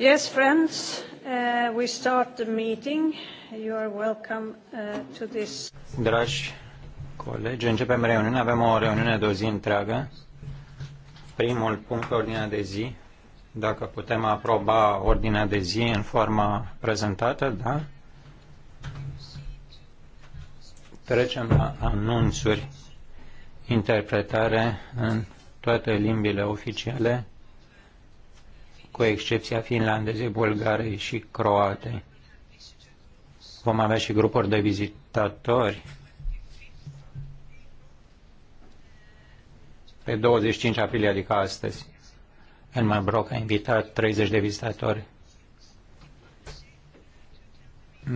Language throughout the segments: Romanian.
Yes, friends, uh, we start the meeting. You are welcome uh, to this. Dragi colegi, începem reuniunea. Avem o reuniune de o zi întreagă. Primul punct pe ordinea de zi, dacă putem aproba ordinea de zi în forma prezentată, da? Trecem la anunțuri, interpretare în toate limbile oficiale cu excepția finlandezei, bulgarei și croate. Vom avea și grupuri de vizitatori. Pe 25 aprilie, adică astăzi, în Mabroc a invitat 30 de vizitatori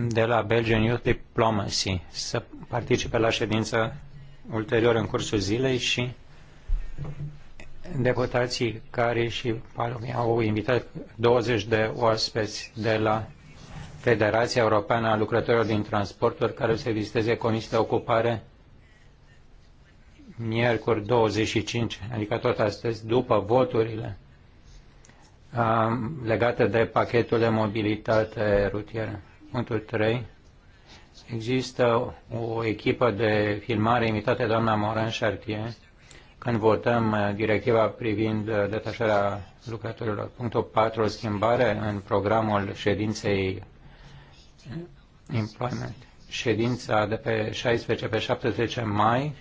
de la Belgian Youth Diplomacy să participe la ședință ulterior în cursul zilei și deputații care și Palomia au invitat 20 de oaspeți de la Federația Europeană a Lucrătorilor din Transporturi care o să viziteze Comisia de Ocupare miercuri 25, adică tot astăzi, după voturile legate de pachetul de mobilitate rutieră. Punctul 3. Există o echipă de filmare invitată de doamna Moran Chartier când votăm uh, directiva privind uh, detașarea lucrătorilor. Punctul 4, o schimbare în programul ședinței uh, employment. Ședința de pe 16 pe 17 mai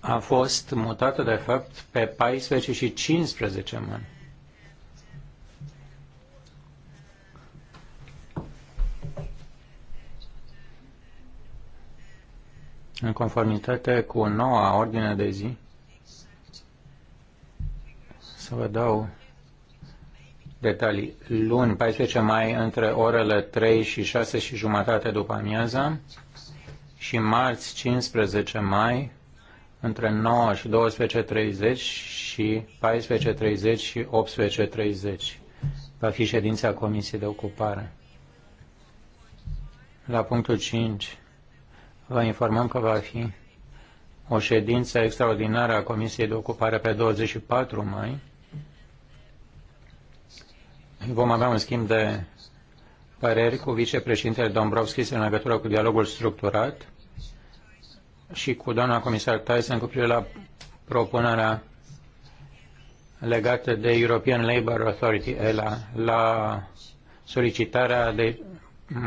a fost mutată de fapt pe 14 și 15 mai. În conformitate cu noua ordine de zi, să vă dau detalii. Luni, 14 mai, între orele 3 și 6 și jumătate după amiaza și marți, 15 mai, între 9 și 12.30 și 14.30 și 18.30. Va fi ședința Comisiei de Ocupare. La punctul 5, Vă informăm că va fi o ședință extraordinară a Comisiei de Ocupare pe 24 mai. Vom avea un schimb de păreri cu vicepreședintele Dombrovski în legătură cu dialogul structurat și cu doamna comisar Tyson cu privire la propunerea legată de European Labour Authority, ELA, la solicitarea de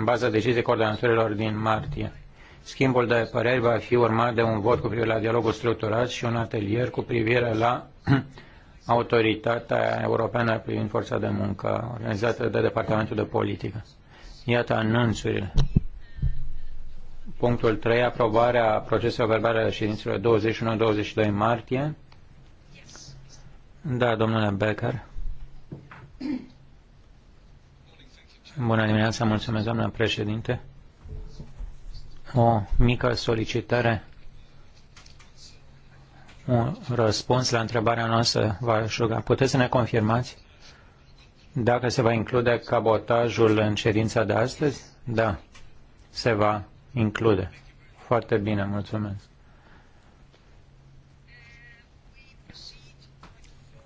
baza deciziei coordonatorilor din martie. Schimbul de păreri va fi urmat de un vot cu privire la dialogul structurat și un atelier cu privire la Autoritatea Europeană privind Forța de Muncă, organizată de Departamentul de Politică. Iată anunțurile. Punctul 3. Aprobarea proceselor verbale al ședințelor 21-22 martie. Da, domnule Becker. Bună dimineața, mulțumesc, doamnă președinte o mică solicitare, un răspuns la întrebarea noastră, va aș Puteți să ne confirmați dacă se va include cabotajul în cerința de astăzi? Da, se va include. Foarte bine, mulțumesc.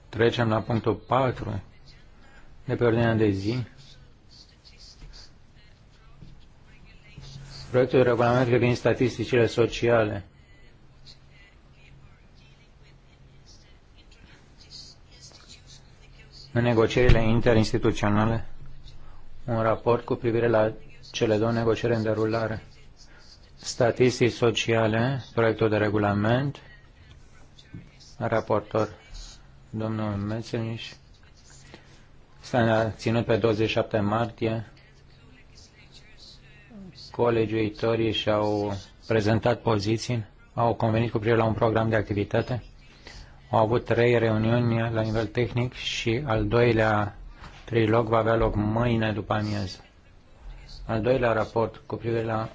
Trecem la punctul 4 de pe ordinea de zi proiectul de regulament privind statisticile sociale. În negocierile interinstituționale, un raport cu privire la cele două negocieri în derulare. Statistici sociale, proiectul de regulament, raportor domnul Mețeniș, s-a ținut pe 27 martie colegiuitorii și-au prezentat poziții, au convenit cu privire la un program de activitate, au avut trei reuniuni la nivel tehnic și al doilea trilog va avea loc mâine după amiază. Al doilea raport cu privire la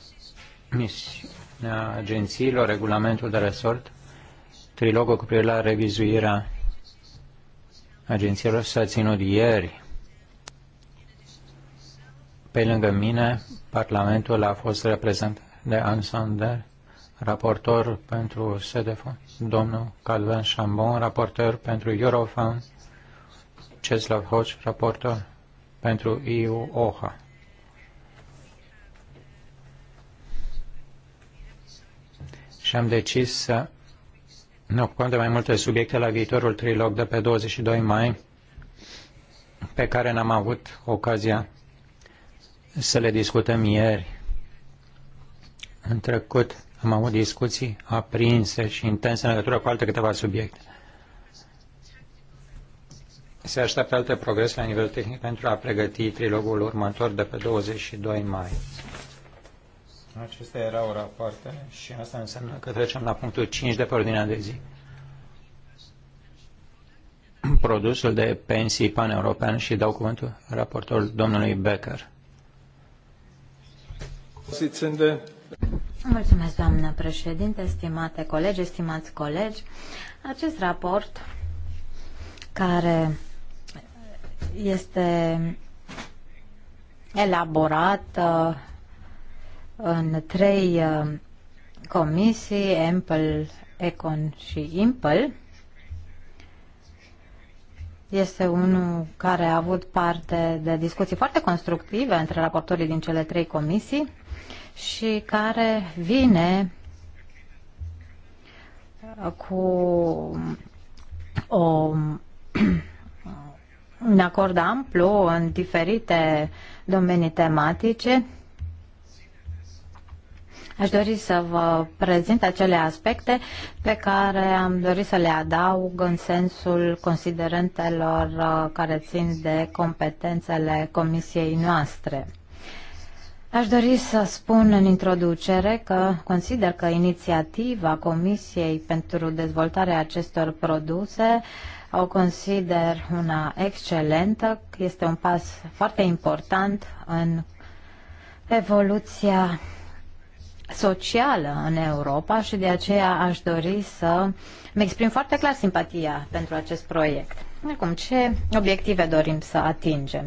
misiunea agențiilor, regulamentul de resort, trilogul cu privire la revizuirea agențiilor s-a ținut ieri pe lângă mine, Parlamentul a fost reprezentat de Anne raportor pentru SEDEFO, domnul Calvin Chambon, raportor pentru Eurofan, Ceslav Hoci, raportor pentru EU-OHA. Și am decis să ne ocupăm de mai multe subiecte la viitorul trilog de pe 22 mai, pe care n-am avut ocazia să le discutăm ieri. În trecut am avut discuții aprinse și intense în legătură cu alte câteva subiecte. Se așteaptă alte progrese la nivel tehnic pentru a pregăti trilogul următor de pe 22 mai. Acestea erau rapoartele și asta înseamnă că trecem la punctul 5 de pe ordinea de zi. Produsul de pensii pan-european și dau cuvântul raportorul domnului Becker. Mulțumesc, doamnă președinte, stimate colegi, stimați colegi. Acest raport, care este elaborat uh, în trei uh, comisii, EMPL, ECON și IMPL, este unul care a avut parte de discuții foarte constructive între raportorii din cele trei comisii și care vine cu o, un acord amplu în diferite domenii tematice. Aș dori să vă prezint acele aspecte pe care am dorit să le adaug în sensul considerentelor uh, care țin de competențele comisiei noastre. Aș dori să spun în introducere că consider că inițiativa Comisiei pentru dezvoltarea acestor produse o consider una excelentă, este un pas foarte important în evoluția socială în Europa și de aceea aș dori să îmi exprim foarte clar simpatia pentru acest proiect. Acum, ce obiective dorim să atingem?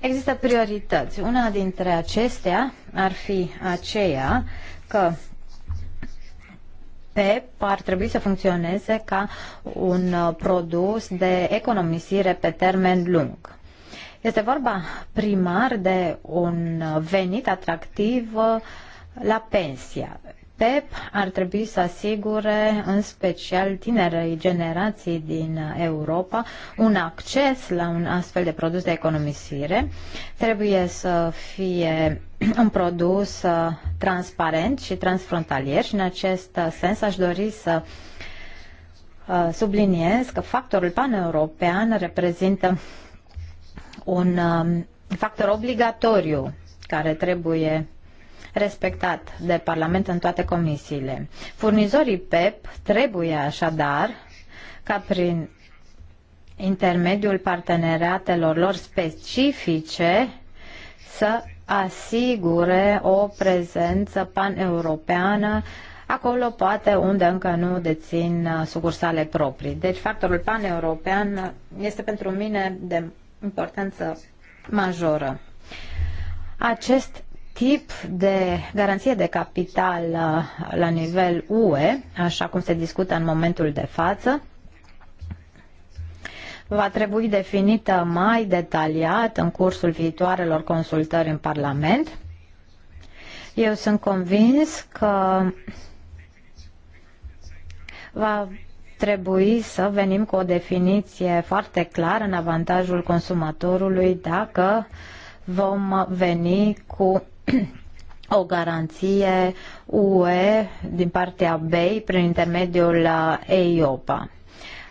Există priorități. Una dintre acestea ar fi aceea că PEP ar trebui să funcționeze ca un uh, produs de economisire pe termen lung. Este vorba primar de un uh, venit atractiv uh, la pensia PEP ar trebui să asigure în special tinerei generații din Europa un acces la un astfel de produs de economisire. Trebuie să fie un produs uh, transparent și transfrontalier și în acest uh, sens aș dori să uh, subliniez că factorul paneuropean reprezintă un um, factor obligatoriu care trebuie respectat de Parlament în toate comisiile. Furnizorii PEP trebuie așadar ca prin intermediul parteneriatelor lor specifice să asigure o prezență paneuropeană acolo poate unde încă nu dețin sucursale proprii. Deci factorul paneuropean este pentru mine de importanță majoră. Acest tip de garanție de capital uh, la nivel UE, așa cum se discută în momentul de față, va trebui definită mai detaliat în cursul viitoarelor consultări în Parlament. Eu sunt convins că va trebui să venim cu o definiție foarte clară în avantajul consumatorului dacă vom veni cu o garanție UE din partea BEI prin intermediul uh, EIOPA.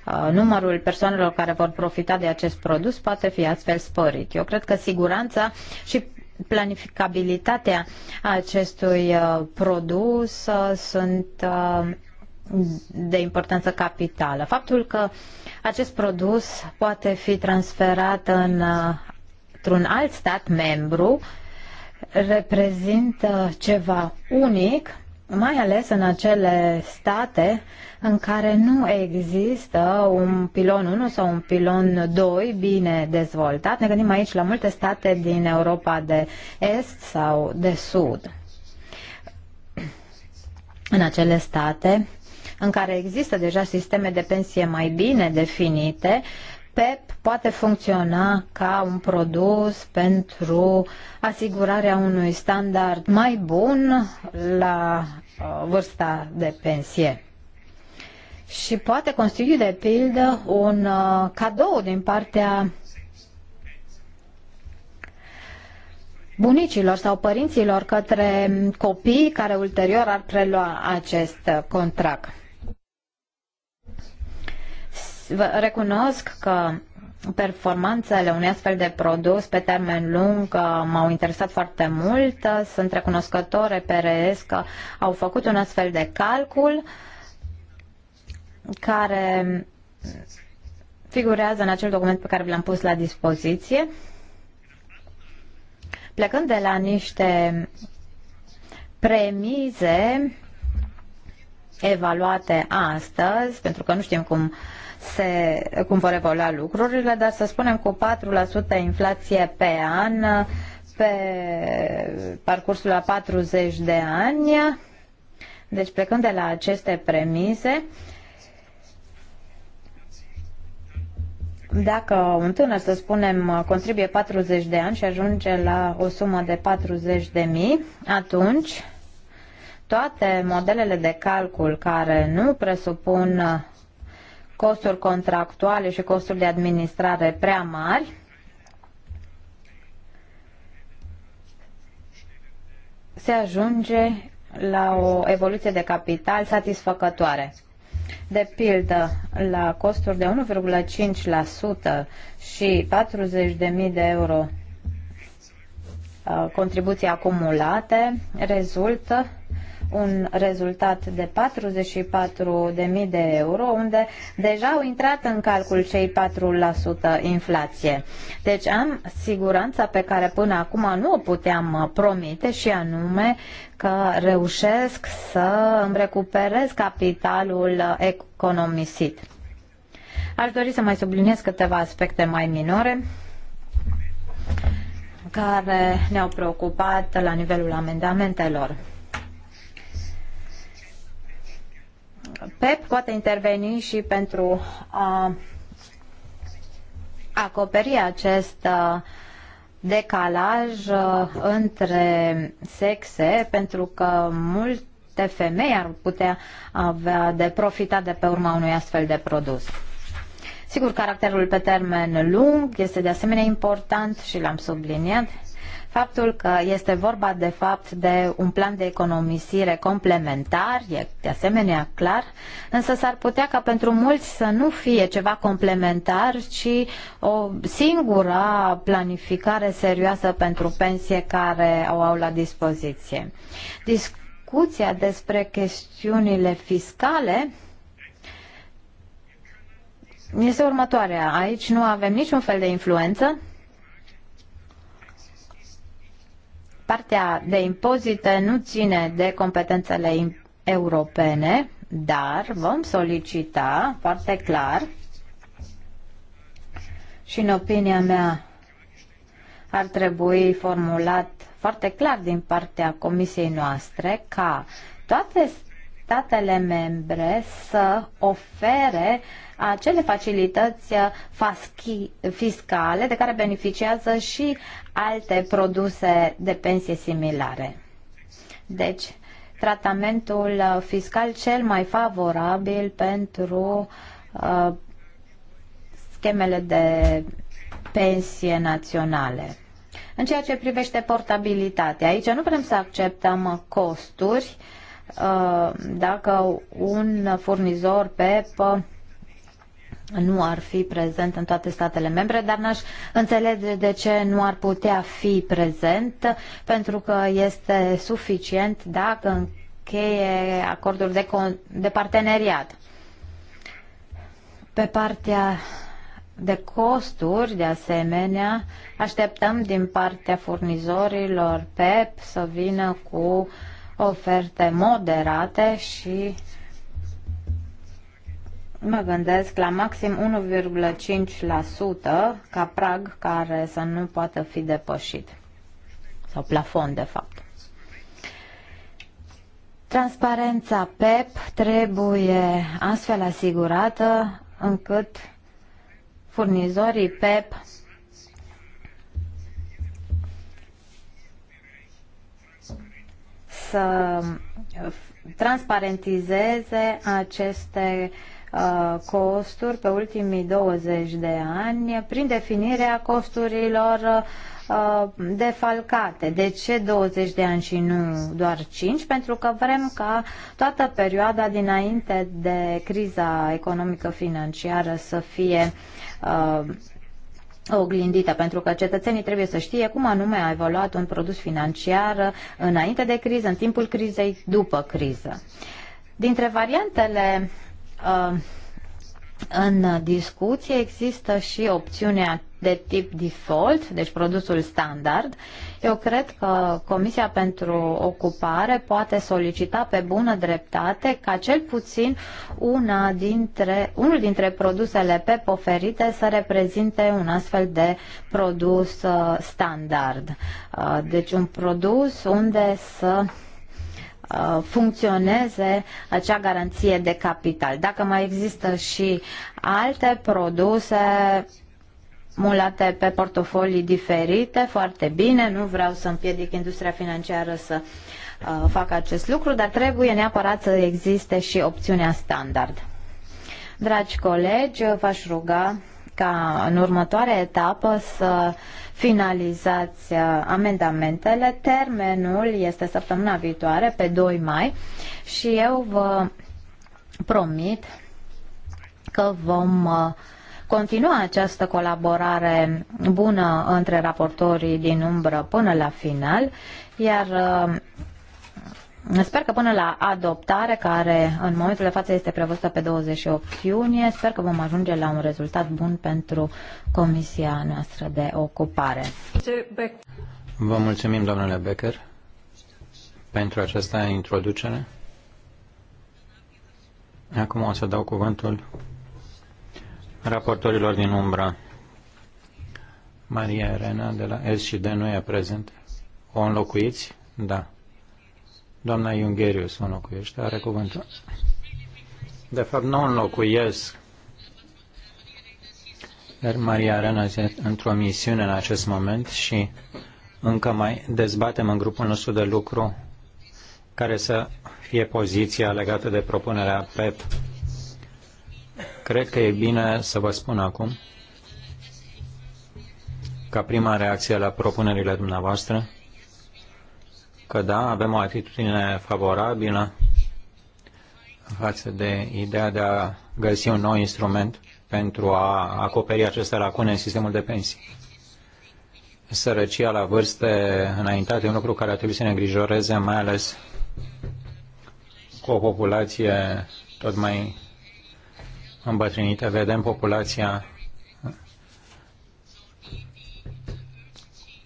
Uh, numărul persoanelor care vor profita de acest produs poate fi astfel sporit. Eu cred că siguranța și planificabilitatea acestui uh, produs sunt de importanță capitală. Faptul că acest produs poate fi transferat în, într-un alt stat membru reprezintă ceva unic, mai ales în acele state în care nu există un pilon 1 sau un pilon 2 bine dezvoltat. Ne gândim aici la multe state din Europa de Est sau de Sud. În acele state în care există deja sisteme de pensie mai bine definite, PEP poate funcționa ca un produs pentru asigurarea unui standard mai bun la uh, vârsta de pensie. Și poate constitui, de pildă, un uh, cadou din partea bunicilor sau părinților către copii care ulterior ar prelua acest uh, contract recunosc că performanțele unui astfel de produs pe termen lung uh, m-au interesat foarte mult. Uh, sunt recunoscătore RS că au făcut un astfel de calcul care figurează în acel document pe care vi l-am pus la dispoziție. Plecând de la niște premize evaluate astăzi, pentru că nu știm cum uh, se, cum vor evolua lucrurile, dar să spunem cu 4% inflație pe an, pe parcursul a 40 de ani. Deci plecând de la aceste premise, dacă un tânăr, să spunem, contribuie 40 de ani și ajunge la o sumă de 40 de mii, atunci toate modelele de calcul care nu presupun costuri contractuale și costuri de administrare prea mari. Se ajunge la o evoluție de capital satisfăcătoare. De pildă, la costuri de 1,5% și 40.000 de euro uh, contribuții acumulate, rezultă un rezultat de 44.000 de euro, unde deja au intrat în calcul cei 4% inflație. Deci am siguranța pe care până acum nu o puteam uh, promite și anume că reușesc să îmi recuperez capitalul uh, economisit. Aș dori să mai subliniez câteva aspecte mai minore care ne-au preocupat la nivelul amendamentelor. PEP poate interveni și pentru a acoperi acest uh, decalaj uh, între sexe, pentru că multe femei ar putea avea de profitat de pe urma unui astfel de produs. Sigur, caracterul pe termen lung este de asemenea important și l-am subliniat. Faptul că este vorba de fapt de un plan de economisire complementar e de asemenea clar, însă s-ar putea ca pentru mulți să nu fie ceva complementar, ci o singura planificare serioasă pentru pensie care o au la dispoziție. Discuția despre chestiunile fiscale este următoarea. Aici nu avem niciun fel de influență, Partea de impozite nu ține de competențele europene, dar vom solicita foarte clar și în opinia mea ar trebui formulat foarte clar din partea comisiei noastre ca toate statele membre să ofere uh, acele facilități uh, fiscale de care beneficiază și alte produse de pensie similare. Deci, tratamentul uh, fiscal cel mai favorabil pentru uh, schemele de pensie naționale. În ceea ce privește portabilitatea, aici nu vrem să acceptăm costuri uh, dacă un furnizor pe nu ar fi prezent în toate statele membre, dar n-aș înțelege de ce nu ar putea fi prezent, pentru că este suficient dacă încheie acorduri de, de parteneriat. Pe partea de costuri, de asemenea, așteptăm din partea furnizorilor PEP să vină cu oferte moderate și mă gândesc la maxim 1,5% ca prag care să nu poată fi depășit. Sau plafon, de fapt. Transparența PEP trebuie astfel asigurată încât furnizorii PEP să transparentizeze aceste uh, Uh, costuri pe ultimii 20 de ani prin definirea costurilor uh, defalcate. De ce 20 de ani și nu doar 5? Pentru că vrem ca toată perioada dinainte de criza economică financiară să fie uh, oglindită, pentru că cetățenii trebuie să știe cum anume a evoluat un produs financiar înainte de criză, în timpul crizei, după criză. Dintre variantele Um, în discuție există și opțiunea de tip default, deci produsul standard. Eu cred că Comisia pentru Ocupare poate solicita pe bună dreptate ca cel puțin una dintre, unul dintre produsele pe oferite să reprezinte un astfel de produs uh, standard. Uh, deci un produs unde să Uh, funcționeze acea garanție de capital. Dacă mai există și alte produse mulate pe portofolii diferite, foarte bine, nu vreau să împiedic industria financiară să uh, facă acest lucru, dar trebuie neapărat să existe și opțiunea standard. Dragi colegi, v-aș ruga ca în următoarea etapă să finalizați uh, amendamentele. Termenul este săptămâna viitoare, pe 2 mai, și eu vă promit că vom uh, continua această colaborare bună între raportorii din umbră până la final, iar uh, Sper că până la adoptare, care în momentul de față este prevăzută pe 28 iunie, sper că vom ajunge la un rezultat bun pentru Comisia noastră de ocupare. Vă mulțumim, domnule Becker, pentru această introducere. Acum o să dau cuvântul raportorilor din umbra. Maria Elena de la S și D nu e prezent. O înlocuiți? Da. Doamna Iungherius mă locuiește, are cuvântul. De fapt, nu înlocuiesc. Dar Maria Arena este într-o misiune în acest moment și încă mai dezbatem în grupul nostru de lucru care să fie poziția legată de propunerea PEP. Cred că e bine să vă spun acum, ca prima reacție la propunerile dumneavoastră, că da, avem o atitudine favorabilă față de ideea de a găsi un nou instrument pentru a acoperi aceste lacune în sistemul de pensii. Sărăcia la vârste înaintate e un lucru care ar trebui să ne îngrijoreze, mai ales cu o populație tot mai îmbătrânită. Vedem populația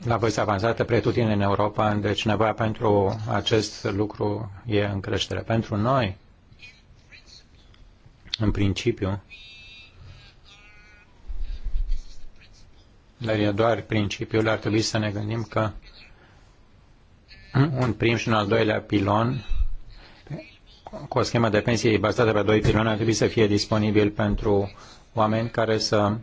la vârstă avansată pretutine în Europa, deci nevoia pentru acest lucru e în creștere. Pentru noi, în principiu, dar e doar principiul, ar trebui să ne gândim că un prim și un al doilea pilon cu o schemă de pensie bazată pe doi piloni ar trebui să fie disponibil pentru oameni care să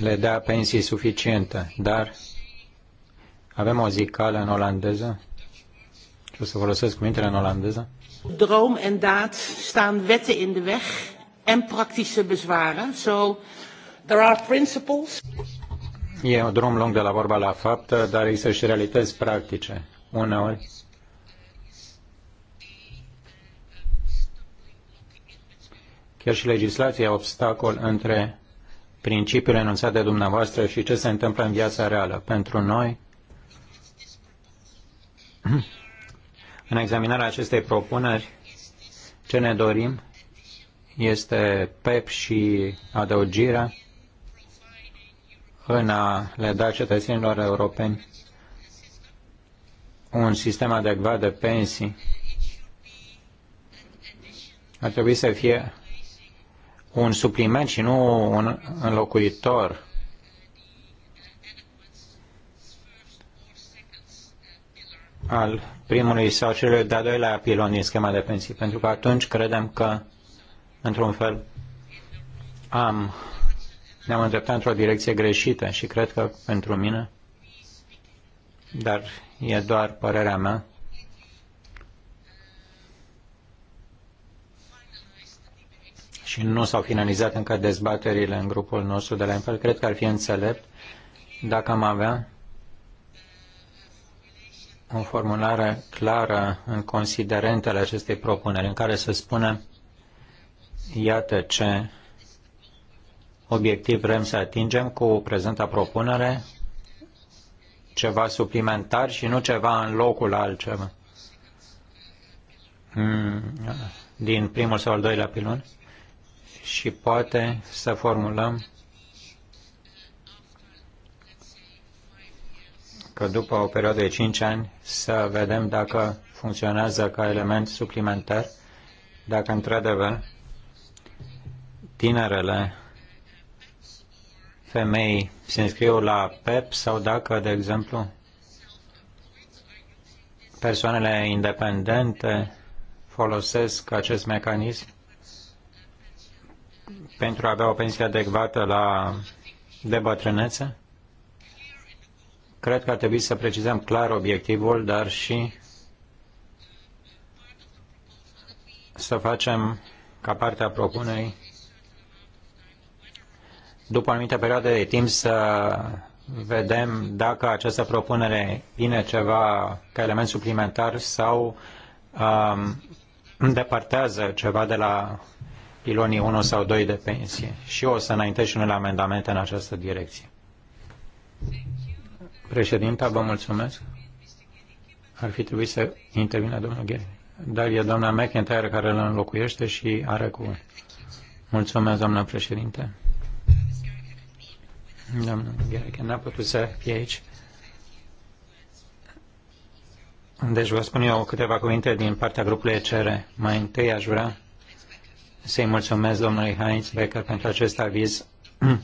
le dea pensii suficiente, dar avem o zicală în olandeză și o să folosesc cuvintele în olandeză. Droom en daad staan wetten in de weg en praktische bezwaren. So there are principles. E un drum lung de la vorba la faptă, dar există și realități practice. Uneori chiar și legislația obstacol între principiul enunțat de dumneavoastră și ce se întâmplă în viața reală. Pentru noi, în examinarea acestei propuneri, ce ne dorim este PEP și adăugirea în a le da cetățenilor europeni un sistem adecvat de pensii ar trebui să fie un supliment și nu un înlocuitor. al primului sau celui de-al doilea pilon din schema de pensii, pentru că atunci credem că, într-un fel, am, ne-am îndreptat într-o direcție greșită și cred că pentru mine, dar e doar părerea mea, și nu s-au finalizat încă dezbaterile în grupul nostru de la Empel. cred că ar fi înțelept dacă am avea o formulare clară în considerentele acestei propuneri, în care să spunem, iată ce obiectiv vrem să atingem cu prezenta propunere, ceva suplimentar și nu ceva în locul altceva. Mm, din primul sau al doilea pilon? și poate să formulăm că după o perioadă de 5 ani să vedem dacă funcționează ca element suplimentar, dacă într-adevăr tinerele femei se înscriu la PEP sau dacă, de exemplu, persoanele independente folosesc acest mecanism pentru a avea o pensie adecvată la de bătrânețe? Cred că ar trebui să precizăm clar obiectivul, dar și să facem ca parte a propunerii după o anumită perioadă de timp să vedem dacă această propunere vine ceva ca element suplimentar sau um, îndepărtează ceva de la pilonii 1 sau 2 de pensie. Și eu o să înaintez și unele amendamente în această direcție. Președinta, vă mulțumesc. Ar fi trebuit să intervină domnul Gheri. Dar e doamna McIntyre care îl înlocuiește și are cu. Mulțumesc, doamna președinte. Doamna Gheri, n-a putut să fie aici. Deci vă spun eu câteva cuvinte din partea grupului ECR. Mai întâi aș vrea să-i mulțumesc domnului Heinz Becker pentru acest aviz.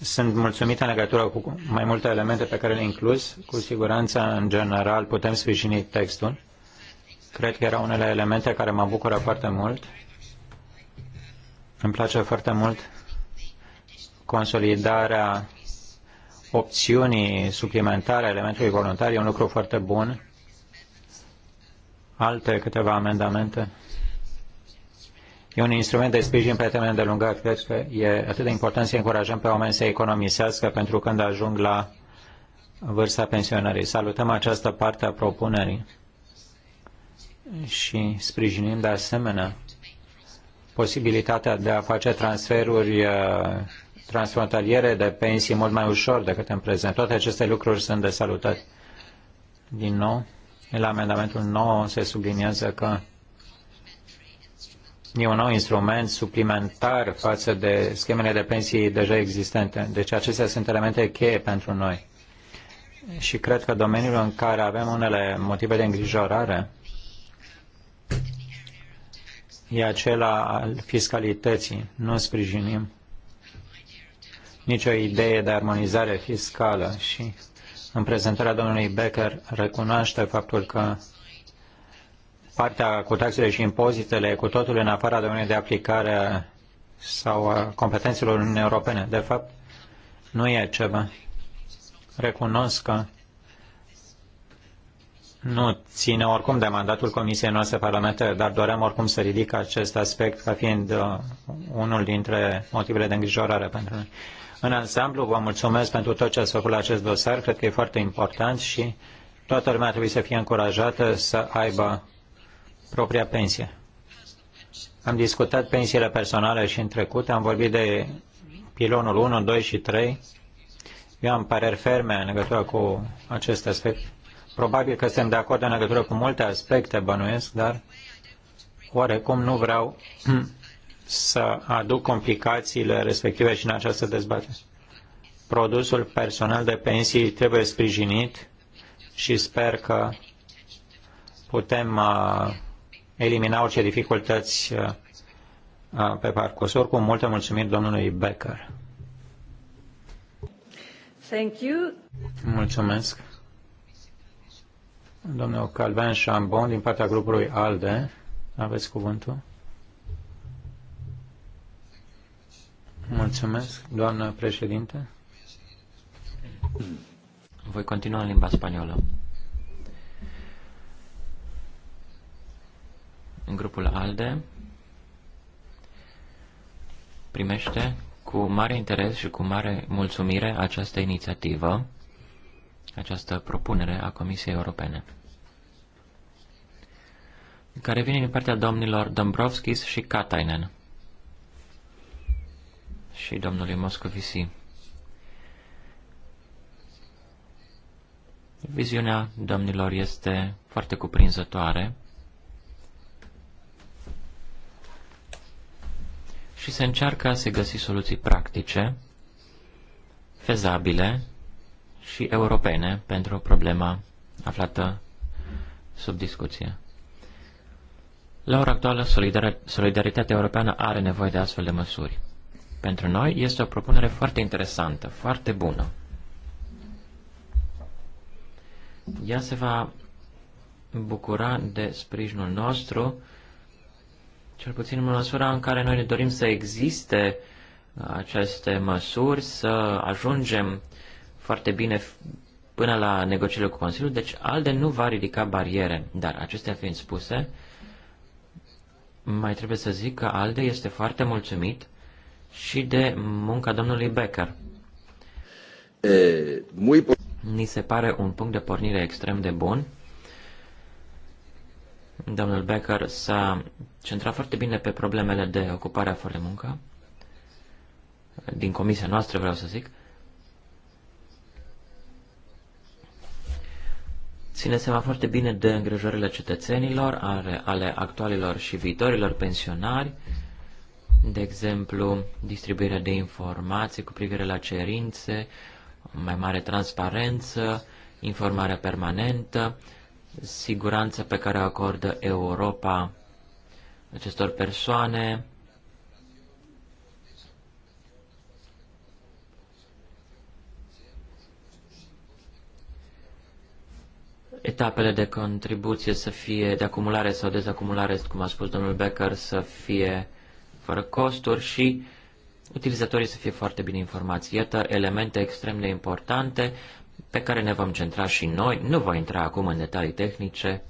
Sunt mulțumit în legătură cu mai multe elemente pe care le inclus. Cu siguranță, în general, putem sprijini textul. Cred că erau unele elemente care mă bucură foarte mult. Îmi place foarte mult consolidarea opțiunii suplimentare a elementului voluntar. E un lucru foarte bun. Alte câteva amendamente E un instrument de sprijin pe termen de lungă Cred că e atât de important să încurajăm pe oameni să economisească pentru când ajung la vârsta pensionării. Salutăm această parte a propunerii și sprijinim de asemenea posibilitatea de a face transferuri uh, transfrontaliere de pensii mult mai ușor decât în prezent. Toate aceste lucruri sunt de salutat. Din nou, la amendamentul 9 se subliniază că E un nou instrument suplimentar față de schemele de pensii deja existente. Deci acestea sunt elemente cheie pentru noi. Și cred că domeniul în care avem unele motive de îngrijorare e acela al fiscalității. Nu sprijinim nicio idee de armonizare fiscală și în prezentarea domnului Becker recunoaște faptul că partea cu taxele și impozitele cu totul în afara domeniului de aplicare sau a competențelor Uniunii Europene. De fapt, nu e ceva. Recunosc că nu ține oricum de mandatul Comisiei noastre parlamentare, dar doream oricum să ridic acest aspect ca fiind uh, unul dintre motivele de îngrijorare pentru noi. În ansamblu, vă mulțumesc pentru tot ce ați făcut la acest dosar. Cred că e foarte important și toată lumea trebuie să fie încurajată să aibă propria pensie. Am discutat pensiile personale și în trecut, am vorbit de pilonul 1, 2 și 3. Eu am păreri ferme în legătură cu acest aspect. Probabil că suntem de acord în legătură cu multe aspecte, bănuiesc, dar oarecum nu vreau să aduc complicațiile respective și în această dezbatere. Produsul personal de pensii trebuie sprijinit și sper că putem uh, elimina orice dificultăți uh, uh, pe parcurs. Oricum, multe mulțumiri domnului Becker. Thank you. Mulțumesc. Domnul Calvin Chambon, din partea grupului ALDE, aveți cuvântul. Mulțumesc, doamnă președinte. Voi continua în limba spaniolă. în grupul ALDE primește cu mare interes și cu mare mulțumire această inițiativă, această propunere a Comisiei Europene, care vine din partea domnilor Dombrovskis și Katainen și domnului Moscovici. Viziunea domnilor este foarte cuprinzătoare și se încearcă a se găsi soluții practice, fezabile și europene pentru problema aflată sub discuție. La ora actuală, solidaritatea europeană are nevoie de astfel de măsuri. Pentru noi este o propunere foarte interesantă, foarte bună. Ea se va bucura de sprijinul nostru cel puțin în măsura în care noi ne dorim să existe uh, aceste măsuri, să ajungem foarte bine până la negocierile cu Consiliul, deci ALDE nu va ridica bariere. Dar acestea fiind spuse, mai trebuie să zic că ALDE este foarte mulțumit și de munca domnului Becker. E, muy... Ni se pare un punct de pornire extrem de bun Domnul Becker s-a centrat foarte bine pe problemele de ocupare fără de muncă, din comisia noastră, vreau să zic. Ține seama foarte bine de îngrijorările cetățenilor, ale, ale actualilor și viitorilor pensionari, de exemplu, distribuirea de informații cu privire la cerințe, mai mare transparență, informarea permanentă, siguranța pe care o acordă Europa acestor persoane. Etapele de contribuție să fie de acumulare sau dezacumulare, cum a spus domnul Becker, să fie fără costuri și utilizatorii să fie foarte bine informați. Iată elemente extrem de importante pe care ne vom centra și noi. Nu voi intra acum în detalii tehnice.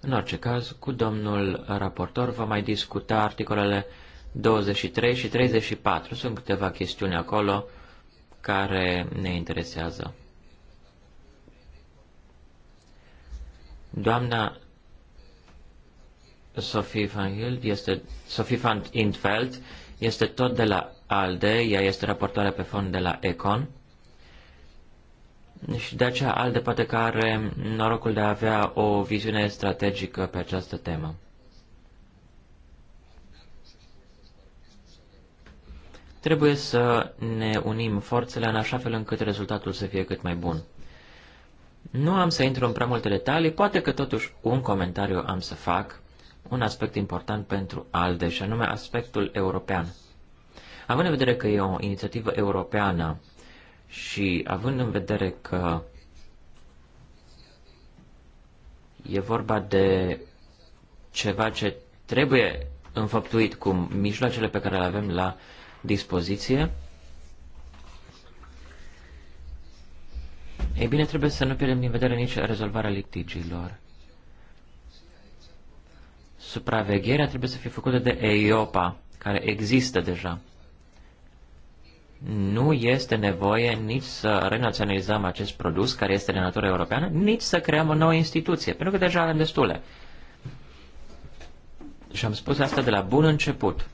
În orice caz, cu domnul raportor va mai discuta articolele 23 și 34. Sunt câteva chestiuni acolo care ne interesează. Doamna Sophie van Hild este Sophie van Intveld este tot de la ALDE, ea este raportarea pe fond de la ECON. Și de aceea ALDE poate că are norocul de a avea o viziune strategică pe această temă. Trebuie să ne unim forțele în așa fel încât rezultatul să fie cât mai bun. Nu am să intru în prea multe detalii, poate că totuși un comentariu am să fac un aspect important pentru ALDE, și anume aspectul european. Având în vedere că e o inițiativă europeană și având în vedere că e vorba de ceva ce trebuie înfăptuit cu mijloacele pe care le avem la dispoziție, ei bine, trebuie să nu pierdem din vedere nici rezolvarea litigiilor supravegherea trebuie să fie făcută de EIOPA, care există deja. Nu este nevoie nici să renaționalizăm acest produs care este de natură europeană, nici să creăm o nouă instituție, pentru că deja avem destule. Și am spus asta de la bun început.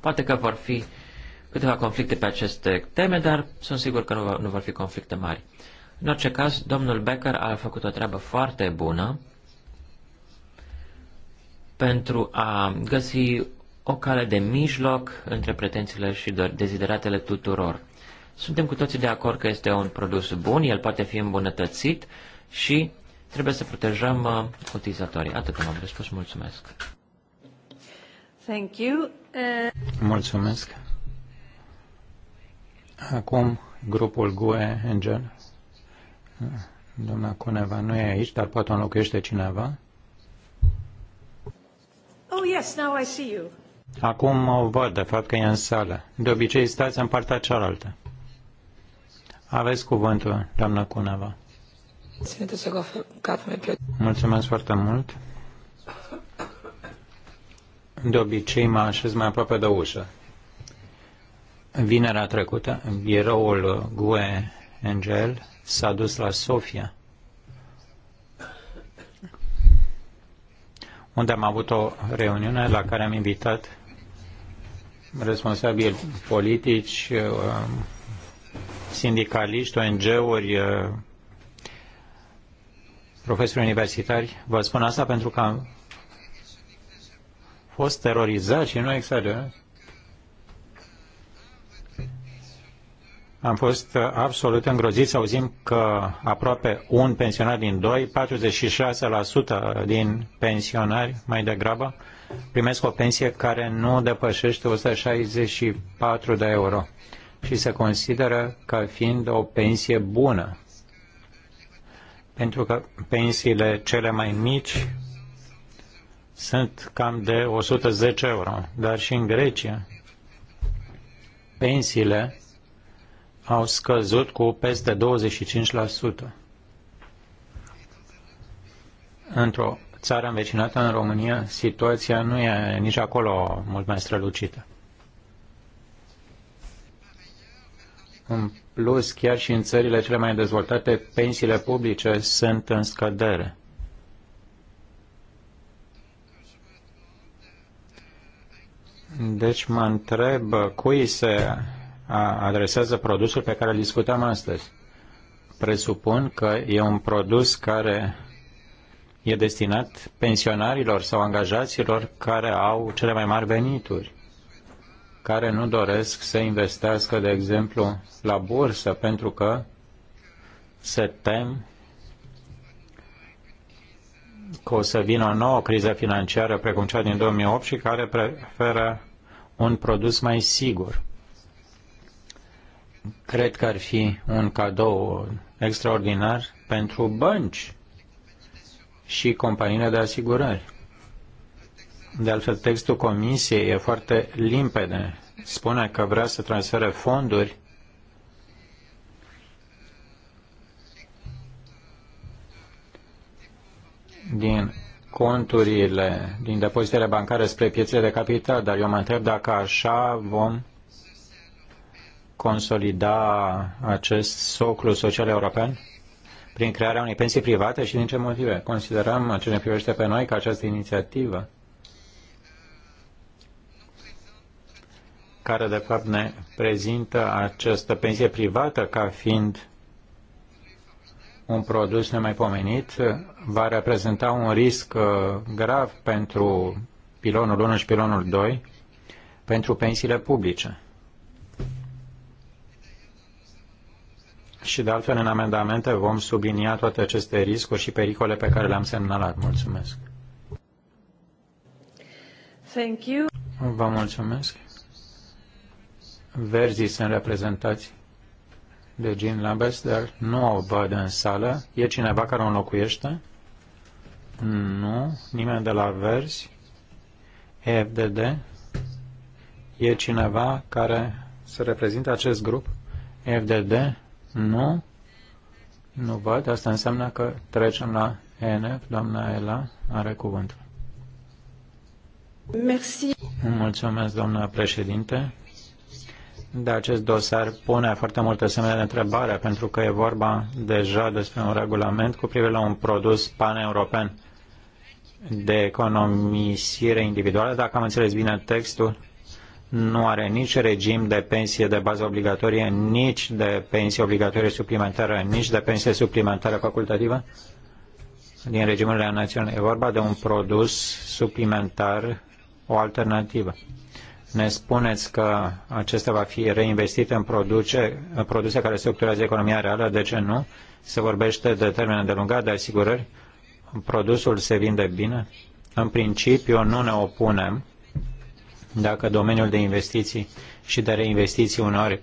Poate că vor fi câteva conflicte pe aceste teme, dar sunt sigur că nu vor, nu vor fi conflicte mari. În orice caz, domnul Becker a făcut o treabă foarte bună pentru a găsi o cale de mijloc între pretențiile și dezideratele tuturor. Suntem cu toții de acord că este un produs bun, el poate fi îmbunătățit și trebuie să protejăm uh, utilizatorii. Atât am răspuns, mulțumesc. Thank you. Uh... Mulțumesc. Acum grupul GUE Angel. Doamna Cuneva nu e aici, dar poate înlocuiește cineva. Oh, yes, now I see you. Acum o văd, de fapt, că e în sală. De obicei stați în partea cealaltă. Aveți cuvântul, doamnă Cuneva. Mulțumesc foarte mult. De obicei mă așez mai aproape de ușă. Vinerea trecută, biroul GUE Angel s-a dus la Sofia unde am avut o reuniune la care am invitat responsabili politici, uh, sindicaliști, ONG-uri, uh, profesori universitari. Vă spun asta pentru că am fost terorizat și nu exagerat Am fost uh, absolut îngrozit să auzim că aproape un pensionar din doi, 46% din pensionari mai degrabă, primesc o pensie care nu depășește 164 de euro și se consideră ca fiind o pensie bună. Pentru că pensiile cele mai mici sunt cam de 110 euro, dar și în Grecia pensiile au scăzut cu peste 25%. Într-o țară învecinată în România, situația nu e nici acolo mult mai strălucită. În plus, chiar și în țările cele mai dezvoltate, pensiile publice sunt în scădere. Deci mă întreb cui se adresează produsul pe care îl discutăm astăzi. Presupun că e un produs care e destinat pensionarilor sau angajaților care au cele mai mari venituri, care nu doresc să investească, de exemplu, la bursă pentru că se tem că o să vină o nouă criză financiară precum cea din 2008 și care preferă un produs mai sigur. Cred că ar fi un cadou extraordinar pentru bănci și companiile de asigurări. De altfel, textul comisiei e foarte limpede. Spune că vrea să transfere fonduri din conturile, din depozitele bancare spre piețele de capital, dar eu mă întreb dacă așa vom consolida acest soclu social european prin crearea unei pensii private și din ce motive? Considerăm, ce ne privește pe noi, că această inițiativă care de fapt ne prezintă această pensie privată ca fiind un produs nemaipomenit va reprezenta un risc uh, grav pentru pilonul 1 și pilonul 2 pentru pensiile publice. Și de altfel, în amendamente vom sublinia toate aceste riscuri și pericole pe care le-am semnalat. Mulțumesc. Thank you. Vă mulțumesc. Verzii sunt reprezentați de Jean Lambert, dar nu o văd în sală. E cineva care o înlocuiește? Nu. Nimeni de la Verzi? EFDD? E cineva care să reprezinte acest grup? FDD. Nu? Nu văd. Asta înseamnă că trecem la N. Doamna Ela are cuvântul. Merci. Mulțumesc, doamna președinte. De acest dosar pune foarte multe semne de întrebare, pentru că e vorba deja despre un regulament cu privire la un produs european de economisire individuală. Dacă am înțeles bine textul, nu are nici regim de pensie de bază obligatorie, nici de pensie obligatorie suplimentară, nici de pensie suplimentară facultativă din regimurile naționale. E vorba de un produs suplimentar, o alternativă. Ne spuneți că acesta va fi reinvestit în produce, în produse care structurează economia reală, de ce nu? Se vorbește de termen îndelungat, de asigurări, produsul se vinde bine. În principiu nu ne opunem dacă domeniul de investiții și de reinvestiții uneori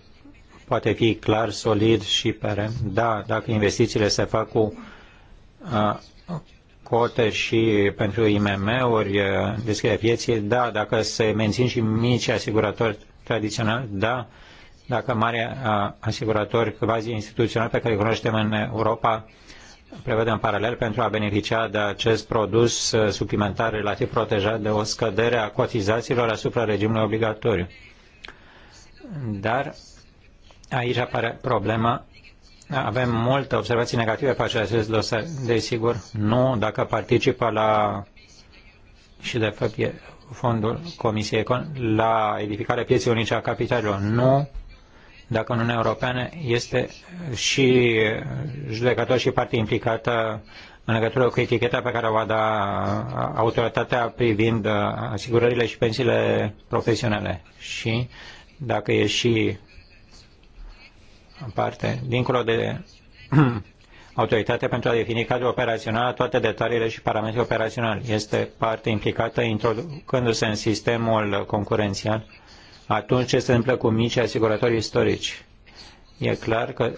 poate fi clar, solid și peren. Da, dacă investițiile se fac cu a, cote și pentru IMM-uri, deschide pieții, da, dacă se mențin și mici asiguratori tradiționali, da, dacă mari asiguratori quasi instituționali pe care îi cunoaștem în Europa prevede în paralel pentru a beneficia de acest produs uh, suplimentar relativ protejat de o scădere a cotizațiilor asupra regimului obligatoriu. Dar aici apare problema. Avem multe observații negative pe acest dosar. Desigur, nu dacă participă la și de fapt e fondul Comisiei la edificarea pieței unice a capitalului. Nu dacă Uniunea Europeană este și judecător și parte implicată în legătură cu eticheta pe care o va da autoritatea privind uh, asigurările și pensiile profesionale și dacă e și în parte, dincolo de autoritatea pentru a defini cadrul operațional, toate detaliile și parametrii operaționali. Este parte implicată introducându-se în sistemul concurențial atunci ce se întâmplă cu micii asigurători istorici. E clar că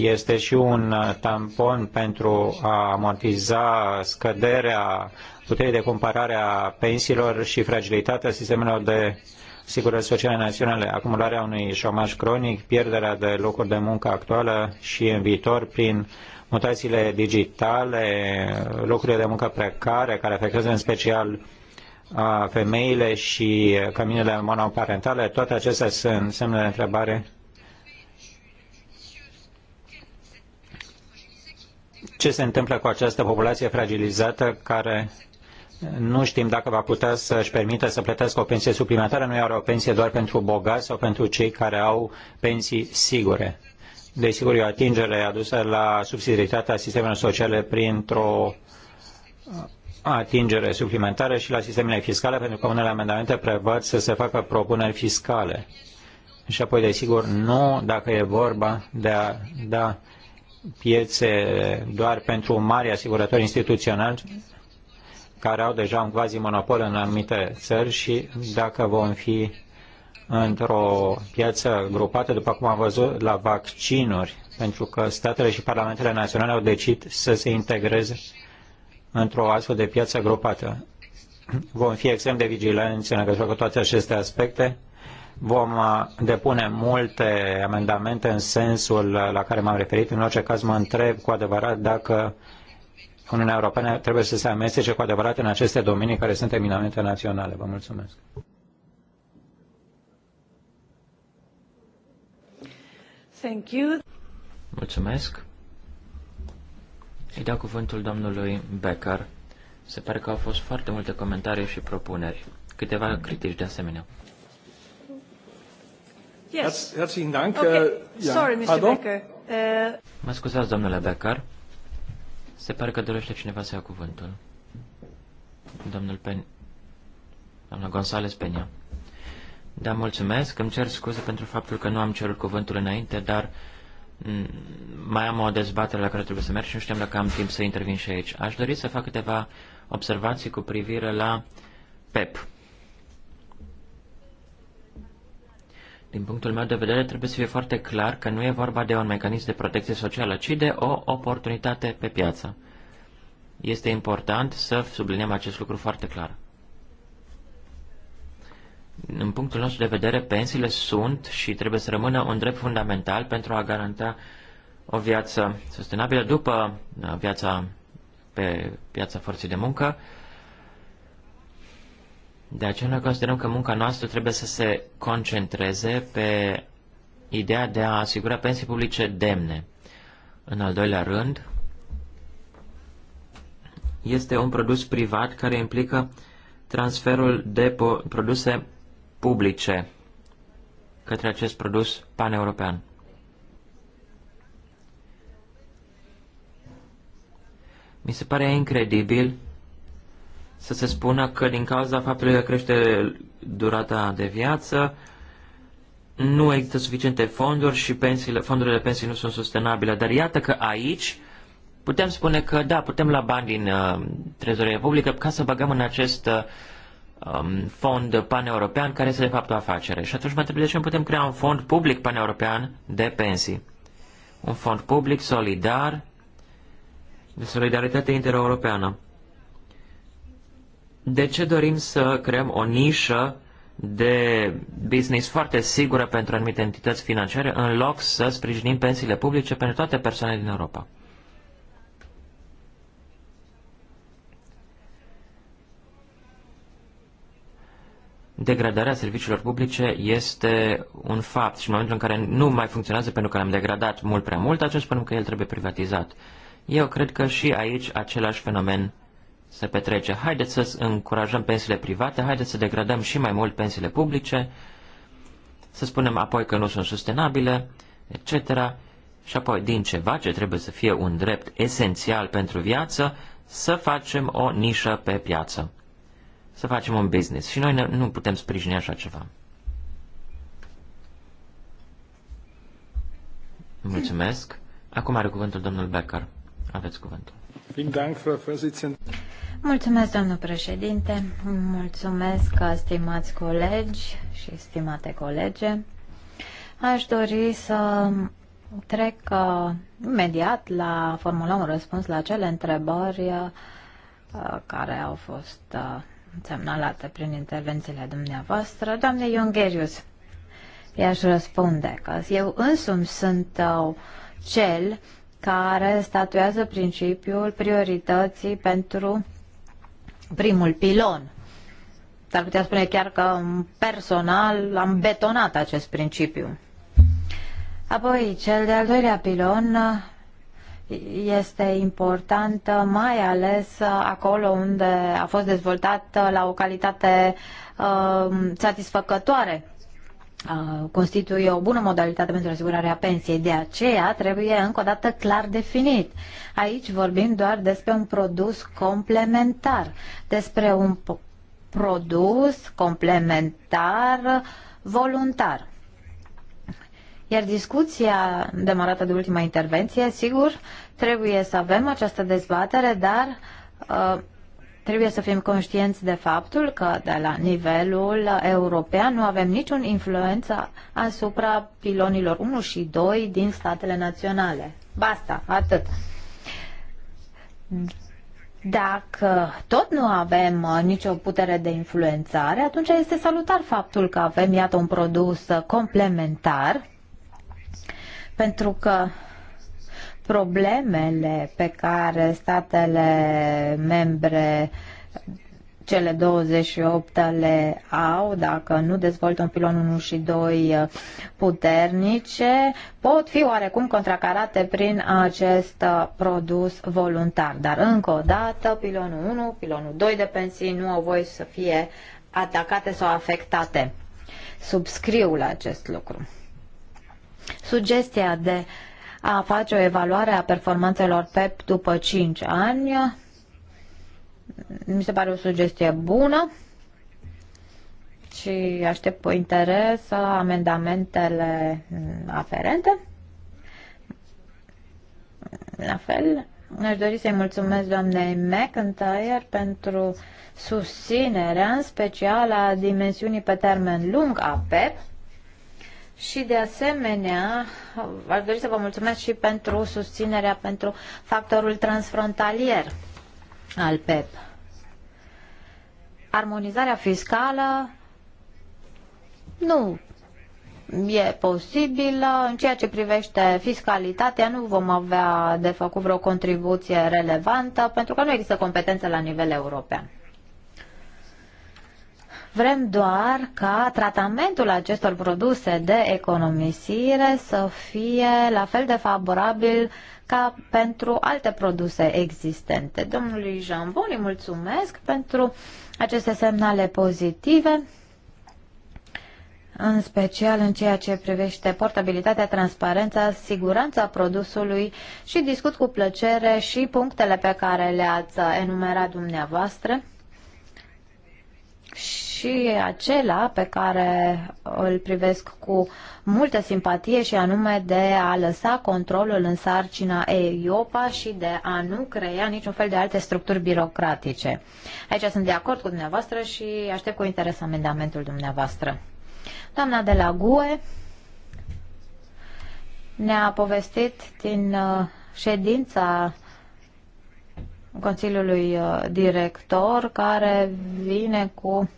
este și un tampon pentru a amortiza scăderea puterii de comparare a pensiilor și fragilitatea sistemelor de sigurări sociale naționale, acumularea unui șomaj cronic, pierderea de locuri de muncă actuală și în viitor prin mutațiile digitale, locurile de muncă precare care afectează în special femeile și căminele monoparentale, toate acestea sunt semne de întrebare. Ce se întâmplă cu această populație fragilizată care nu știm dacă va putea să-și permită să plătească o pensie suplimentară, nu are o pensie doar pentru bogați sau pentru cei care au pensii sigure. Desigur, e o atingere adusă la subsidiaritatea sistemelor sociale printr-o atingere suplimentară și la sistemele fiscale, pentru că unele amendamente prevăd să se facă propuneri fiscale. Și apoi, desigur, nu dacă e vorba de a da piețe doar pentru mari asigurători instituționali care au deja un quasi monopol în anumite țări și dacă vom fi într-o piață grupată, după cum am văzut, la vaccinuri, pentru că statele și parlamentele naționale au decis să se integreze într-o astfel de piață grupată. Vom fi extrem de vigilenți în legătură cu toate aceste aspecte. Vom uh, depune multe amendamente în sensul uh, la care m-am referit. În orice caz mă întreb cu adevărat dacă Uniunea Europeană trebuie să se amestece cu adevărat în aceste domenii care sunt eminamente naționale. Vă mulțumesc. Thank you. Mulțumesc. Îi dau cuvântul domnului Becker. Se pare că au fost foarte multe comentarii și propuneri, câteva critici de asemenea. Yes. Herzlichen Dank. Okay. Äh, Sorry, Mr. Pardon? Becker. Uh... Mă scuzați, domnule Becker. Se pare că dorește cineva să ia cuvântul. Domnul Pen... Doamna González Peña. Da, mulțumesc. Îmi cer scuze pentru faptul că nu am cerut cuvântul înainte, dar Mm, mai am o dezbatere la care trebuie să merg și nu știam dacă am timp să intervin și aici. Aș dori să fac câteva observații cu privire la PEP. Din punctul meu de vedere, trebuie să fie foarte clar că nu e vorba de un mecanism de protecție socială, ci de o oportunitate pe piață. Este important să subliniem acest lucru foarte clar. În punctul nostru de vedere, pensiile sunt și trebuie să rămână un drept fundamental pentru a garanta o viață sustenabilă după uh, viața pe piața forței de muncă. De aceea noi considerăm că munca noastră trebuie să se concentreze pe ideea de a asigura pensii publice demne. În al doilea rând, este un produs privat care implică transferul de produse publice către acest produs paneuropean. Mi se pare incredibil să se spună că din cauza faptului că crește durata de viață, nu există suficiente fonduri și pensiile, fondurile de pensii nu sunt sustenabile. Dar iată că aici putem spune că da, putem la bani din uh, trezorerie publică ca să băgăm în acest uh, um, fond paneuropean care este de fapt o afacere. Și atunci mă întreb de ce nu putem crea un fond public paneuropean de pensii. Un fond public solidar de solidaritate intereuropeană. De ce dorim să creăm o nișă de business foarte sigură pentru anumite entități financiare în loc să sprijinim pensiile publice pentru toate persoanele din Europa? degradarea serviciilor publice este un fapt și în momentul în care nu mai funcționează pentru că l-am degradat mult prea mult, atunci spunem că el trebuie privatizat. Eu cred că și aici același fenomen se petrece. Haideți să încurajăm pensiile private, haideți să degradăm și mai mult pensiile publice, să spunem apoi că nu sunt sustenabile, etc. Și apoi, din ceva ce trebuie să fie un drept esențial pentru viață, să facem o nișă pe piață să facem un business. Și noi nu putem sprijini așa ceva. Mulțumesc. Acum are cuvântul domnul Becker. Aveți cuvântul. Mulțumesc, domnul președinte. Mulțumesc, stimați colegi și stimate colege. Aș dori să trec uh, imediat la formula un răspuns la cele întrebări uh, care au fost uh, semnalată prin intervențiile dumneavoastră. Doamne Iungherius, i-aș răspunde că eu însumi sunt uh, cel care statuează principiul priorității pentru primul pilon. S-ar putea spune chiar că personal am betonat acest principiu. Apoi, cel de-al doilea pilon este importantă, mai ales acolo unde a fost dezvoltată la o calitate um, uh, satisfăcătoare constituie o bună modalitate pentru asigurarea pensiei. De aceea trebuie încă o dată clar definit. Aici vorbim doar despre un produs complementar, despre un produs complementar voluntar. Iar discuția demarată de ultima intervenție, sigur, trebuie să avem această dezbatere, dar uh, trebuie să fim conștienți de faptul că de la nivelul european nu avem niciun influență asupra pilonilor 1 și 2 din statele naționale. Basta, atât. Dacă tot nu avem uh, nicio putere de influențare, atunci este salutar faptul că avem, iată, un produs uh, complementar pentru că problemele pe care statele membre cele 28 le au, dacă nu dezvoltă un pilon 1 și 2 uh, puternice, pot fi oarecum contracarate prin acest uh, produs voluntar. Dar încă o dată, pilonul 1, pilonul 2 de pensii nu au voie să fie atacate sau afectate. Subscriu la acest lucru. Sugestia de a face o evaluare a performanțelor PEP după 5 ani mi se pare o sugestie bună și aștept cu interes amendamentele aferente. La fel, aș dori să-i mulțumesc doamnei McIntyre pentru susținerea, în special a dimensiunii pe termen lung a PEP, și de asemenea, aș dori să vă mulțumesc și pentru susținerea pentru factorul transfrontalier al PEP. Armonizarea fiscală nu e posibilă. În ceea ce privește fiscalitatea, nu vom avea de făcut vreo contribuție relevantă, pentru că nu există competență la nivel european. Vrem doar ca tratamentul acestor produse de economisire să fie la fel de favorabil ca pentru alte produse existente. Domnului Jambon îi mulțumesc pentru aceste semnale pozitive în special în ceea ce privește portabilitatea, transparența, siguranța produsului și discut cu plăcere și punctele pe care le-ați enumerat dumneavoastră și acela pe care îl privesc cu multă simpatie și anume de a lăsa controlul în sarcina EIOPA și de a nu crea niciun fel de alte structuri birocratice. Aici sunt de acord cu dumneavoastră și aștept cu interes amendamentul dumneavoastră. Doamna de la GUE ne-a povestit din uh, ședința uh, Consiliului uh, Director care vine cu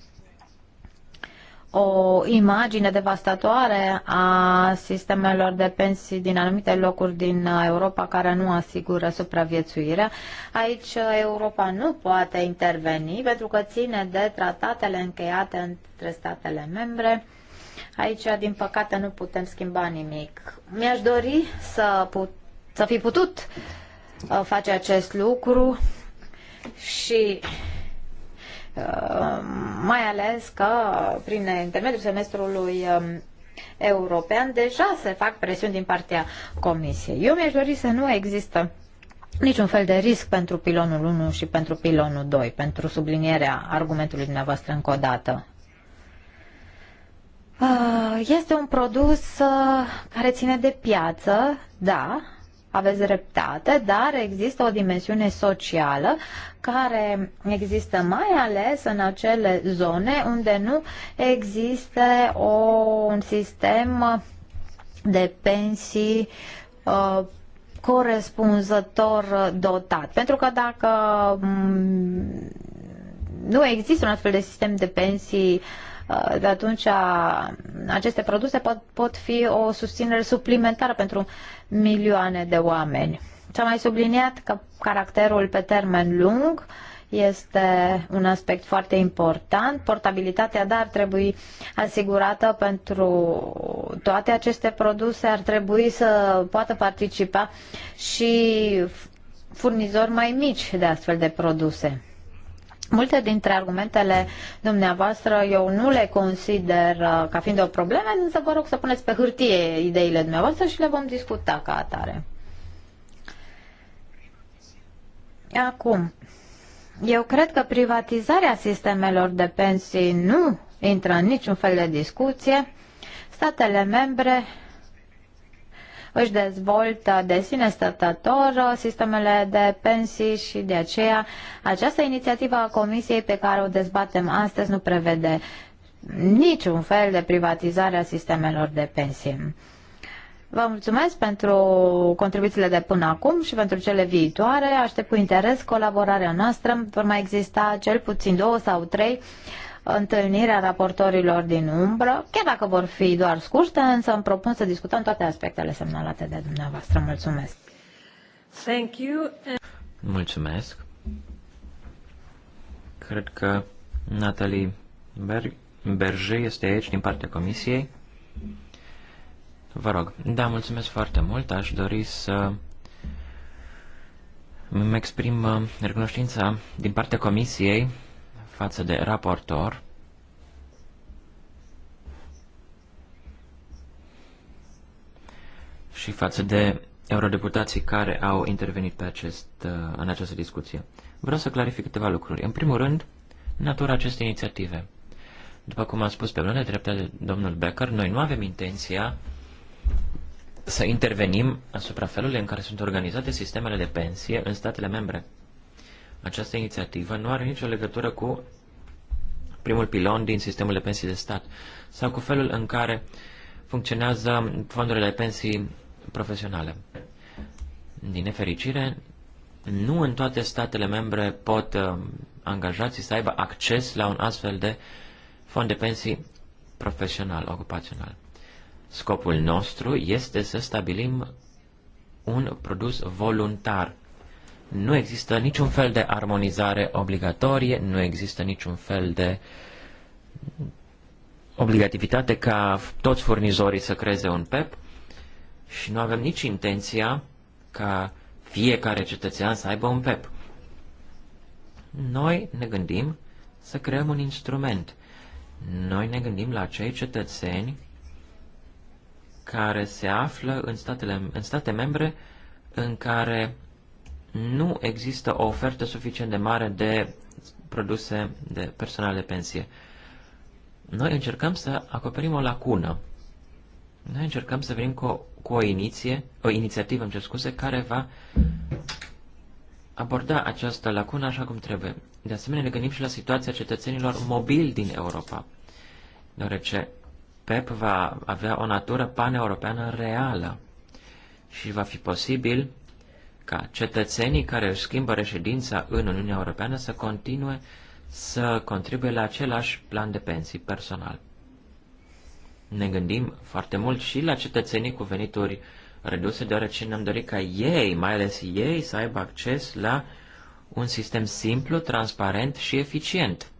o imagine devastatoare a sistemelor de pensii din anumite locuri din uh, Europa care nu asigură supraviețuirea. Aici uh, Europa nu poate interveni pentru că ține de tratatele încheiate între statele membre. Aici, din păcate, nu putem schimba nimic. Mi-aș dori să, put- să fi putut uh, Uh, face acest lucru și uh, mai ales că prin intermediul semestrului um, european deja se fac presiuni din partea Comisiei. Eu mi-aș dori să nu există niciun fel de risc pentru pilonul 1 și pentru pilonul 2, pentru sublinierea argumentului dumneavoastră încă o dată. Uh, este un produs care ține de piață, da, aveți dreptate, dar există o dimensiune socială care există mai ales în acele zone unde nu există o, un sistem de pensii uh, corespunzător dotat. Pentru că dacă mm, nu există un astfel de sistem de pensii uh, Uh, de atunci aceste produse pot, pot fi o susținere suplimentară pentru milioane de oameni. ce a mai subliniat că caracterul pe termen lung este un aspect foarte important. Portabilitatea, dar da, trebuie asigurată pentru toate aceste produse, ar trebui să poată participa și furnizori mai mici de astfel de produse. Multe dintre argumentele dumneavoastră eu nu le consider uh, ca fiind o problemă, însă vă rog să puneți pe hârtie ideile dumneavoastră și le vom discuta ca atare. Acum, eu cred că privatizarea sistemelor de pensii nu intră în niciun fel de discuție. Statele membre își dezvoltă de sine stătător uh, sistemele de pensii și de aceea această inițiativă a Comisiei pe care o dezbatem astăzi nu prevede niciun fel de privatizare a sistemelor de pensii. Vă mulțumesc pentru contribuțiile de până acum și pentru cele viitoare. Aștept cu interes colaborarea noastră. Vor mai exista cel puțin două sau trei întâlnirea raportorilor din umbră, chiar dacă vor fi doar scurte, însă îmi propun să discutăm toate aspectele semnalate de dumneavoastră. Mulțumesc! Thank you. Mulțumesc! Cred că Natalie Ber- Berger este aici din partea comisiei. Vă rog. Da, mulțumesc foarte mult. Aș dori să îmi exprim recunoștința din partea comisiei față de raportor. și față de eurodeputații care au intervenit pe acest, uh, în această discuție. Vreau să clarific câteva lucruri. În primul rând, natura acestei inițiative. După cum a spus pe bună dreptate domnul Becker, noi nu avem intenția să intervenim asupra felului în care sunt organizate sistemele de pensie în statele membre. Această inițiativă nu are nicio legătură cu primul pilon din sistemul de pensii de stat sau cu felul în care funcționează fondurile de pensii profesionale. Din nefericire, nu în toate statele membre pot uh, angajații să aibă acces la un astfel de fond de pensii profesional, ocupațional. Scopul nostru este să stabilim un produs voluntar nu există niciun fel de armonizare obligatorie, nu există niciun fel de obligativitate ca toți furnizorii să creeze un PEP și nu avem nici intenția ca fiecare cetățean să aibă un PEP. Noi ne gândim să creăm un instrument. Noi ne gândim la cei cetățeni care se află în, statele, în state membre în care nu există o ofertă suficient de mare de produse de personal de pensie. Noi încercăm să acoperim o lacună. Noi încercăm să venim cu o, cu o, iniție, o inițiativă, îmi cer scuze, care va aborda această lacună așa cum trebuie. De asemenea, ne gândim și la situația cetățenilor mobili din Europa, deoarece PEP va avea o natură paneuropeană reală și va fi posibil ca cetățenii care își schimbă reședința în Uniunea Europeană să continue să contribuie la același plan de pensii personal. Ne gândim foarte mult și la cetățenii cu venituri reduse, deoarece ne-am dorit ca ei, mai ales ei, să aibă acces la un sistem simplu, transparent și eficient.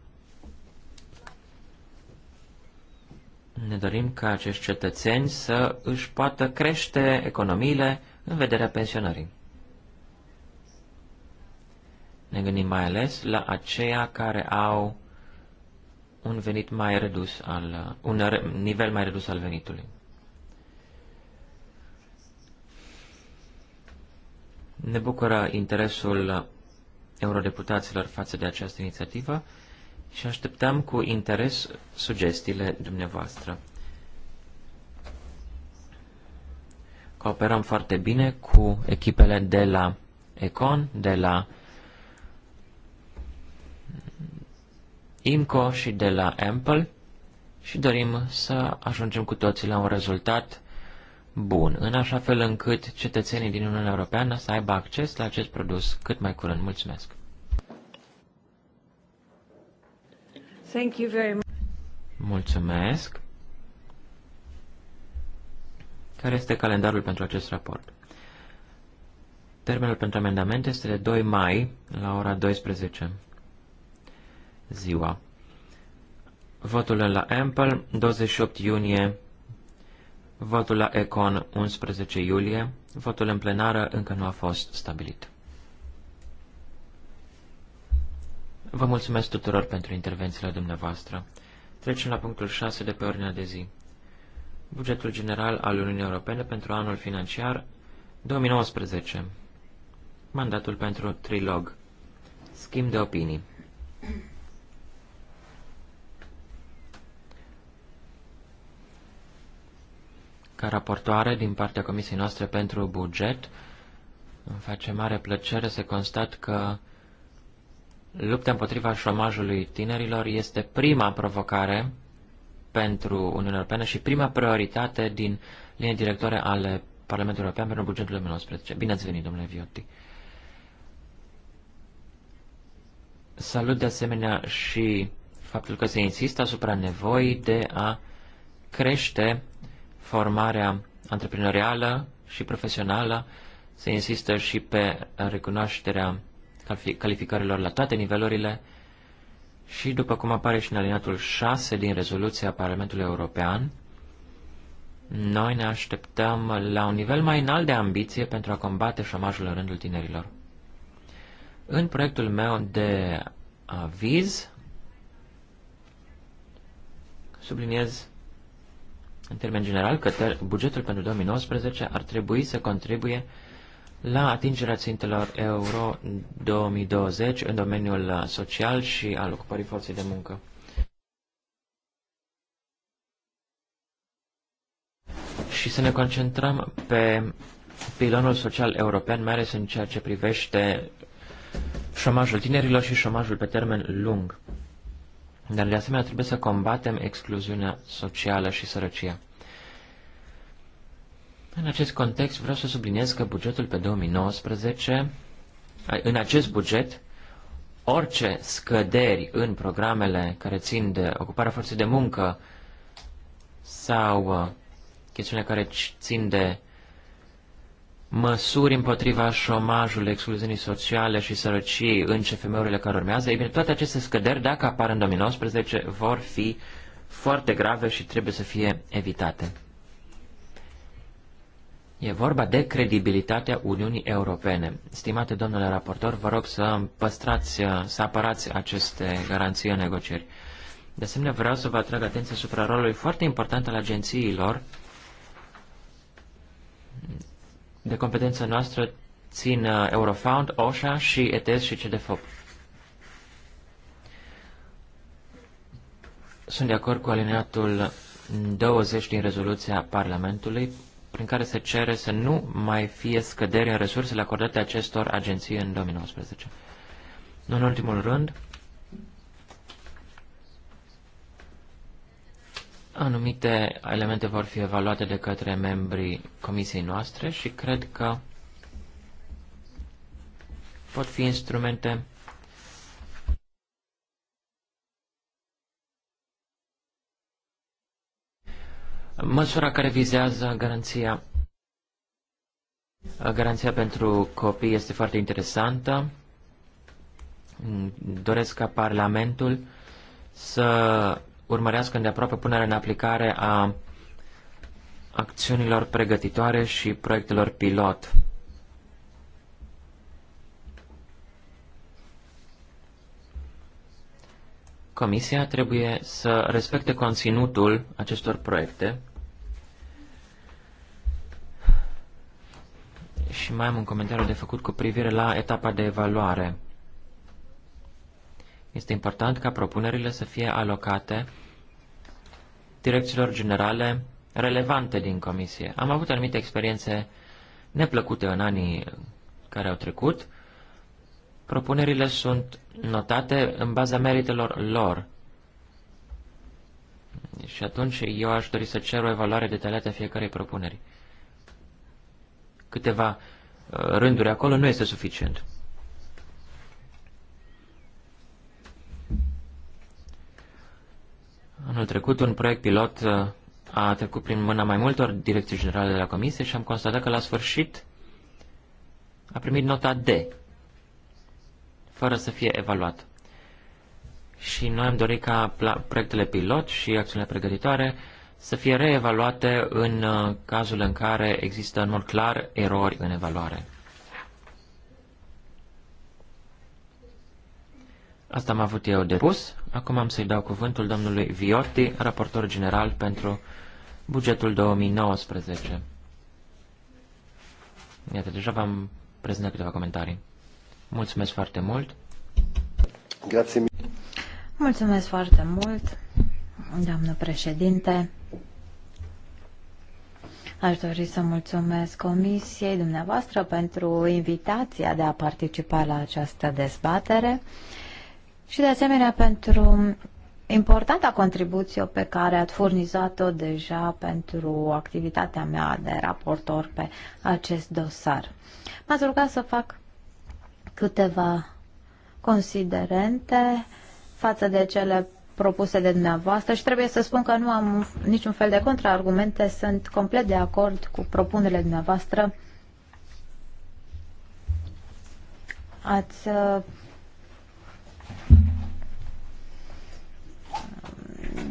Ne dorim ca acești cetățeni să își poată crește economiile în vederea pensionării. Ne gândim mai ales la aceia care au un venit mai redus al, un nivel mai redus al venitului. Ne bucură interesul eurodeputaților față de această inițiativă și așteptăm cu interes sugestiile dumneavoastră. Cooperăm foarte bine cu echipele de la Econ, de la IMCO și de la Ample și dorim să ajungem cu toții la un rezultat bun, în așa fel încât cetățenii din Uniunea Europeană să aibă acces la acest produs cât mai curând. Mulțumesc! Thank you very much. Mulțumesc! Care este calendarul pentru acest raport? Termenul pentru amendamente este de 2 mai la ora 12 ziua. Votul la Ample, 28 iunie, votul la Econ, 11 iulie, votul în plenară încă nu a fost stabilit. Vă mulțumesc tuturor pentru intervențiile dumneavoastră. Trecem la punctul 6 de pe ordinea de zi. Bugetul general al Uniunii Europene pentru anul financiar 2019. Mandatul pentru trilog. Schimb de opinii. ca raportoare din partea Comisiei noastre pentru buget. Îmi face mare plăcere să constat că lupta împotriva șomajului tinerilor este prima provocare pentru Uniunea Europeană și prima prioritate din linie directoare ale Parlamentului European pentru bugetul 2019. Bine ați venit, domnule Viotti. Salut de asemenea și faptul că se insistă asupra nevoii de a crește formarea antreprenorială și profesională, se insistă și pe recunoașterea calificărilor la toate nivelurile și, după cum apare și în alinatul 6 din rezoluția Parlamentului European, noi ne așteptăm la un nivel mai înalt de ambiție pentru a combate șomajul în rândul tinerilor. În proiectul meu de aviz subliniez în termen general că bugetul pentru 2019 ar trebui să contribuie la atingerea țintelor Euro 2020 în domeniul uh, social și al ocupării forței de muncă. Și să ne concentrăm pe pilonul social european, mai ales în ceea ce privește șomajul tinerilor și șomajul pe termen lung. Dar de asemenea trebuie să combatem excluziunea socială și sărăcia. În acest context vreau să subliniez că bugetul pe 2019, în acest buget, orice scăderi în programele care țin de ocuparea forței de muncă sau uh, chestiunea care țin de măsuri împotriva șomajului, excluziunii sociale și sărăciei în CFM-urile care urmează, ei bine, toate aceste scăderi, dacă apar în 2019, vor fi foarte grave și trebuie să fie evitate. E vorba de credibilitatea Uniunii Europene. Stimate domnule raportor, vă rog să păstrați, să apărați aceste garanții în negocieri. De asemenea, vreau să vă atrag atenția asupra rolului foarte important al agențiilor de competența noastră țin uh, Eurofound, OSHA și ETS și CDFOP. Sunt de acord cu alineatul 20 din rezoluția Parlamentului, prin care se cere să nu mai fie scăderi în resursele acordate acestor agenții în 2019. în ultimul rând, Anumite elemente vor fi evaluate de către membrii comisiei noastre și cred că pot fi instrumente Măsura care vizează garanția Garanția pentru copii este foarte interesantă. Doresc ca Parlamentul să urmărească îndeaproape punerea în aplicare a acțiunilor pregătitoare și proiectelor pilot. Comisia trebuie să respecte conținutul acestor proiecte și mai am un comentariu de făcut cu privire la etapa de evaluare. Este important ca propunerile să fie alocate direcțiilor generale relevante din comisie. Am avut anumite experiențe neplăcute în anii care au trecut. Propunerile sunt notate în baza meritelor lor. Și atunci eu aș dori să cer o evaluare detaliată a fiecarei propuneri. Câteva uh, rânduri acolo nu este suficient. Anul trecut, un proiect pilot uh, a trecut prin mâna mai multor direcții generale de la Comisie și am constatat că la sfârșit a primit nota D, fără să fie evaluat. Și noi am dorit ca proiectele pilot și acțiunile pregătitoare să fie reevaluate în uh, cazul în care există în mod clar erori în evaluare. Asta am avut eu de pus. Acum am să-i dau cuvântul domnului Viotti, raportor general pentru bugetul 2019. Iată, deja v-am prezentat câteva comentarii. Mulțumesc foarte mult! Grazie. Mulțumesc foarte mult, doamnă președinte. Aș dori să mulțumesc Comisiei dumneavoastră pentru invitația de a participa la această dezbatere și de asemenea pentru importanta contribuție pe care ați furnizat-o deja pentru activitatea mea de raportor pe acest dosar. M-ați rugat să fac câteva considerente față de cele propuse de dumneavoastră și trebuie să spun că nu am niciun fel de contraargumente, sunt complet de acord cu propunerile dumneavoastră. Ați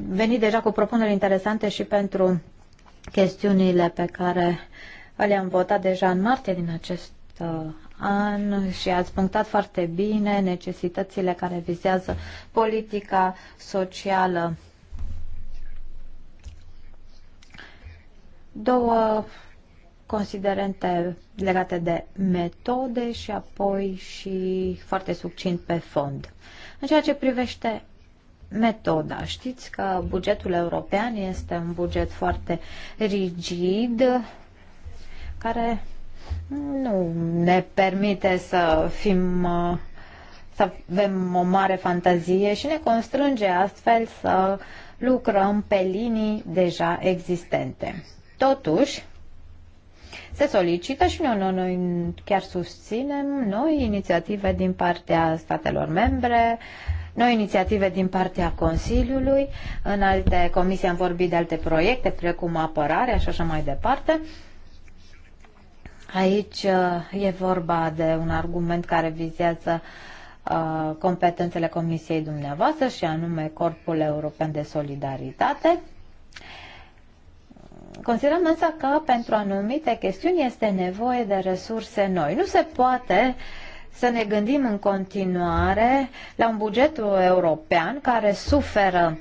venit deja cu propuneri interesante și pentru chestiunile pe care le-am votat deja în martie din acest uh, an și ați punctat foarte bine necesitățile care vizează politica socială. Două considerente legate de metode și apoi și foarte succint pe fond. În ceea ce privește metoda. Știți că bugetul european este un buget foarte rigid care nu ne permite să fim să avem o mare fantazie și ne constrânge astfel să lucrăm pe linii deja existente. Totuși, se solicită și noi, noi chiar susținem noi inițiative din partea statelor membre, uh, noi inițiative din partea Consiliului, în alte comisii am vorbit de alte proiecte, precum apărarea și așa mai departe. Aici uh, e vorba de un argument care vizează uh, competențele Comisiei dumneavoastră și anume Corpul European de Solidaritate. Considerăm însă că pentru anumite chestiuni este nevoie de resurse noi. Nu se poate uh, să ne gândim în continuare la un buget european care suferă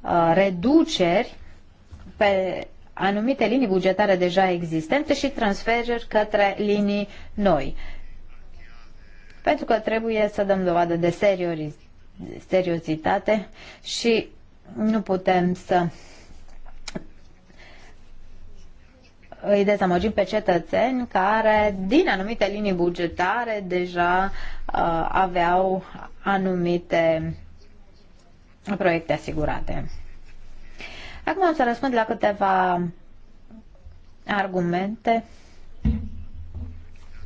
uh, reduceri pe anumite linii bugetare deja existente și transferuri către linii noi. Pentru că trebuie să dăm dovadă de seriozitate și nu putem să îi dezamăgim pe cetățeni care, din anumite linii bugetare, deja uh, aveau anumite proiecte asigurate. Acum am să răspund la câteva argumente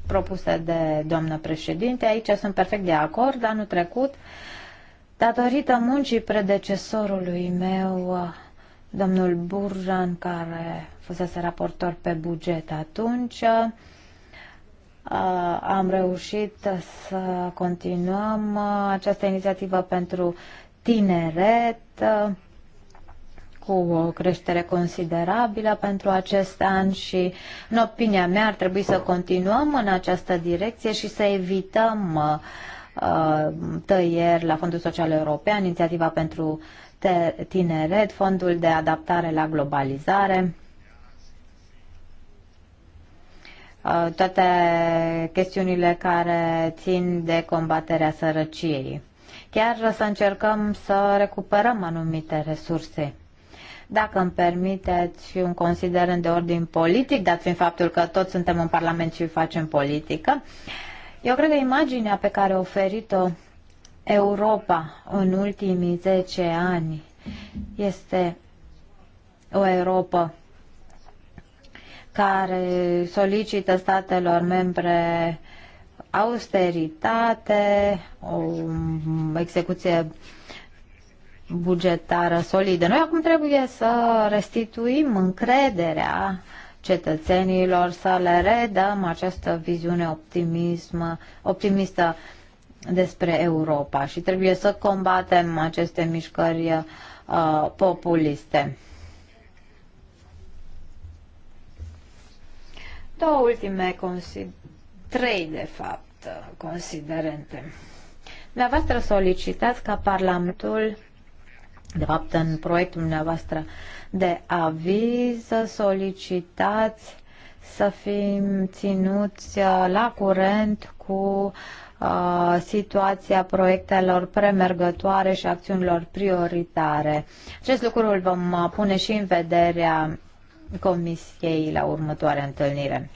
propuse de doamnă președinte. Aici sunt perfect de acord. Anul trecut, datorită muncii predecesorului meu, domnul Burjan, care fusese raportor pe buget atunci. Uh, am reușit să continuăm uh, această inițiativă pentru tineret uh, cu o creștere considerabilă pentru acest an și, în opinia mea, ar trebui să continuăm în această direcție și să evităm tăieri la Fondul Social European, Inițiativa pentru Tineret, Fondul de Adaptare la Globalizare. Uh, toate chestiunile care țin de combaterea sărăciei. Chiar să încercăm să recuperăm anumite resurse. Dacă îmi permiteți un considerent de ordin politic, dat fiind faptul că toți suntem în Parlament și facem politică, eu cred că imaginea pe care a oferit-o Europa în ultimii 10 ani este o Europa care solicită statelor membre austeritate, o execuție bugetară solidă. Noi acum trebuie să restituim încrederea cetățenilor, să le redăm această viziune optimism, optimistă despre Europa și trebuie să combatem aceste mișcări uh, populiste. Două ultime trei de fapt considerente. Dumneavoastră solicitați ca Parlamentul, de fapt în proiectul dumneavoastră de aviz, solicitați să fim ținuți uh, la curent cu uh, situația proiectelor premergătoare și acțiunilor prioritare. Acest lucru îl vom uh, pune și în vederea Comisiei la următoarea întâlnire.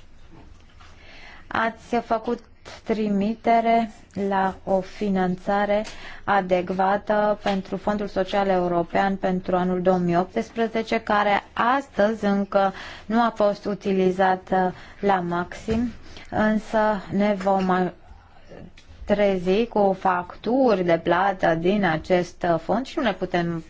Ați făcut trimitere la o finanțare adecvată pentru Fondul Social European pentru anul 2018, care astăzi încă nu a fost utilizată la maxim, însă ne vom trezi cu facturi de plată din acest fond și nu ne putem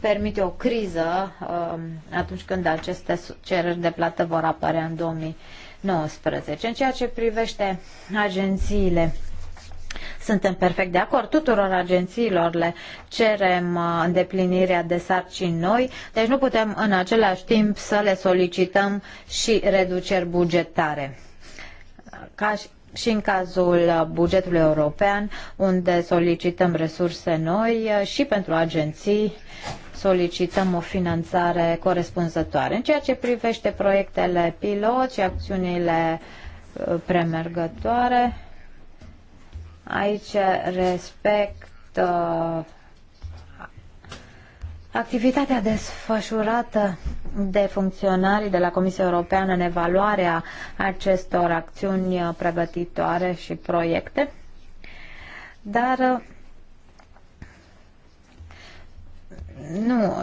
permite o criză um, atunci când aceste cereri de plată vor apărea în 2019. În ceea ce privește agențiile, suntem perfect de acord. Tuturor agențiilor le cerem uh, îndeplinirea de sarcini noi, deci nu putem în același timp să le solicităm și reduceri bugetare. Ca și și în cazul bugetului european, unde solicităm resurse noi și pentru agenții solicităm o finanțare corespunzătoare. În ceea ce privește proiectele pilot și acțiunile uh, premergătoare, aici respect uh, Activitatea desfășurată de funcționarii de la Comisia Europeană în evaluarea acestor acțiuni pregătitoare și proiecte, dar nu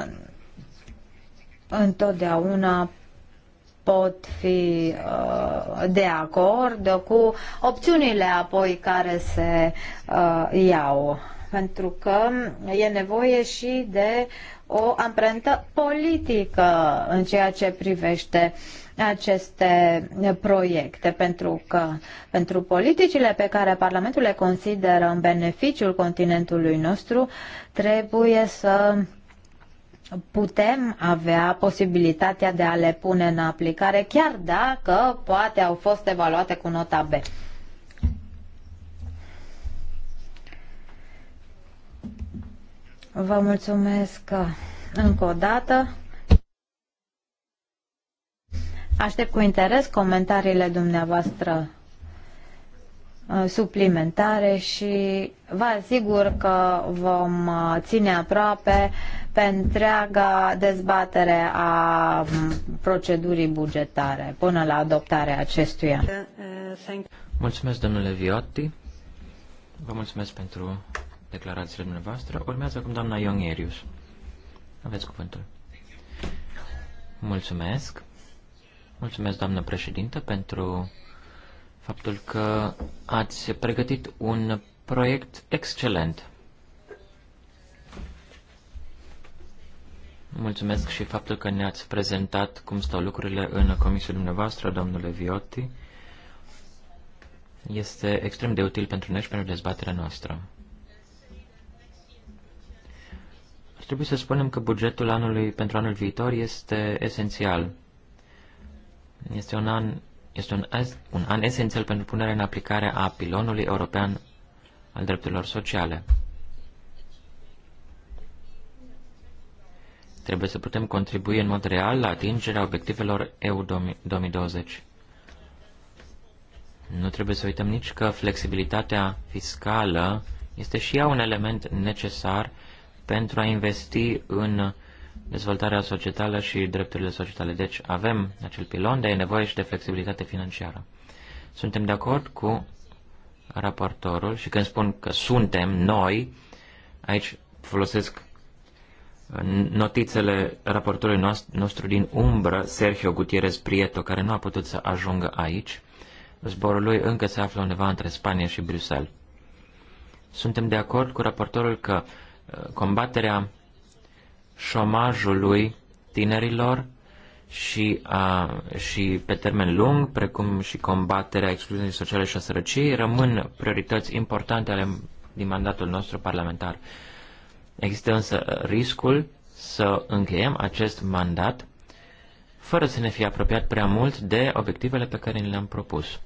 întotdeauna pot fi uh, de acord cu opțiunile apoi care se uh, iau pentru că e nevoie și de o amprentă politică în ceea ce privește aceste proiecte, pentru că pentru politicile pe care Parlamentul le consideră în beneficiul continentului nostru, trebuie să putem avea posibilitatea de a le pune în aplicare, chiar dacă poate au fost evaluate cu nota B. Vă mulțumesc încă o dată. Aștept cu interes comentariile dumneavoastră uh, suplimentare și vă asigur că vom uh, ține aproape pe întreaga dezbatere a um, procedurii bugetare până la adoptarea acestuia. Uh, mulțumesc, domnule Viotti. Vă mulțumesc pentru declarațiile dumneavoastră. Urmează acum doamna Ionierius. Aveți cuvântul. Mulțumesc. Mulțumesc, doamnă președintă, pentru faptul că ați pregătit un proiect excelent. Mulțumesc și faptul că ne-ați prezentat cum stau lucrurile în comisia dumneavoastră, domnule Viotti. Este extrem de util pentru noi și pentru dezbaterea noastră. trebui să spunem că bugetul anului pentru anul viitor este esențial. Este un an, este un, un an esențial pentru punerea în aplicare a pilonului european al drepturilor sociale. Trebuie să putem contribui în mod real la atingerea obiectivelor EU 2020. Nu trebuie să uităm nici că flexibilitatea fiscală este și ea un element necesar pentru a investi în dezvoltarea societală și drepturile societale. Deci avem acel pilon, dar e nevoie și de flexibilitate financiară. Suntem de acord cu raportorul și când spun că suntem noi, aici folosesc uh, notițele raportorului nostru din umbră, Sergio Gutierrez Prieto, care nu a putut să ajungă aici. Zborul lui încă se află undeva între Spania și Bruxelles. Suntem de acord cu raportorul că combaterea șomajului tinerilor și, a, și pe termen lung, precum și combaterea excluziunii sociale și a sărăciei, rămân priorități importante ale, din mandatul nostru parlamentar. Există însă riscul să încheiem acest mandat fără să ne fie apropiat prea mult de obiectivele pe care ni le-am propus.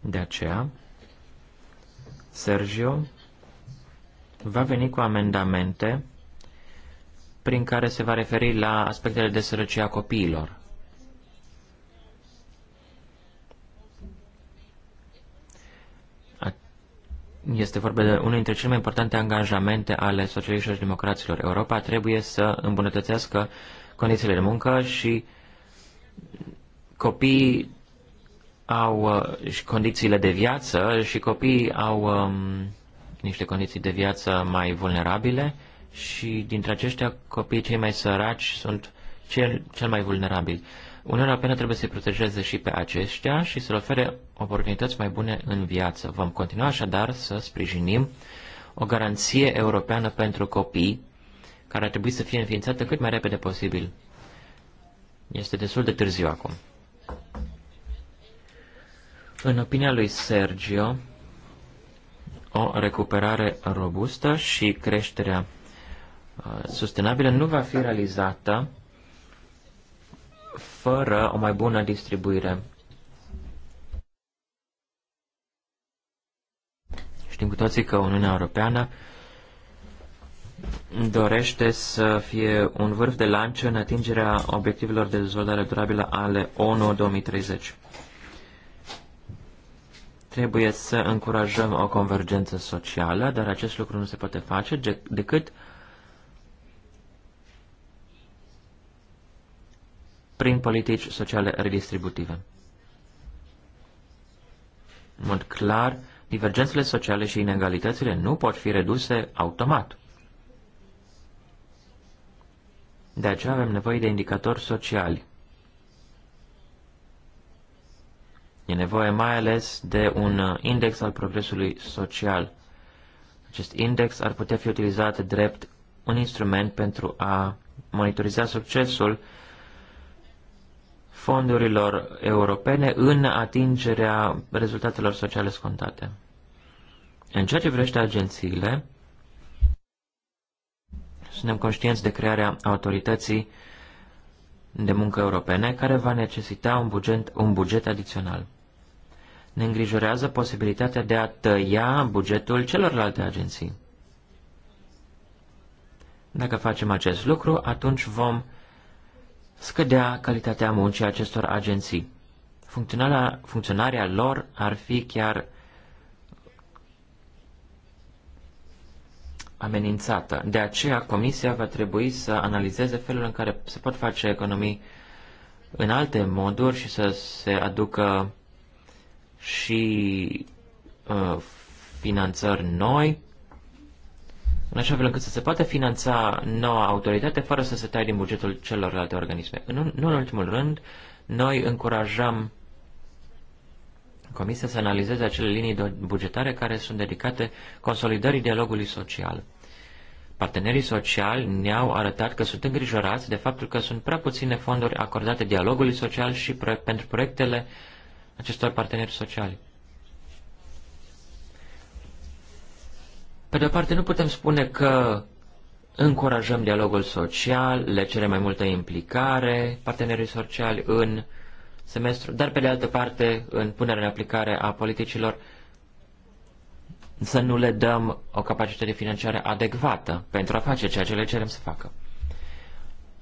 De aceea, Sergio va veni cu amendamente prin care se va referi la aspectele de sărăcie a copiilor. Este vorba de unul dintre cele mai importante angajamente ale socialiștilor și democraților. Europa trebuie să îmbunătățească condițiile de muncă și copiii au uh, și condițiile de viață și copiii au um, niște condiții de viață mai vulnerabile și dintre aceștia copiii cei mai săraci sunt cel, cel mai vulnerabili. Uniunea Europeană trebuie să-i protejeze și pe aceștia și să le ofere oportunități mai bune în viață. Vom continua așadar să sprijinim o garanție europeană pentru copii care ar trebui să fie înființată cât mai repede posibil. Este destul de târziu acum. În opinia lui Sergio, o recuperare robustă și creșterea uh, sustenabilă nu va fi realizată fără o mai bună distribuire. Știm cu toții că Uniunea Europeană dorește să fie un vârf de lanț în atingerea obiectivelor de dezvoltare durabilă ale ONU 2030. Trebuie să încurajăm o convergență socială, dar acest lucru nu se poate face decât prin politici sociale redistributive. În mod clar, divergențele sociale și inegalitățile nu pot fi reduse automat. De aceea avem nevoie de indicatori sociali. E nevoie mai ales de un uh, index al progresului social. Acest index ar putea fi utilizat drept un instrument pentru a monitoriza succesul fondurilor europene în atingerea rezultatelor sociale scontate. În ceea ce privește agențiile, suntem conștienți de crearea autorității de muncă europene, care va necesita un buget, un buget adițional ne îngrijorează posibilitatea de a tăia bugetul celorlalte agenții. Dacă facem acest lucru, atunci vom scădea calitatea muncii acestor agenții. Funcționarea, funcționarea lor ar fi chiar amenințată. De aceea, Comisia va trebui să analizeze felul în care se pot face economii în alte moduri și să se aducă și uh, finanțări noi, în așa fel încât să se poată finanța noua autoritate fără să se taie din bugetul celorlalte organisme. În, nu în ultimul rând, noi încurajăm Comisia să analizeze acele linii bugetare care sunt dedicate consolidării dialogului social. Partenerii sociali ne-au arătat că sunt îngrijorați de faptul că sunt prea puține fonduri acordate dialogului social și pro- pentru proiectele uh, acestor parteneri sociali. Pe de-o parte, nu putem spune că încurajăm dialogul social, le cerem mai multă implicare partenerii sociali în semestru, dar pe de altă parte, în punerea în aplicare a politicilor, să nu le dăm o capacitate financiară adecvată pentru a face ceea ce le cerem să facă.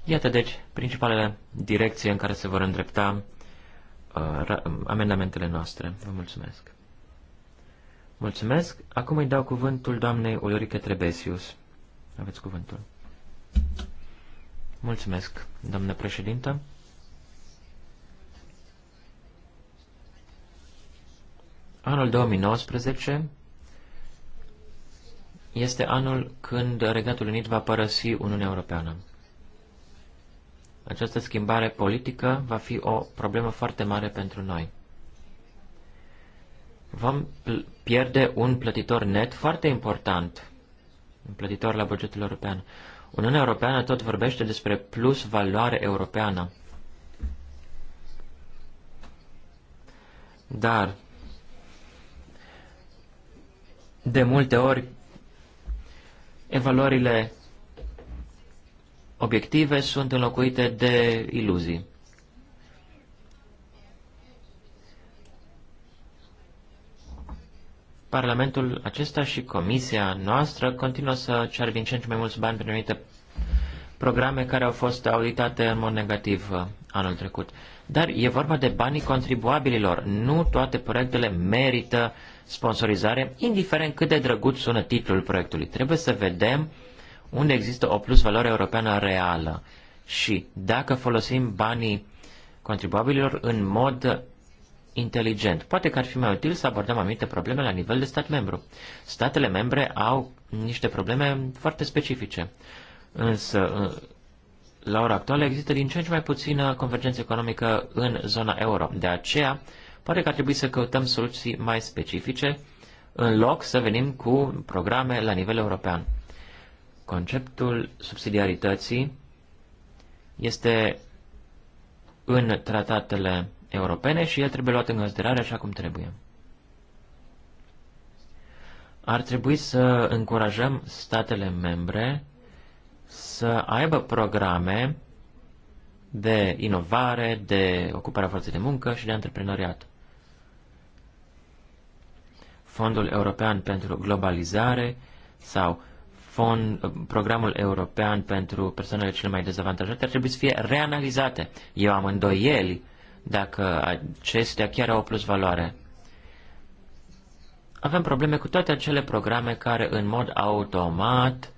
Iată, deci, principalele direcții în care se vor îndrepta amendamentele noastre. Vă mulțumesc. Mulțumesc. Acum îi dau cuvântul doamnei Ulrike Trebesius. Aveți cuvântul. Mulțumesc, doamnă președintă. Anul 2019 este anul când Regatul Unit va părăsi Uniunea Europeană. Această schimbare politică va fi o problemă foarte mare pentru noi. Vom pierde un plătitor net foarte important, un plătitor la bugetul european. Uniunea Europeană tot vorbește despre plus valoare europeană. Dar, de multe ori, evaluările obiective sunt înlocuite de iluzii. Parlamentul acesta și comisia noastră continuă să ceară din ce în ce mai mulți bani pentru anumite programe care au fost auditate în mod negativ uh, anul trecut. Dar e vorba de banii contribuabililor. Nu toate proiectele merită sponsorizare, indiferent cât de drăguț sună titlul proiectului. Trebuie să vedem uh, unde există o plus valoare europeană reală și dacă folosim banii contribuabililor în mod inteligent. Poate că ar fi mai util să abordăm anumite probleme la nivel de stat membru. Statele membre au niște probleme foarte specifice, însă la ora actuală există din ce în ce mai puțină convergență economică în zona euro. De aceea, poate că ar trebui să căutăm soluții mai specifice în loc să venim cu programe la nivel european. Conceptul subsidiarității este în tratatele europene și el trebuie luat în considerare așa cum trebuie. Ar trebui să încurajăm statele membre să aibă programe de inovare, de ocuparea forței de muncă și de antreprenoriat. Fondul European pentru Globalizare sau fond, programul european pentru persoanele cele mai dezavantajate ar trebui să fie reanalizate. Eu am îndoieli dacă acestea chiar au o plus valoare. Avem probleme cu toate acele programe care în mod automat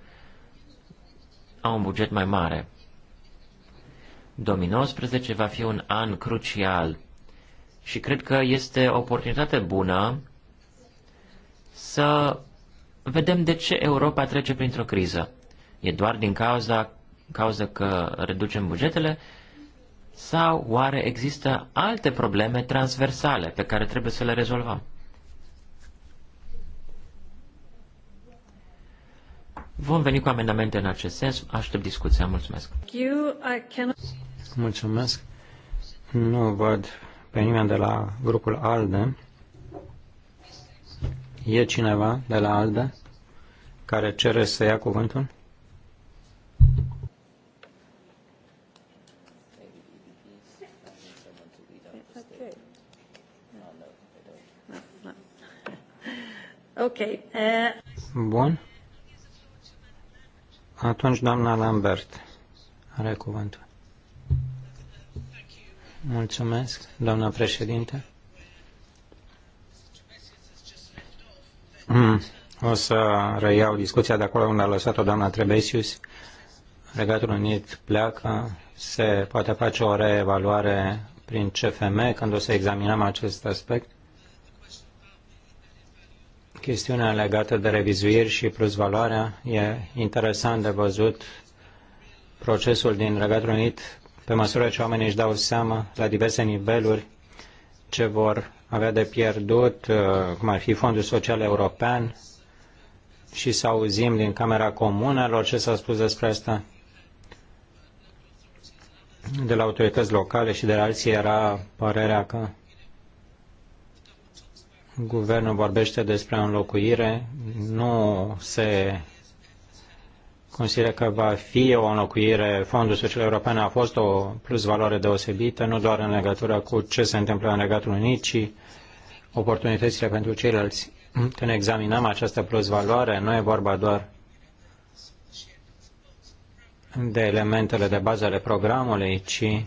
au un buget mai mare. 2019 va fi un an crucial și cred că este o oportunitate bună să vedem de ce Europa trece printr-o criză. E doar din cauza, cauza că reducem bugetele? Sau oare există alte probleme transversale pe care trebuie să le rezolvăm? Vom veni cu amendamente în acest sens. Aștept discuția. Mulțumesc. Mulțumesc. Nu văd pe nimeni de la grupul ALDE. E cineva de la ALDE care cere să ia cuvântul? Okay. Eh. Bun. Atunci doamna Lambert are cuvântul. Mulțumesc, doamna președinte. Mm. O să reiau discuția de acolo unde a lăsat-o doamna Trebesius. Regatul Unit pleacă, se poate face o reevaluare prin CFM când o să examinăm acest aspect. Chestiunea legată de revizuiri și plusvaloarea e interesant de văzut procesul din Regatul Unit pe măsură ce oamenii își dau seama la diverse niveluri ce vor avea de pierdut, uh, cum ar fi Fondul Social European, și să auzim din Camera Comunelor ce s-a spus despre asta de la autorități locale și de la alții era părerea că guvernul vorbește despre înlocuire, nu se consideră că va fi o înlocuire. Fondul Social European a fost o plus valoare deosebită, nu doar în legătură cu ce se întâmplă în Regatul Unit, ci oportunitățile pentru ceilalți. Când examinăm această plus valoare, nu e vorba doar de elementele de bază ale programului, ci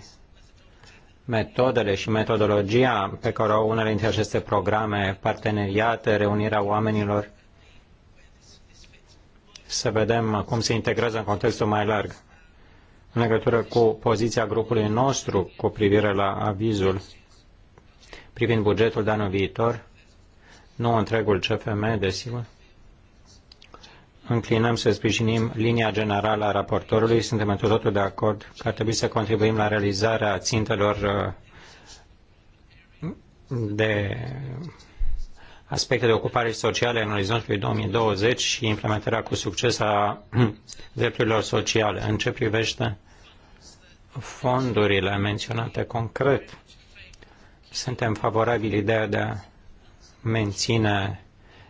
metodele și metodologia pe care au unele dintre aceste programe, parteneriate, reunirea oamenilor, să vedem cum se integrează în contextul mai larg. În legătură cu poziția grupului nostru cu privire la avizul privind bugetul de anul viitor, nu întregul CFM, desigur, înclinăm să sprijinim linia generală a raportorului. Suntem într totul de acord că ar trebui să contribuim la realizarea țintelor uh, de aspecte de ocupare sociale în orizontul 2020 și implementarea cu succes a drepturilor sociale. În ce privește fondurile menționate concret, suntem favorabili ideea de a menține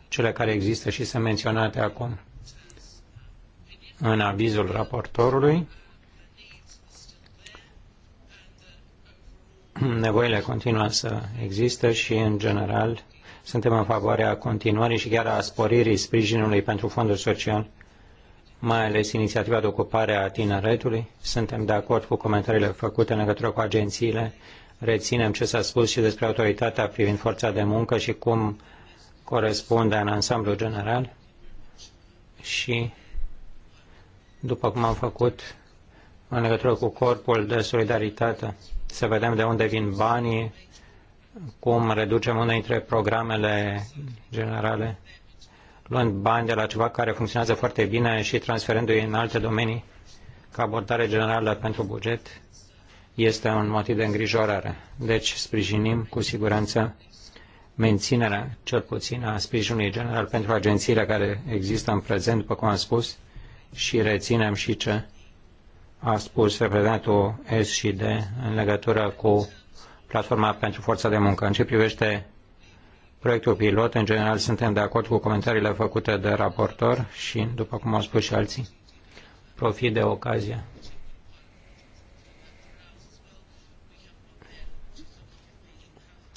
cele care există și sunt menționate acum în avizul raportorului. Nevoile continuă să existe și, în general, suntem în favoarea continuării și chiar a sporirii sprijinului pentru fondul social, mai ales inițiativa de ocupare a tineretului. Suntem de acord cu comentariile făcute în legătură cu agențiile. Reținem ce s-a spus și despre autoritatea privind forța de muncă și cum corespunde în ansamblu general. Și, după cum am făcut în legătură cu corpul de solidaritate, să vedem de unde vin banii, cum reducem una dintre programele generale, luând bani de la ceva care funcționează foarte bine și transferându-i în alte domenii ca abordare generală pentru buget, este un motiv de îngrijorare. Deci sprijinim cu siguranță menținerea, cel puțin, a sprijinului general pentru agențiile care există în prezent, după cum am spus, și reținem și ce a spus reprezentantul S și D în legătură cu platforma pentru forța de muncă. În ce privește proiectul pilot, în general suntem de acord cu comentariile făcute de raportor și, după cum au spus și alții, profit de ocazie.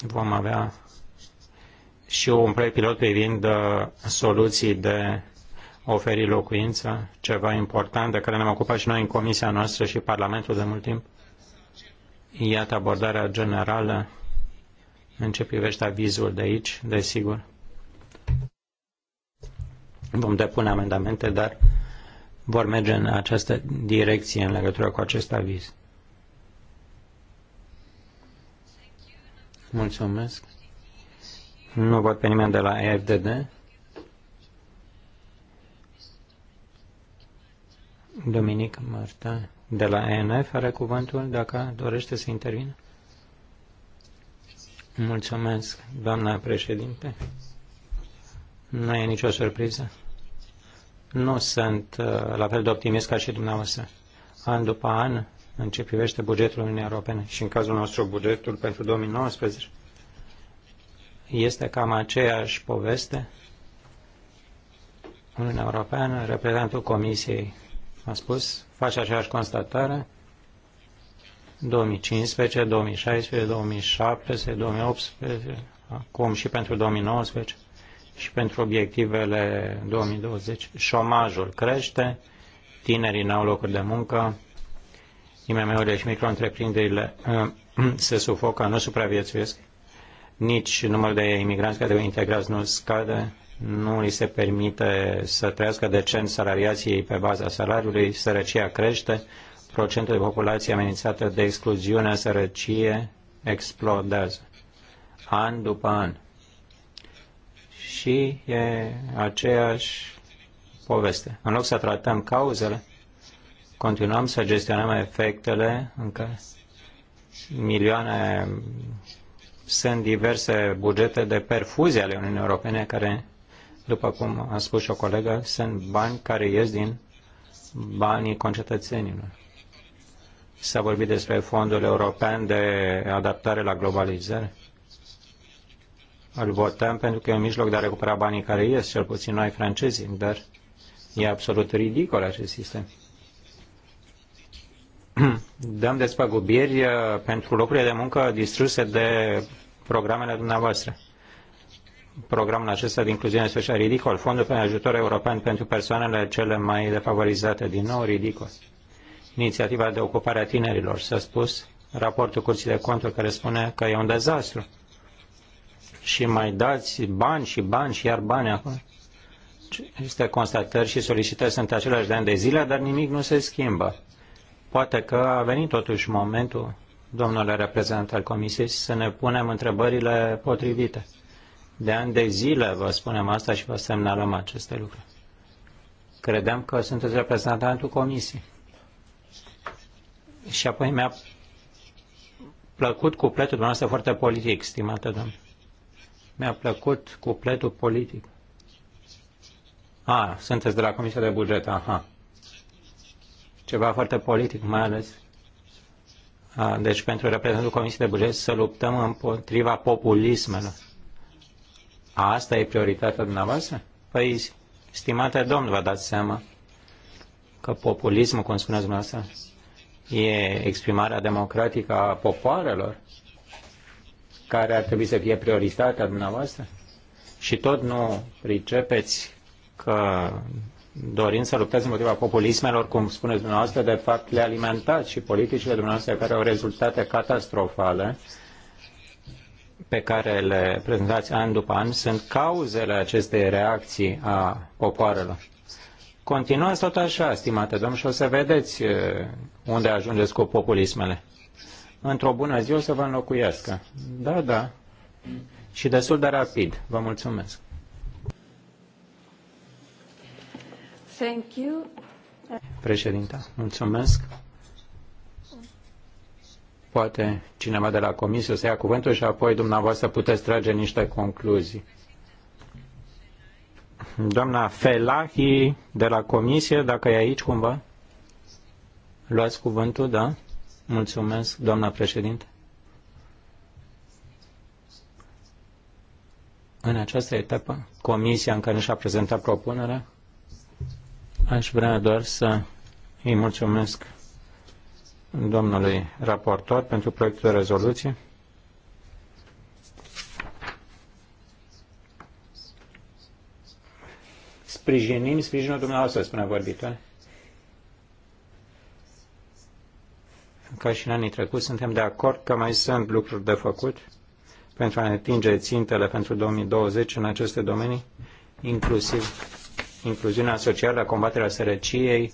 Vom avea și un proiect pilot privind uh, soluții de oferi locuință, ceva important de care ne-am ocupat și noi în comisia noastră și Parlamentul de mult timp. Iată abordarea generală în ce privește avizul de aici, desigur. Vom depune amendamente, dar vor merge în această direcție în legătură cu acest aviz. Mulțumesc. Nu văd pe nimeni de la EFDD. Dominic Marta de la ENF are cuvântul dacă dorește să intervină. Mulțumesc, doamna președinte. Nu e nicio surpriză. Nu sunt uh, la fel de optimist ca și dumneavoastră. An după an, în ce privește bugetul Uniunii Europene și în cazul nostru bugetul pentru 2019, este cam aceeași poveste. Uniunea Europeană, reprezentantul Comisiei a spus face aceeași constatare. 2015, 2016, 2017, 2018, acum și pentru 2019 și pentru obiectivele 2020. Șomajul crește, tinerii n-au locuri de muncă, IMM-urile și micro-întreprinderile se sufocă, nu supraviețuiesc, nici numărul de imigranți care au integrați nu scade, nu îi se permite să trăiască decent salariații pe baza salariului, sărăcia crește, procentul de populație amenințată de excluziune, sărăcie, explodează an după an. Și e aceeași poveste. În loc să tratăm cauzele, continuăm să gestionăm efectele în care milioane sunt diverse bugete de perfuzie ale Uniunii Europene care după cum a spus și o colegă, sunt bani care ies din banii concetățenilor. S-a vorbit despre fondul european de adaptare la globalizare. Îl votăm pentru că e un mijloc de a recupera banii care ies, cel puțin noi francezi, dar e absolut ridicol acest sistem. Dăm despăgubiri uh, pentru locurile de muncă distruse de programele dumneavoastră programul acesta de incluziune socială ridicol, fondul pentru ajutor european pentru persoanele cele mai defavorizate, din nou ridicol. Inițiativa de ocupare a tinerilor, s-a spus, raportul Curții de Conturi care spune că e un dezastru. Și mai dați bani și bani și iar bani acum. Este constatări și solicitări sunt aceleași de ani de zile, dar nimic nu se schimbă. Poate că a venit totuși momentul, domnule reprezentant al Comisiei, să ne punem întrebările potrivite de ani de zile vă spunem asta și vă semnalăm aceste lucruri. Credeam că sunteți reprezentantul comisiei. Și apoi mi-a plăcut cupletul dumneavoastră foarte politic, stimată doamnă. Mi-a plăcut cupletul politic. A, sunteți de la Comisia de Buget, aha. Ceva foarte politic, mai ales. A, deci pentru reprezentantul Comisiei de Buget să luptăm împotriva populismelor Asta e prioritatea dumneavoastră? Păi, stimate domn, vă dați seama că populismul, cum spuneți dumneavoastră, e exprimarea democratică a popoarelor, care ar trebui să fie prioritatea dumneavoastră? Și tot nu pricepeți că dorind să luptați împotriva populismelor, cum spuneți dumneavoastră, de fapt le alimentați și politicile dumneavoastră care au rezultate catastrofale pe care le prezentați an după an sunt cauzele acestei reacții a popoarelor. Continuați tot așa, stimate domn, și o să vedeți unde ajungeți cu populismele. Într-o bună zi o să vă înlocuiască. Da, da. Și destul de rapid. Vă mulțumesc. Thank you. Președinta, mulțumesc. Poate cineva de la comisie să ia cuvântul și apoi dumneavoastră puteți trage niște concluzii. Doamna Felahi de la comisie, dacă e aici cumva, luați cuvântul, da? Mulțumesc, doamna președinte. În această etapă, comisia în care și-a prezentat propunerea, aș vrea doar să îi mulțumesc domnului raportor pentru proiectul de rezoluție. Sprijinim sprijinul dumneavoastră, spune vorbitoare. Ca și în anii trecuți, suntem de acord că mai sunt lucruri de făcut pentru a ne atinge țintele pentru 2020 în aceste domenii, inclusiv incluziunea socială, combaterea sărăciei,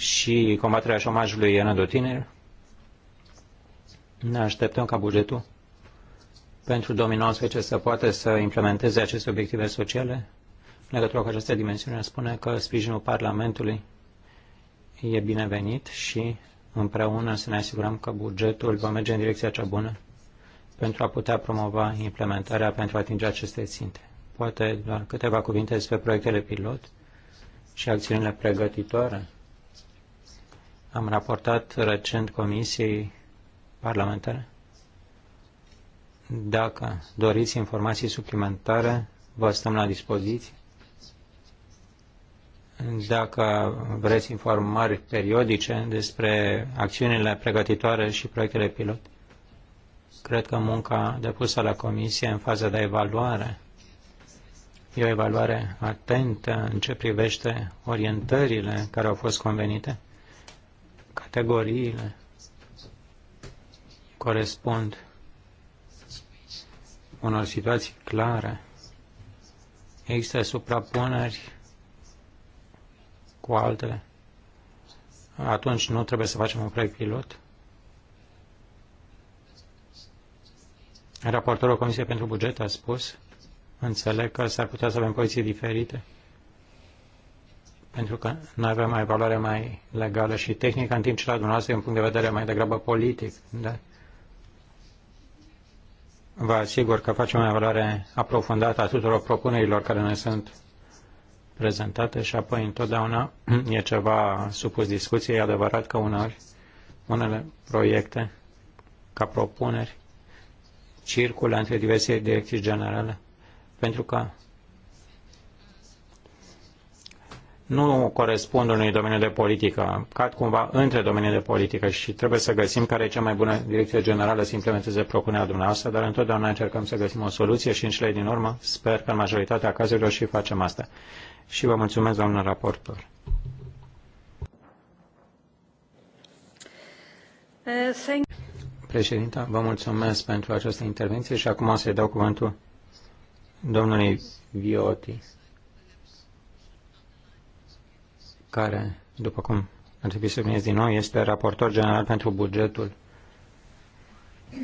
și combaterea șomajului în rândul tinerilor. Ne așteptăm ca bugetul pentru 2019 să poată să implementeze aceste obiective sociale. În legătură cu această dimensiune, spune că sprijinul Parlamentului e binevenit și împreună să ne asigurăm că bugetul va merge în direcția cea bună pentru a putea promova implementarea pentru a atinge aceste ținte. Poate doar câteva cuvinte despre proiectele pilot și acțiunile pregătitoare am raportat recent Comisiei Parlamentare. Dacă doriți informații suplimentare, vă stăm la dispoziție. Dacă vreți informări periodice despre acțiunile pregătitoare și proiectele pilot, cred că munca depusă la Comisie în faza de evaluare e o evaluare atentă în ce privește orientările care au fost convenite categoriile corespund unor situații clare. Există suprapuneri cu altele. Atunci nu trebuie să facem un proiect pilot. Raportorul Comisiei pentru Buget a spus, înțeleg că s-ar putea să avem poziții diferite pentru că nu avea mai valoare mai legală și tehnică, în timp ce la dumneavoastră e un punct de vedere mai degrabă politic. Da? Vă asigur că facem o evaluare aprofundată a tuturor propunerilor care ne sunt prezentate și apoi întotdeauna e ceva supus discuției. E adevărat că uneori unele proiecte ca propuneri circulă între diverse direcții generale pentru că nu corespund unui domeniu de politică, cad cumva între domeniul de politică și trebuie să găsim care e cea mai bună direcție generală să implementeze propunerea dumneavoastră, dar întotdeauna încercăm să găsim o soluție și în cele din urmă sper că în majoritatea cazurilor și facem asta. Și vă mulțumesc, doamnă raportor. Președinta, vă mulțumesc pentru această intervenție și acum o să-i dau cuvântul domnului Vioti. care, după cum ar trebui subliniez din nou, este raportor general pentru bugetul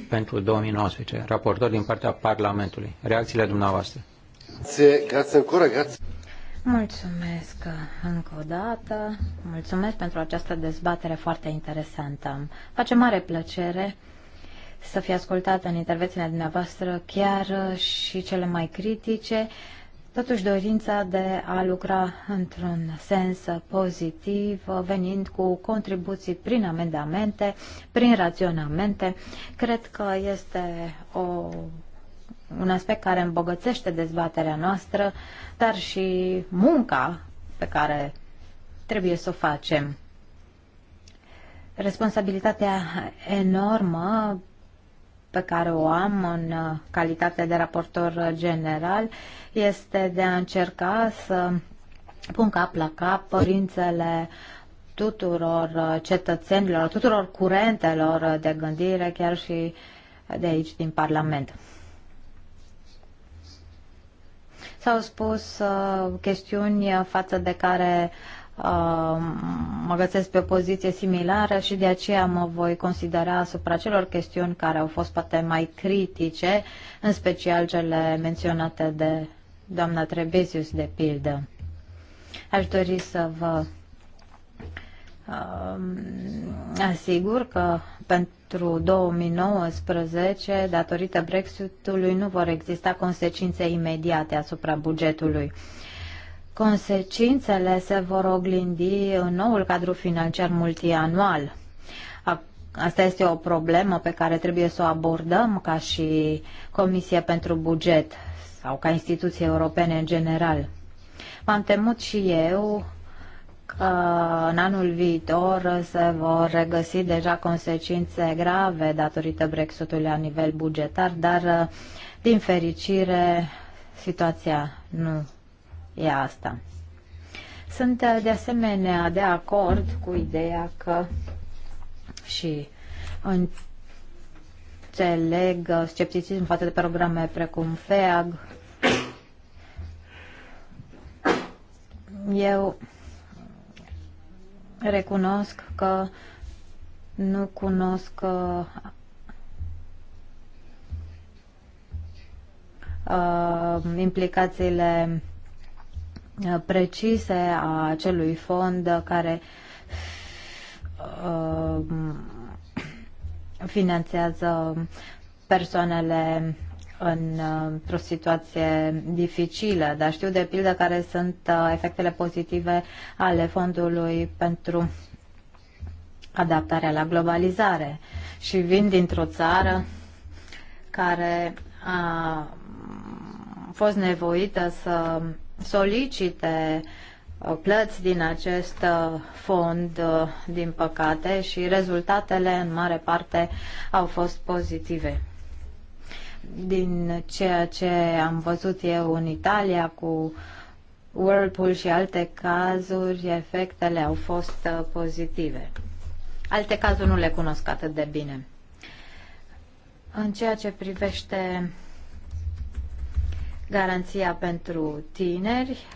pentru 2019, raportor din partea Parlamentului. Reacțiile dumneavoastră. Mulțumesc încă o dată, mulțumesc pentru această dezbatere foarte interesantă. Face mare plăcere să fi ascultat în intervențiile dumneavoastră chiar și cele mai critice Totuși, dorința de a lucra într-un sens pozitiv, venind cu contribuții prin amendamente, prin raționamente, cred că este o, un aspect care îmbogățește dezbaterea noastră, dar și munca pe care trebuie să o facem. Responsabilitatea enormă pe care o am în uh, calitate de raportor general este de a încerca să pun cap la cap părințele tuturor uh, cetățenilor, tuturor curentelor de gândire, chiar și de aici, din Parlament. S-au spus uh, chestiuni uh, față de care uh, Uh, mă găsesc pe o poziție similară și de aceea mă voi considera asupra celor chestiuni care au fost poate mai critice, în special cele menționate de doamna Trebesius, de pildă. Aș dori să vă uh, asigur că pentru 2019, datorită Brexitului, nu vor exista consecințe imediate asupra bugetului. Uh, Consecințele se vor oglindi în noul cadru financiar multianual. Asta este o problemă pe care trebuie să o abordăm ca și Comisia pentru Buget sau ca instituții europene în general. M-am temut și eu că în anul viitor se vor regăsi deja consecințe grave datorită Brexitului la nivel bugetar, dar din fericire situația nu e asta. Sunt uh, de asemenea de acord cu ideea că și înțeleg uh, scepticism față de programe precum FEAG. Eu recunosc că nu cunosc uh, uh implicațiile precise a acelui fond care uh, finanțează persoanele într-o situație dificilă, dar știu de pildă care sunt uh, efectele pozitive ale fondului pentru adaptarea la globalizare. Și vin dintr-o țară care a fost nevoită să solicite uh, plăți din acest uh, fond, uh, din păcate, și rezultatele în mare parte au fost pozitive. Din ceea ce am văzut eu în Italia cu Whirlpool și alte cazuri, efectele au fost pozitive. Alte cazuri nu le cunosc atât de bine. În ceea ce privește garanția pentru tineri.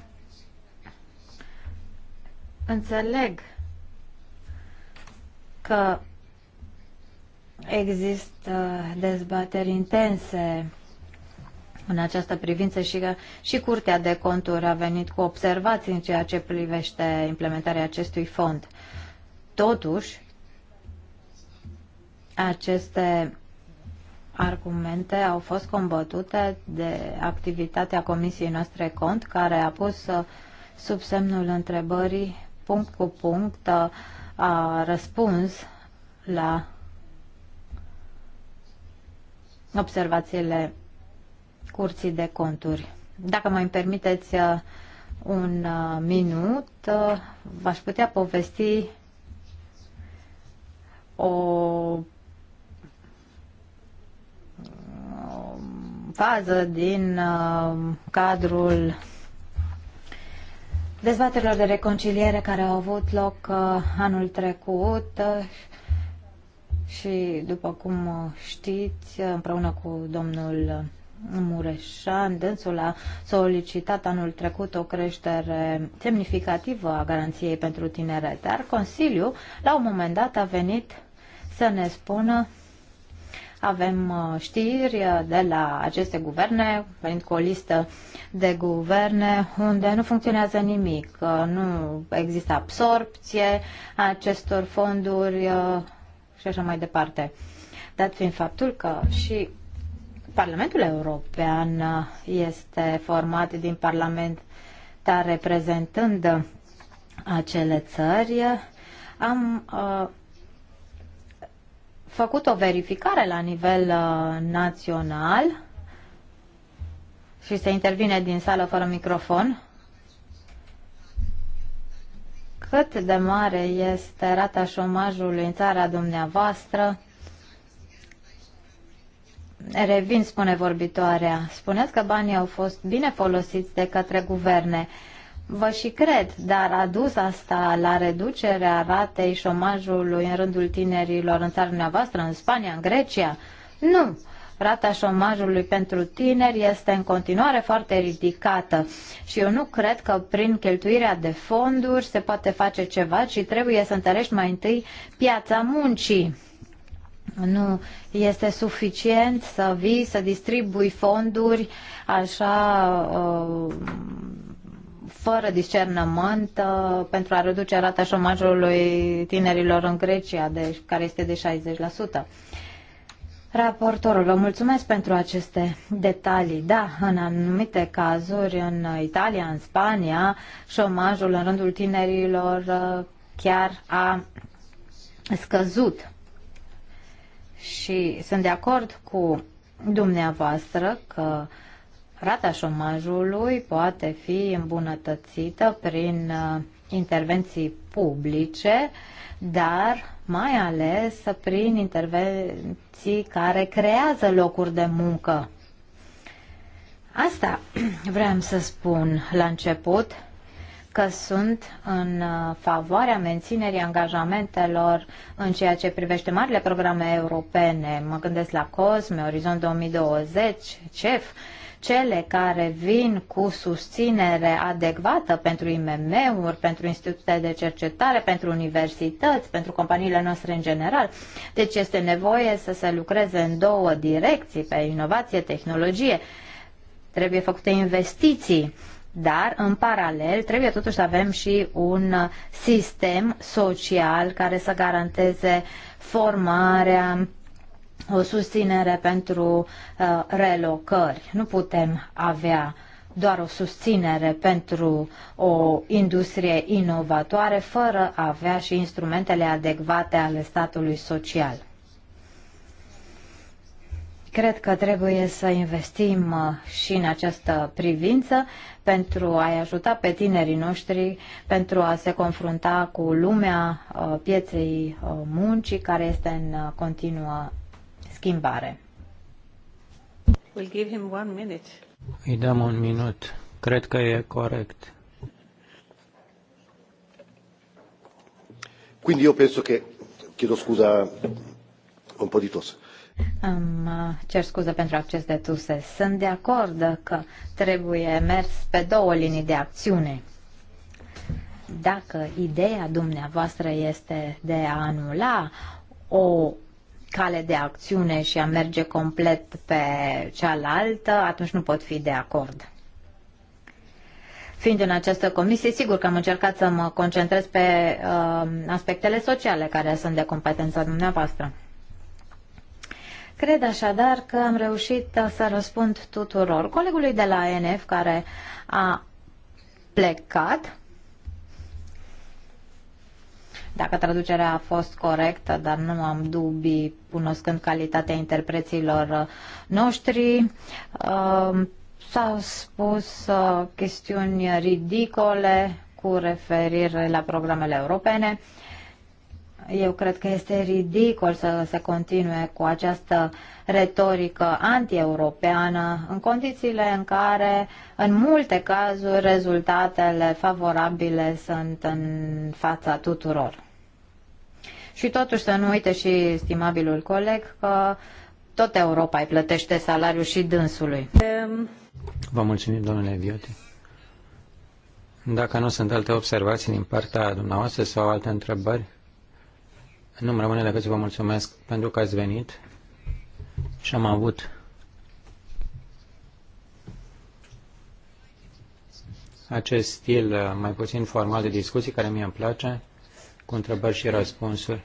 Înțeleg că există dezbateri intense în această privință și că și Curtea de Conturi a venit cu observații în ceea ce privește implementarea acestui fond. Totuși, aceste argumente au fost combătute de activitatea Comisiei noastre cont, care a pus uh, sub semnul întrebării punct cu punct uh, a răspuns la observațiile curții de conturi. Dacă mai îmi permiteți uh, un minut, v-aș putea povesti o fază din uh, cadrul dezbaterilor de reconciliere care au avut loc uh, anul trecut uh, și, după cum știți, împreună cu domnul Mureșan, dânsul a solicitat anul trecut o creștere semnificativă a garanției pentru tinere, dar Consiliul, la un moment dat, a venit să ne spună avem uh, știri uh, de la aceste guverne, venind cu o listă de guverne unde nu funcționează nimic, uh, nu există absorpție a acestor fonduri și așa mai departe. Dat fiind faptul că și Parlamentul European este format din parlament dar reprezentând acele țări, am uh, făcut o verificare la nivel uh, național și se intervine din sală fără microfon. Cât de mare este rata șomajului în țara dumneavoastră? Revin, spune vorbitoarea. Spuneți că banii au fost bine folosiți de către guverne. Uh, vă și cred, dar a dus asta la reducerea ratei șomajului în rândul tinerilor în țara noastră, în Spania, în Grecia? Nu. Rata șomajului pentru tineri este în continuare foarte ridicată și eu nu cred că prin cheltuirea de fonduri se poate face ceva, ci trebuie să întărești mai întâi piața muncii. Nu este suficient să vii, să distribui fonduri așa uh, fără discernământ uh, pentru a reduce rata șomajului tinerilor în Grecia, de, care este de 60%. Raportorul, vă mulțumesc pentru aceste detalii. Da, în anumite cazuri, în Italia, în Spania, șomajul în rândul tinerilor uh, chiar a scăzut. Și sunt de acord cu dumneavoastră că uh, rata șomajului poate fi îmbunătățită prin uh, intervenții publice, dar mai ales prin intervenții care creează locuri de muncă. Asta vreau să spun la început, că sunt în uh, favoarea menținerii angajamentelor în ceea ce privește marile programe europene. Mă gândesc la COSME, Orizont 2020, CEF, cele care vin cu susținere adecvată pentru IMM-uri, pentru institute de cercetare, pentru universități, pentru companiile noastre în general. Deci este nevoie să se lucreze în două direcții, pe inovație, tehnologie. Trebuie făcute investiții dar, în paralel, trebuie totuși să avem și un sistem social care să garanteze formarea, o susținere pentru uh, relocări. Nu putem avea doar o susținere pentru o industrie inovatoare fără a avea și instrumentele adecvate ale statului social. Cred că trebuie să investim uh, și în această privință pentru a-i ajuta pe tinerii noștri pentru a se confrunta cu lumea uh, pieței uh, muncii care este în continuă schimbare. We'll give him one minute. Îi dăm un minut. Cred că e corect. Quindi io penso che, chiedo scusa, un po' di tosse. Um, cer scuze pentru acces de tuse. Sunt de acord că trebuie mers pe două linii de acțiune. Dacă ideea dumneavoastră este de a anula o cale de acțiune și a merge complet pe cealaltă, atunci nu pot fi de acord. Fiind în această comisie, sigur că am încercat să mă concentrez pe uh, aspectele sociale care sunt de competența dumneavoastră. Cred așadar că am reușit să răspund tuturor. Colegului de la ANF care a plecat, dacă traducerea a fost corectă, dar nu am dubii, cunoscând calitatea interpreților uh, noștri. Uh, s-au spus uh, chestiuni ridicole cu referire la programele europene. Eu cred că este ridicol să se continue cu această retorică antieuropeană în condițiile în care, în multe cazuri, rezultatele favorabile sunt în fața tuturor. Și totuși să nu uite și stimabilul coleg că tot Europa îi plătește salariul și dânsului. Vă mulțumim, domnule Vioti. Dacă nu sunt alte observații din partea dumneavoastră sau alte întrebări, nu-mi rămâne decât să vă mulțumesc pentru că ați venit și am avut acest stil uh, mai puțin formal de discuții care mie îmi place, cu întrebări și răspunsuri.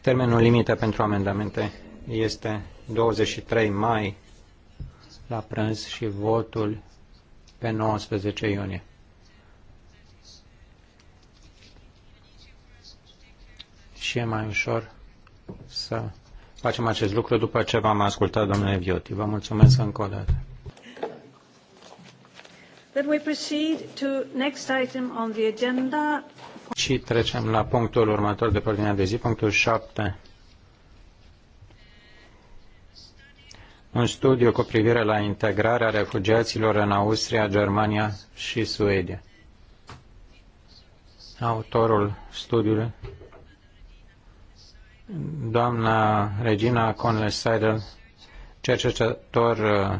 Termenul limită pentru amendamente este 23 mai la prânz și votul pe 19 iunie. și e mai ușor să facem acest lucru după ce v-am ascultat, domnule Vioti. Vă mulțumesc încă o dată. Then we proceed to next item on the agenda. Și trecem la punctul următor de pe ordinea de zi, punctul 7. Un studiu cu privire la integrarea refugiaților în Austria, Germania și Suedia. Autorul studiului Doamna Regina Conley-Seidel, cercetător uh,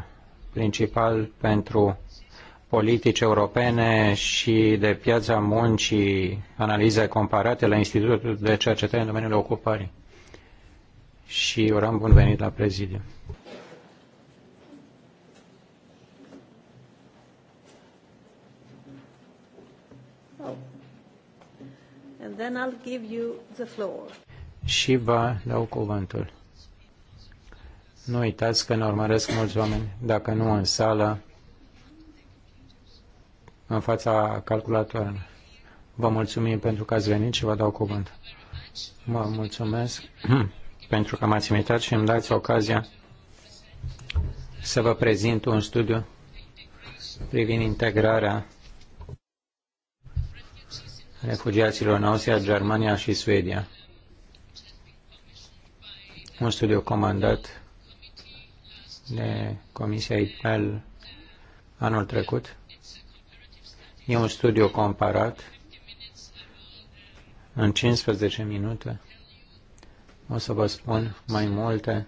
principal pentru politici europene și de piața muncii, analize comparate la Institutul de Cercetare în domeniul ocupării. Și urăm bun venit la prezidiu. And then I'll give you the floor și vă dau cuvântul. Nu uitați că ne urmăresc mulți oameni, dacă nu în sală, în fața calculatoarelor. Vă mulțumim pentru că ați venit și vă dau cuvânt. Vă mulțumesc pentru că m-ați invitat și îmi dați ocazia să vă prezint un studiu privind integrarea refugiaților în Austria, Germania și Suedia un studiu comandat de Comisia IPEL anul trecut. E un studiu comparat în 15 minute. O să vă spun mai multe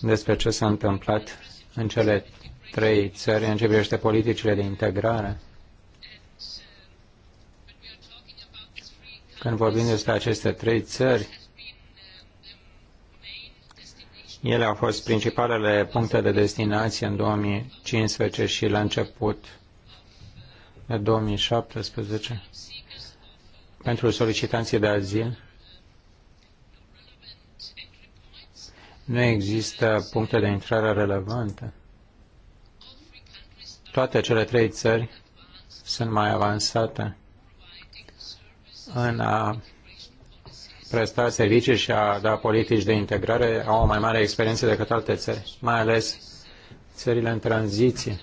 despre ce s-a întâmplat în cele trei țări în ce privește politicile de integrare. Când vorbim despre aceste trei țări, ele au fost principalele puncte de destinație în 2015 și la început de 2017 pentru solicitanții de azil. Nu există puncte de intrare relevante. Toate cele trei țări sunt mai avansate în a presta servicii și a da politici de integrare au o mai mare experiență decât alte țări, mai ales țările în tranziție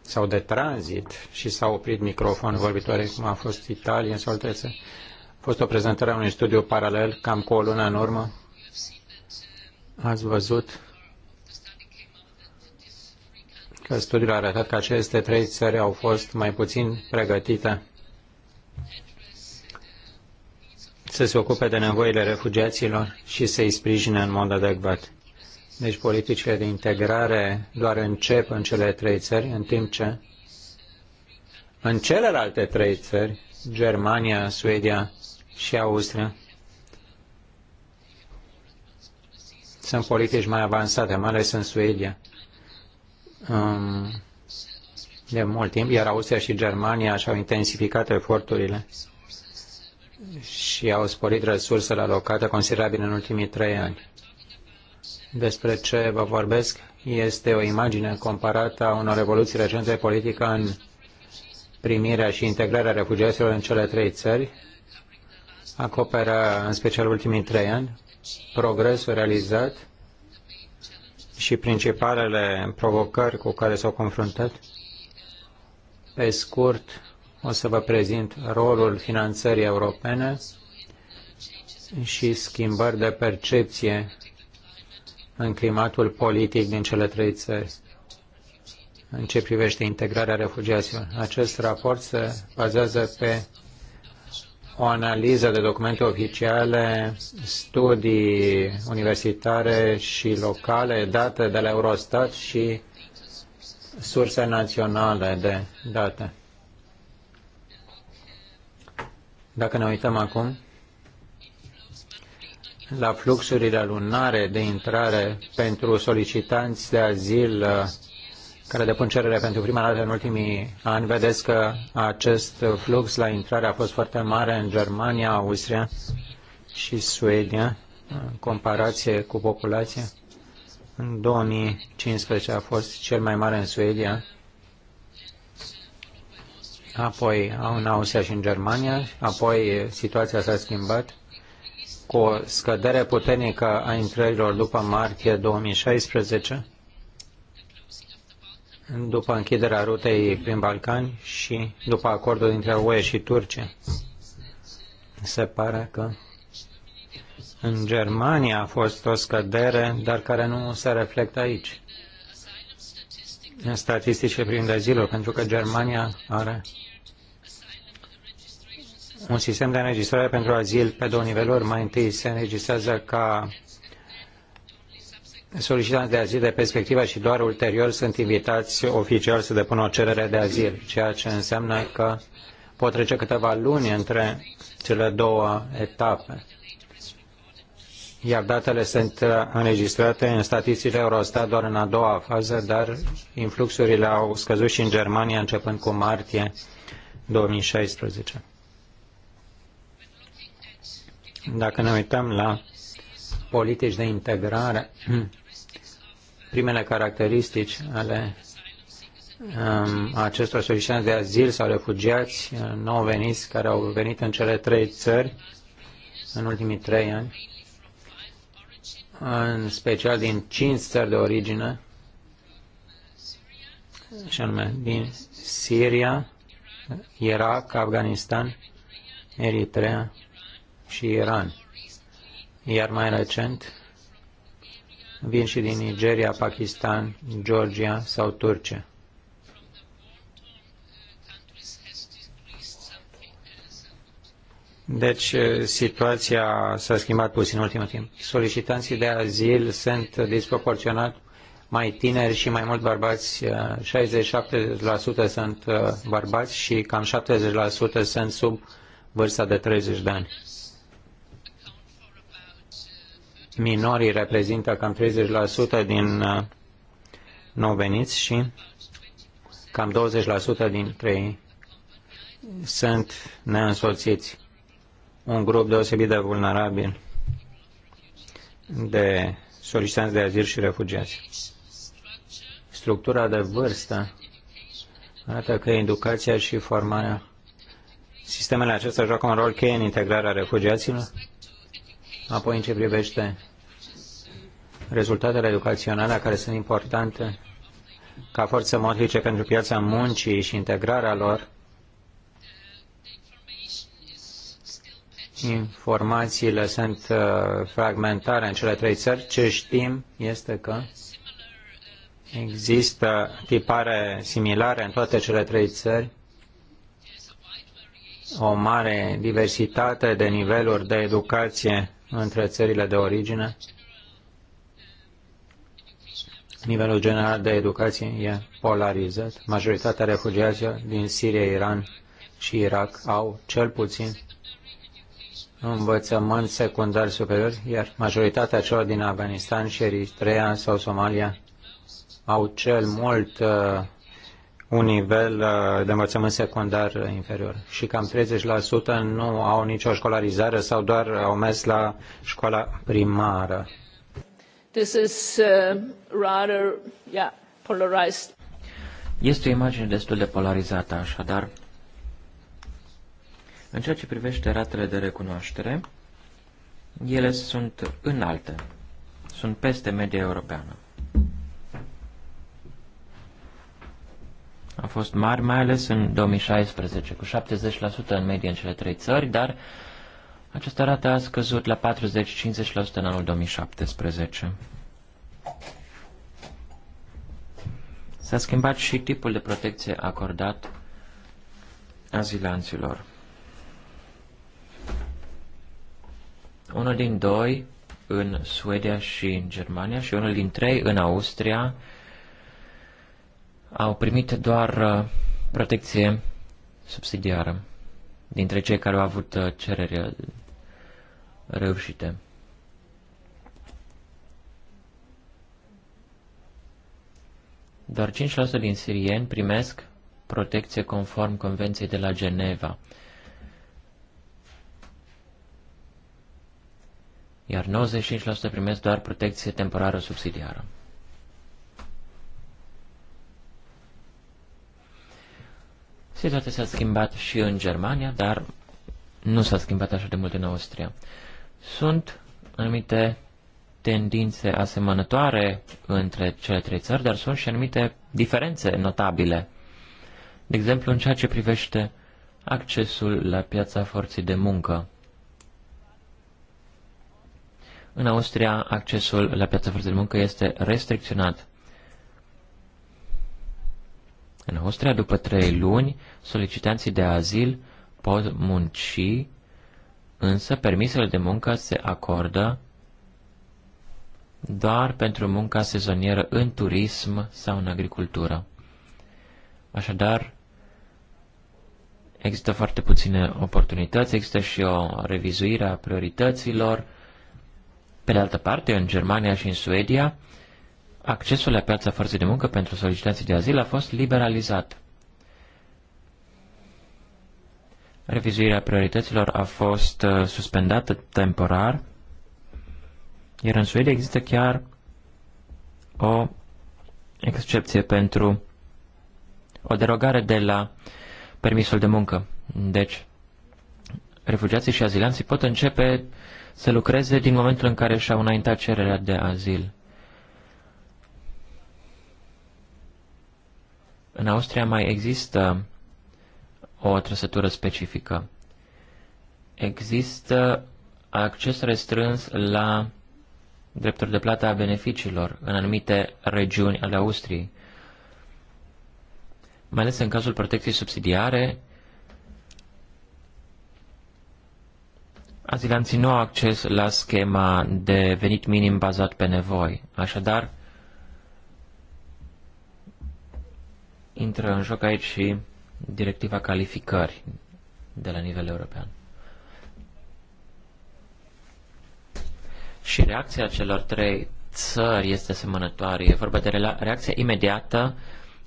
sau de tranzit și s au oprit microfonul vorbitoare, cum a fost Italia în alte A fost o prezentare a unui studiu paralel, cam cu o lună în urmă. Ați văzut că studiul a arătat că aceste trei țări au fost mai puțin pregătite să se ocupe de nevoile refugiaților și să-i sprijine în mod adecvat. Deci politicile de integrare doar încep în cele trei țări, în timp ce în celelalte trei țări, Germania, Suedia și Austria, sunt politici mai avansate, mai ales în Suedia. Um, de mult timp, iar Austria și Germania și-au intensificat eforturile și au sporit resursele alocate considerabil în ultimii trei ani. Despre ce vă vorbesc este o imagine comparată a unor revoluții recente politică în primirea și integrarea refugiaților în cele trei țări, acoperă în special ultimii trei ani progresul realizat și principalele provocări cu care s-au confruntat. Pe scurt, o să vă prezint rolul finanțării europene și schimbări de percepție în climatul politic din cele trei țări în ce privește integrarea refugiaților. Acest raport se bazează pe o analiză de documente oficiale, studii universitare și locale date de la Eurostat și surse naționale de date. Dacă ne uităm acum la fluxurile lunare de intrare pentru solicitanți de azil uh, care depun cerere pentru prima dată în ultimii ani, vedeți că acest flux la intrare a fost foarte mare în Germania, Austria și Suedia, în comparație cu populația. În 2015 a fost cel mai mare în Suedia, apoi în Austria și în Germania, apoi situația s-a schimbat cu o scădere puternică a intrărilor după martie 2016, după închiderea rutei prin Balcani și după acordul dintre UE și Turcia. Se pare că în Germania a fost o scădere, dar care nu se reflectă aici. În statisticile privind azilul, pentru că Germania are un sistem de înregistrare pentru azil pe două niveluri. Mai întâi se înregistrează ca solicitanți de azil de perspectivă și doar ulterior sunt invitați oficial să depună o cerere de azil, ceea ce înseamnă că pot trece câteva luni între cele două etape. Iar datele sunt înregistrate în statisticile Eurostat doar în a doua fază, dar influxurile au scăzut și în Germania începând cu martie 2016. Dacă ne uităm la politici de integrare, primele caracteristici ale um, acestor solicitanți de azil sau refugiați uh, nou veniți care au venit în cele trei țări în ultimii trei ani, în special din cinci țări de origine, și anume din Siria, Irak, Afganistan, Eritrea și Iran. Iar mai recent, vin și din Nigeria, Pakistan, Georgia sau Turcia. Deci, eh, situația s-a schimbat puțin în ultimul timp. Solicitanții de azil sunt disproporționat mai tineri și mai mult bărbați. 67% eh, sunt eh, bărbați și cam 70% sunt sub vârsta de 30 de ani minorii reprezintă cam 30% din uh, nou veniți și cam 20% dintre ei sunt neînsoțiți. Un grup deosebit de vulnerabil de solicitanți de azil și refugiați. Structura de vârstă arată că educația și formarea sistemele acestea joacă un rol cheie în integrarea refugiaților. Apoi, în ce privește rezultatele educaționale care sunt importante ca forță motrice pentru piața muncii și integrarea lor, informațiile sunt uh, fragmentare în cele trei țări. Ce știm este că există tipare similare în toate cele trei țări, o mare diversitate de niveluri de educație între țările de origine Nivelul general de educație e polarizat. Majoritatea refugiaților din Siria, Iran și Irak au cel puțin învățământ secundar superior, iar majoritatea celor din Afganistan și Eritrea sau Somalia au cel mult uh, un nivel uh, de învățământ secundar inferior și cam 30% nu au nicio școlarizare sau doar au mers la școala primară. This is uh, rather, yeah, polarized. Este o imagine destul de polarizată, așadar. În ceea ce privește ratele de recunoaștere, ele sunt înalte, sunt peste media europeană. Au fost mari, mai ales în 2016, cu 70% în medie în cele trei țări, dar uh, această rată a scăzut la 40-50% în anul 2017. S-a schimbat și tipul de protecție acordat azilanților. Unul din doi în Suedia și în Germania și unul din trei în Austria au primit doar uh, protecție subsidiară dintre cei care au avut uh, cereri uh, reușite. Doar 5% din sirieni primesc protecție conform Convenției de la Geneva. Iar 95% primesc doar protecție temporară subsidiară. Situația s-a schimbat și în Germania, dar nu s-a schimbat așa de mult în Austria. Sunt anumite tendințe asemănătoare între cele trei țări, dar sunt și anumite diferențe notabile. De exemplu, în ceea ce privește accesul la piața forței de muncă. În Austria, accesul la piața forței de muncă este restricționat. În Austria, după trei luni, solicitanții de azil pot munci, însă permisele de muncă se acordă doar pentru munca sezonieră în turism sau în agricultură. Așadar, există foarte puține oportunități, există și o revizuire a priorităților. Pe de altă parte, în Germania și în Suedia, accesul la piața forței de muncă pentru solicitații de azil a fost liberalizat. Revizuirea priorităților a fost uh, suspendată temporar, iar în Suedia există chiar o excepție pentru o derogare de la permisul de muncă. Deci, refugiații și azilanții pot începe să lucreze din momentul în care și-au înaintat cererea de azil. În Austria mai există o trăsătură specifică. Există acces restrâns la drepturi de plată a beneficiilor în anumite regiuni ale Austriei. Mai ales în cazul protecției subsidiare, azilanții nu au acces la schema de venit minim bazat pe nevoi. Așadar, Intră în joc aici și directiva calificări de la nivel european. Și reacția celor trei țări este asemănătoare. E vorba de reacția imediată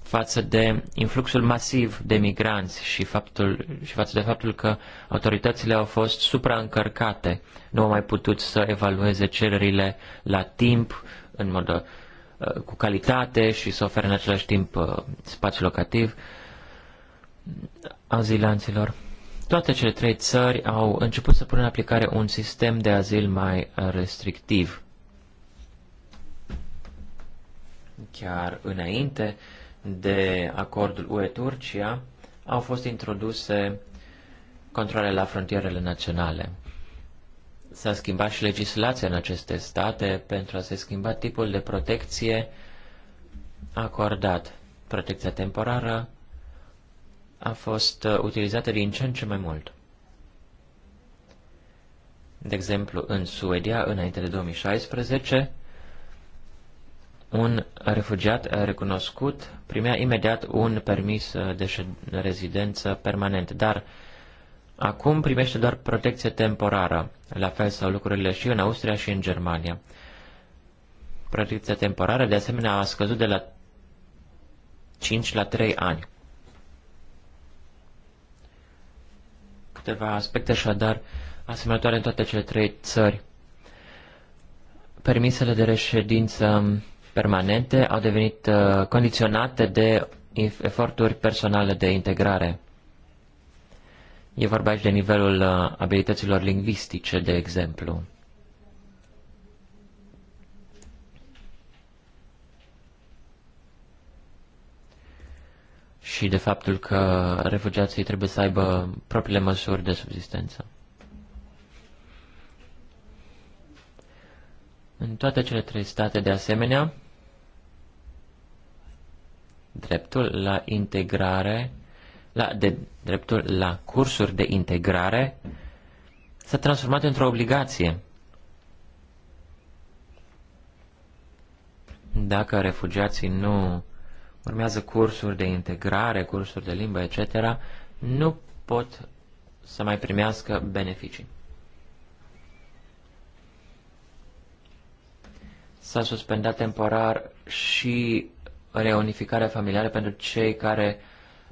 față de influxul masiv de migranți și, faptul, și față de faptul că autoritățile au fost supraîncărcate, nu au mai putut să evalueze cererile la timp, în mod Uh, cu calitate și să ofere în același timp uh, spațiu locativ azilanților. Toate cele trei țări au început să pună în aplicare un sistem de azil mai restrictiv. Chiar înainte de acordul UE-Turcia, au fost introduse controle la frontierele naționale s-a schimbat și legislația în aceste state pentru a se schimba tipul de protecție acordat. Protecția temporară a fost uh, utilizată din ce în ce mai mult. De exemplu, în Suedia, înainte de 2016, un refugiat recunoscut primea imediat un permis uh, de rezidență permanent, dar Acum primește doar protecție temporară. La fel sau lucrurile și în Austria și în Germania. Protecția temporară, de asemenea, a scăzut de la 5 la 3 ani. Câteva aspecte așadar asemănătoare în toate cele trei țări. Permisele de reședință permanente au devenit uh, condiționate de eforturi personale de integrare. E vorba aici de nivelul uh, abilităților lingvistice, de exemplu. și de faptul că refugiații trebuie să aibă propriile măsuri de subsistență. În toate cele trei state, de asemenea, dreptul la integrare la, de dreptul la cursuri de integrare s-a transformat într-o obligație. Dacă refugiații nu urmează cursuri de integrare, cursuri de limbă, etc., nu pot să mai primească beneficii. S-a suspendat temporar și reunificarea familială pentru cei care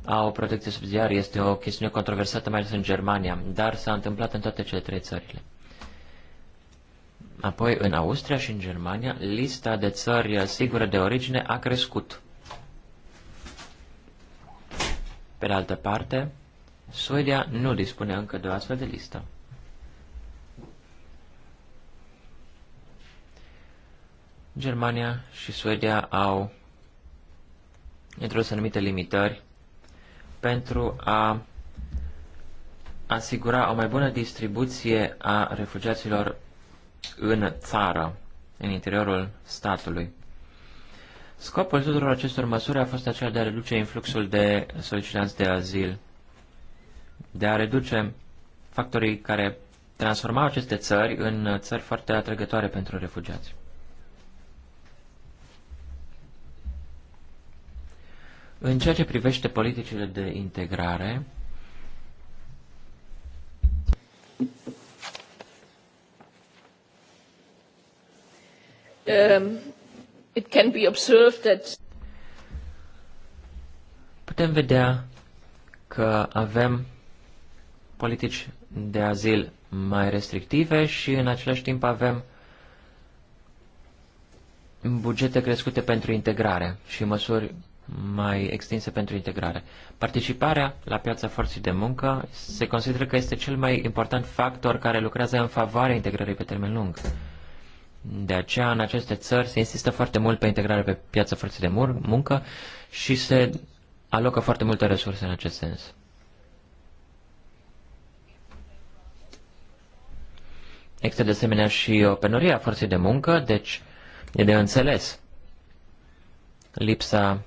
a o protecție subsidiară este o chestiune controversată, mai ales în Germania, dar s-a întâmplat în toate cele trei țările. Apoi, în Austria și în Germania, lista de țări sigure de origine a crescut. Pe de altă parte, Suedia nu dispune încă de o astfel de listă. Germania și Suedia au introdus anumite limitări pentru a asigura o mai bună distribuție a refugiaților în țară, în interiorul statului. Scopul tuturor acestor măsuri a fost acela de a reduce influxul de solicitanți de azil, de a reduce factorii care transformau aceste țări în țări foarte atrăgătoare pentru refugiați. În ceea ce privește politicile de integrare, um, it can be observed that putem vedea că avem politici de azil mai restrictive și în același timp avem bugete crescute pentru integrare și măsuri mai extinse pentru integrare. Participarea la piața forței de muncă se consideră că este cel mai important factor care lucrează în favoarea integrării pe termen lung. De aceea, în aceste țări se insistă foarte mult pe integrare pe piața forței de muncă și se alocă foarte multe resurse în acest sens. Există de asemenea și o penurie a forței de muncă, deci e de înțeles lipsa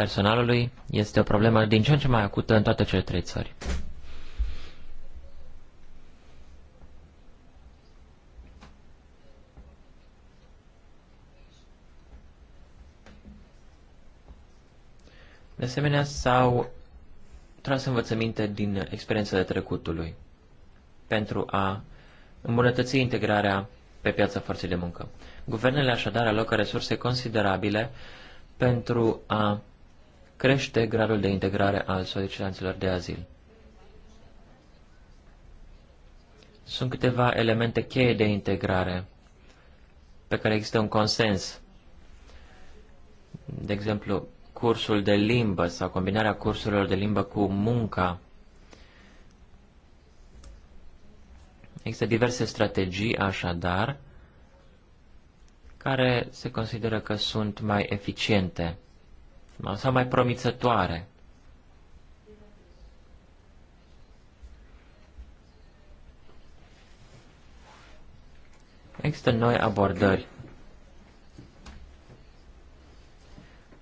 personalului este o problemă din ce în ce mai acută în toate cele trei țări. De asemenea, s-au tras învățăminte din experiențele trecutului pentru a îmbunătăți integrarea pe piața forței de muncă. Guvernele așadar alocă resurse considerabile pentru a crește gradul de integrare al solicitanților de azil. Sunt câteva elemente cheie de integrare pe care există un consens. De exemplu, cursul de limbă sau combinarea cursurilor de limbă cu munca. Există diverse strategii, așadar, care se consideră că sunt mai eficiente sau mai promițătoare. Există noi abordări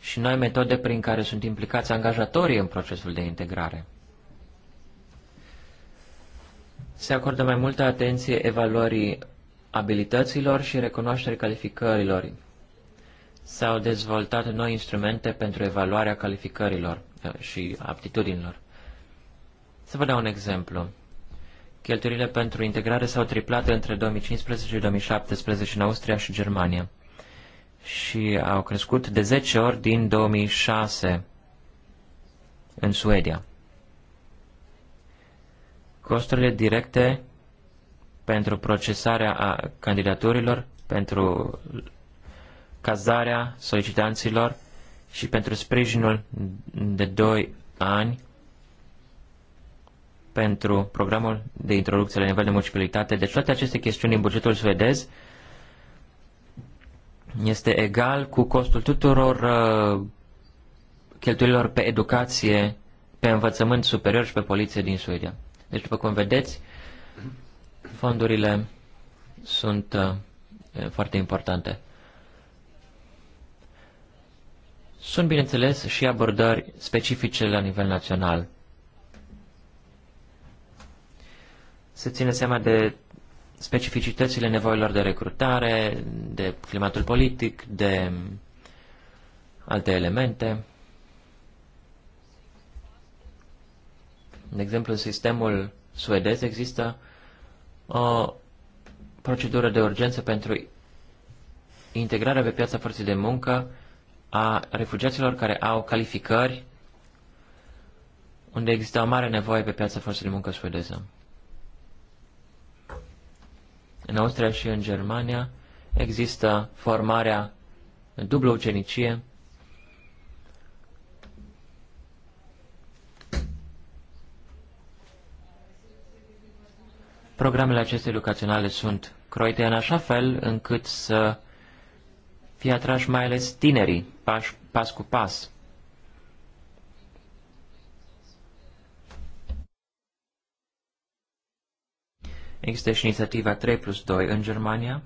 și noi metode prin care sunt implicați angajatorii în procesul de integrare. Se acordă mai multă atenție evaluării abilităților și recunoașterii calificărilor s-au dezvoltat noi instrumente pentru evaluarea calificărilor uh, și aptitudinilor. Să vă dau un exemplu. Cheltuielile pentru integrare s-au triplat între 2015 și 2017 în Austria și Germania și au crescut de 10 ori din 2006 în Suedia. Costurile directe pentru procesarea a candidaturilor pentru cazarea solicitanților și pentru sprijinul de 2 ani pentru programul de introducție la nivel de municipalitate. Deci toate aceste chestiuni în bugetul suedez este egal cu costul tuturor uh, cheltuielilor pe educație, pe învățământ superior și pe poliție din Suedia. Deci, după cum vedeți, fondurile sunt uh, foarte importante. Sunt, bineînțeles, și abordări specifice la nivel național. Se ține seama de specificitățile nevoilor de recrutare, de climatul politic, de alte elemente. De exemplu, în sistemul suedez există o procedură de urgență pentru integrarea pe piața forței de muncă a refugiaților care au calificări unde există o mare nevoie pe piața forței de muncă suedeză. În Austria și în Germania există formarea dublă ucenicie, Programele acestei educaționale sunt croite în așa fel încât să fie atrași mai ales tinerii, pas, pas cu pas. Există și inițiativa 3 plus 2 în Germania.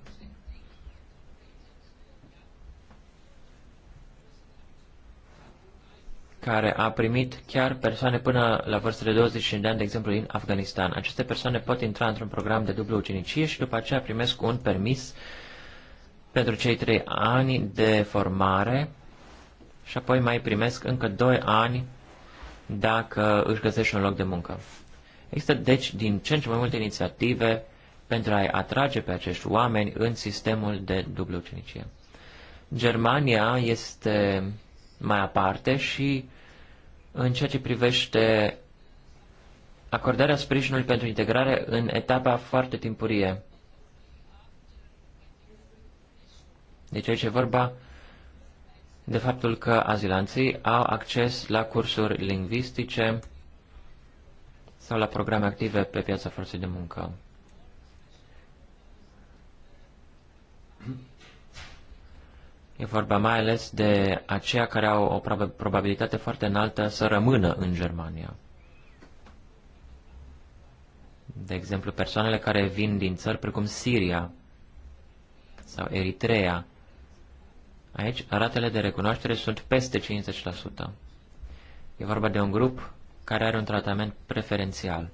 care a primit chiar persoane până la vârstă de 25 de ani, de exemplu, din Afganistan. Aceste persoane pot intra într-un program de dublu ucenicie și după aceea primesc un permis uh, pentru cei trei ani de formare și apoi mai primesc încă doi ani dacă își găsești un loc de muncă. Există, deci, din ce în ce mai multe inițiative pentru a-i atrage pe acești oameni în sistemul de dublă ucenicie. Germania este mai aparte și în ceea ce privește acordarea sprijinului pentru integrare în etapa foarte timpurie. Deci aici e vorba de faptul că azilanții au acces la cursuri lingvistice sau la programe active pe piața forței de muncă. E vorba mai ales de aceia care au o probabilitate foarte înaltă să rămână în Germania. De exemplu, persoanele care vin din țări precum Siria sau Eritrea, Aici ratele de recunoaștere sunt peste 50%. E vorba de un grup care are un tratament preferențial.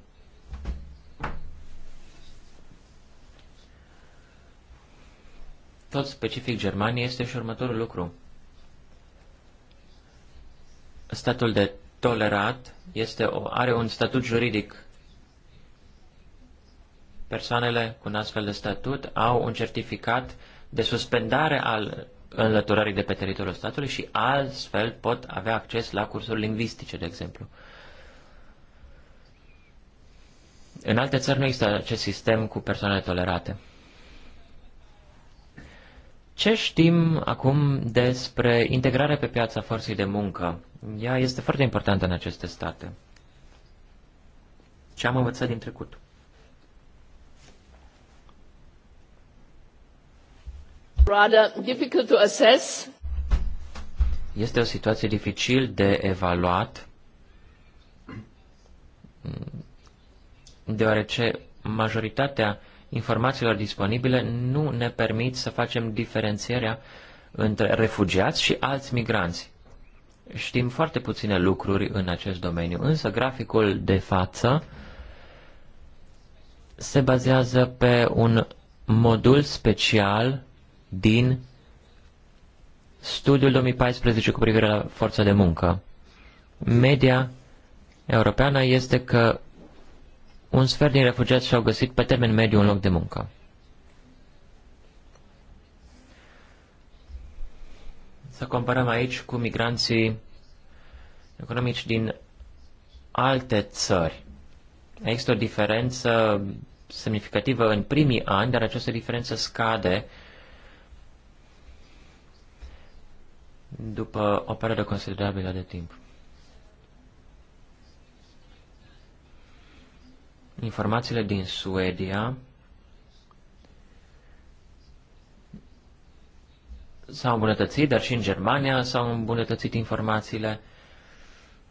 Tot specific Germaniei este și următorul lucru. Statul de tolerat este o, are un statut juridic. Persoanele cu un astfel de statut au un certificat de suspendare al înlăturării de pe teritoriul statului și astfel pot avea acces la cursuri lingvistice, de exemplu. În alte țări nu există acest sistem cu persoane tolerate. Ce știm acum despre integrarea pe piața forței de muncă? Ea este foarte importantă în aceste state. Ce am învățat din trecut? Este o situație dificil de evaluat, deoarece majoritatea informațiilor disponibile nu ne permit să facem diferențierea între refugiați și alți migranți. Știm foarte puține lucruri în acest domeniu, însă graficul de față se bazează pe un modul special din studiul 2014 cu privire la forța de muncă. Media europeană este că un sfert din refugiați și-au găsit pe termen mediu un loc de muncă. Să comparăm aici cu migranții economici din alte țări. Există o diferență semnificativă în primii ani, dar această diferență scade uh, după o perioadă considerabilă de timp. Informațiile din Suedia s-au îmbunătățit, dar și în Germania s-au îmbunătățit informațiile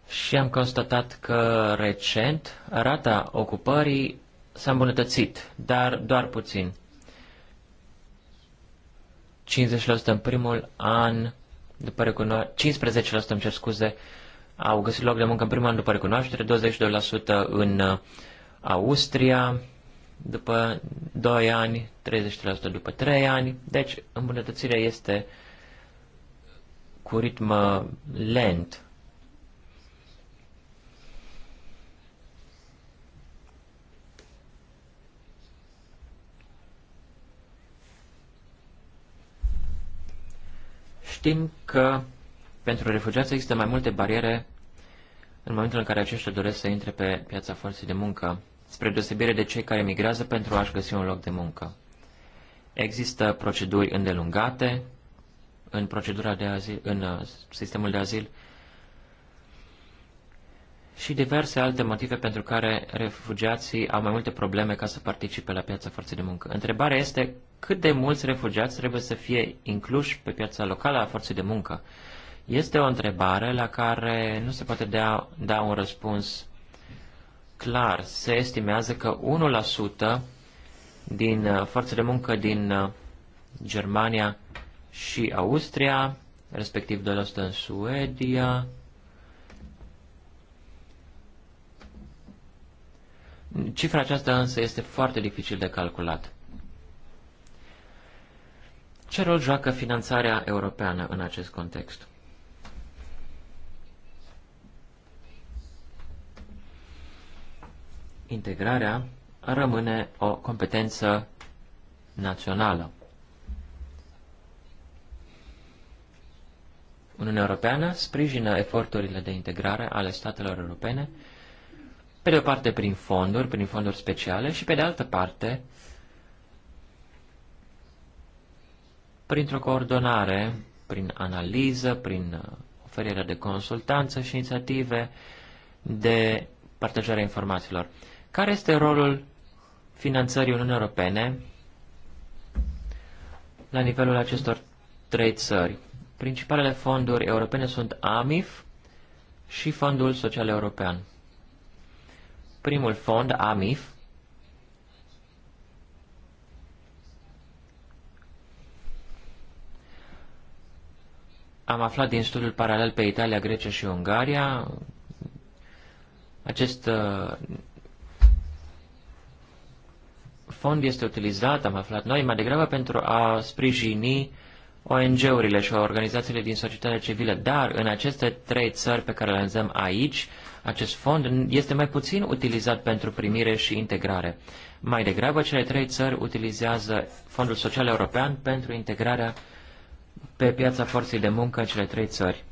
și am constatat că recent rata ocupării s-a îmbunătățit, dar doar puțin. 50% în primul an, după recunoaștere, 15% îmi cer scuze, au găsit loc de muncă în primul an după recunoaștere, 22% în uh, Austria, după 2 ani, 30% după 3 ani. Deci îmbunătățirea este cu ritm uh, lent. Știm că pentru refugiați există mai multe bariere în momentul în care aceștia doresc să intre pe piața forței de muncă, spre deosebire de cei care migrează pentru a-și găsi un loc de muncă. Există proceduri îndelungate în procedura de azil, în uh, sistemul de azil, și diverse alte motive pentru care refugiații au mai multe probleme ca să participe la piața forței de muncă. Întrebarea este cât de mulți refugiați trebuie să fie incluși pe piața locală a forței de muncă. Este o întrebare la care nu se poate da, da un răspuns clar. Se estimează că 1% din uh, forța de muncă din uh, Germania și Austria, respectiv 2% în Suedia, Cifra aceasta însă este foarte dificil de calculat. Ce rol joacă finanțarea europeană în acest context? Integrarea rămâne o competență națională. Uniunea Europeană sprijină eforturile de integrare ale statelor europene pe de o parte prin fonduri, prin fonduri speciale și pe de altă parte printr-o coordonare, prin analiză, prin uh, oferirea de consultanță și inițiative de partajarea informațiilor. Care este rolul finanțării Uniunii Europene la nivelul acestor trei țări? Principalele fonduri europene sunt AMIF și Fondul Social European primul fond, AMIF, am aflat din studiul paralel pe Italia, Grecia și Ungaria, acest uh, fond este utilizat, am aflat noi, mai degrabă pentru a sprijini ONG-urile și organizațiile din societatea civilă, dar în aceste trei țări pe care le înzăm aici, acest fond este mai puțin utilizat pentru primire și integrare. Mai degrabă, cele trei țări utilizează Fondul Social European pentru integrarea pe piața forței de muncă în cele trei țări.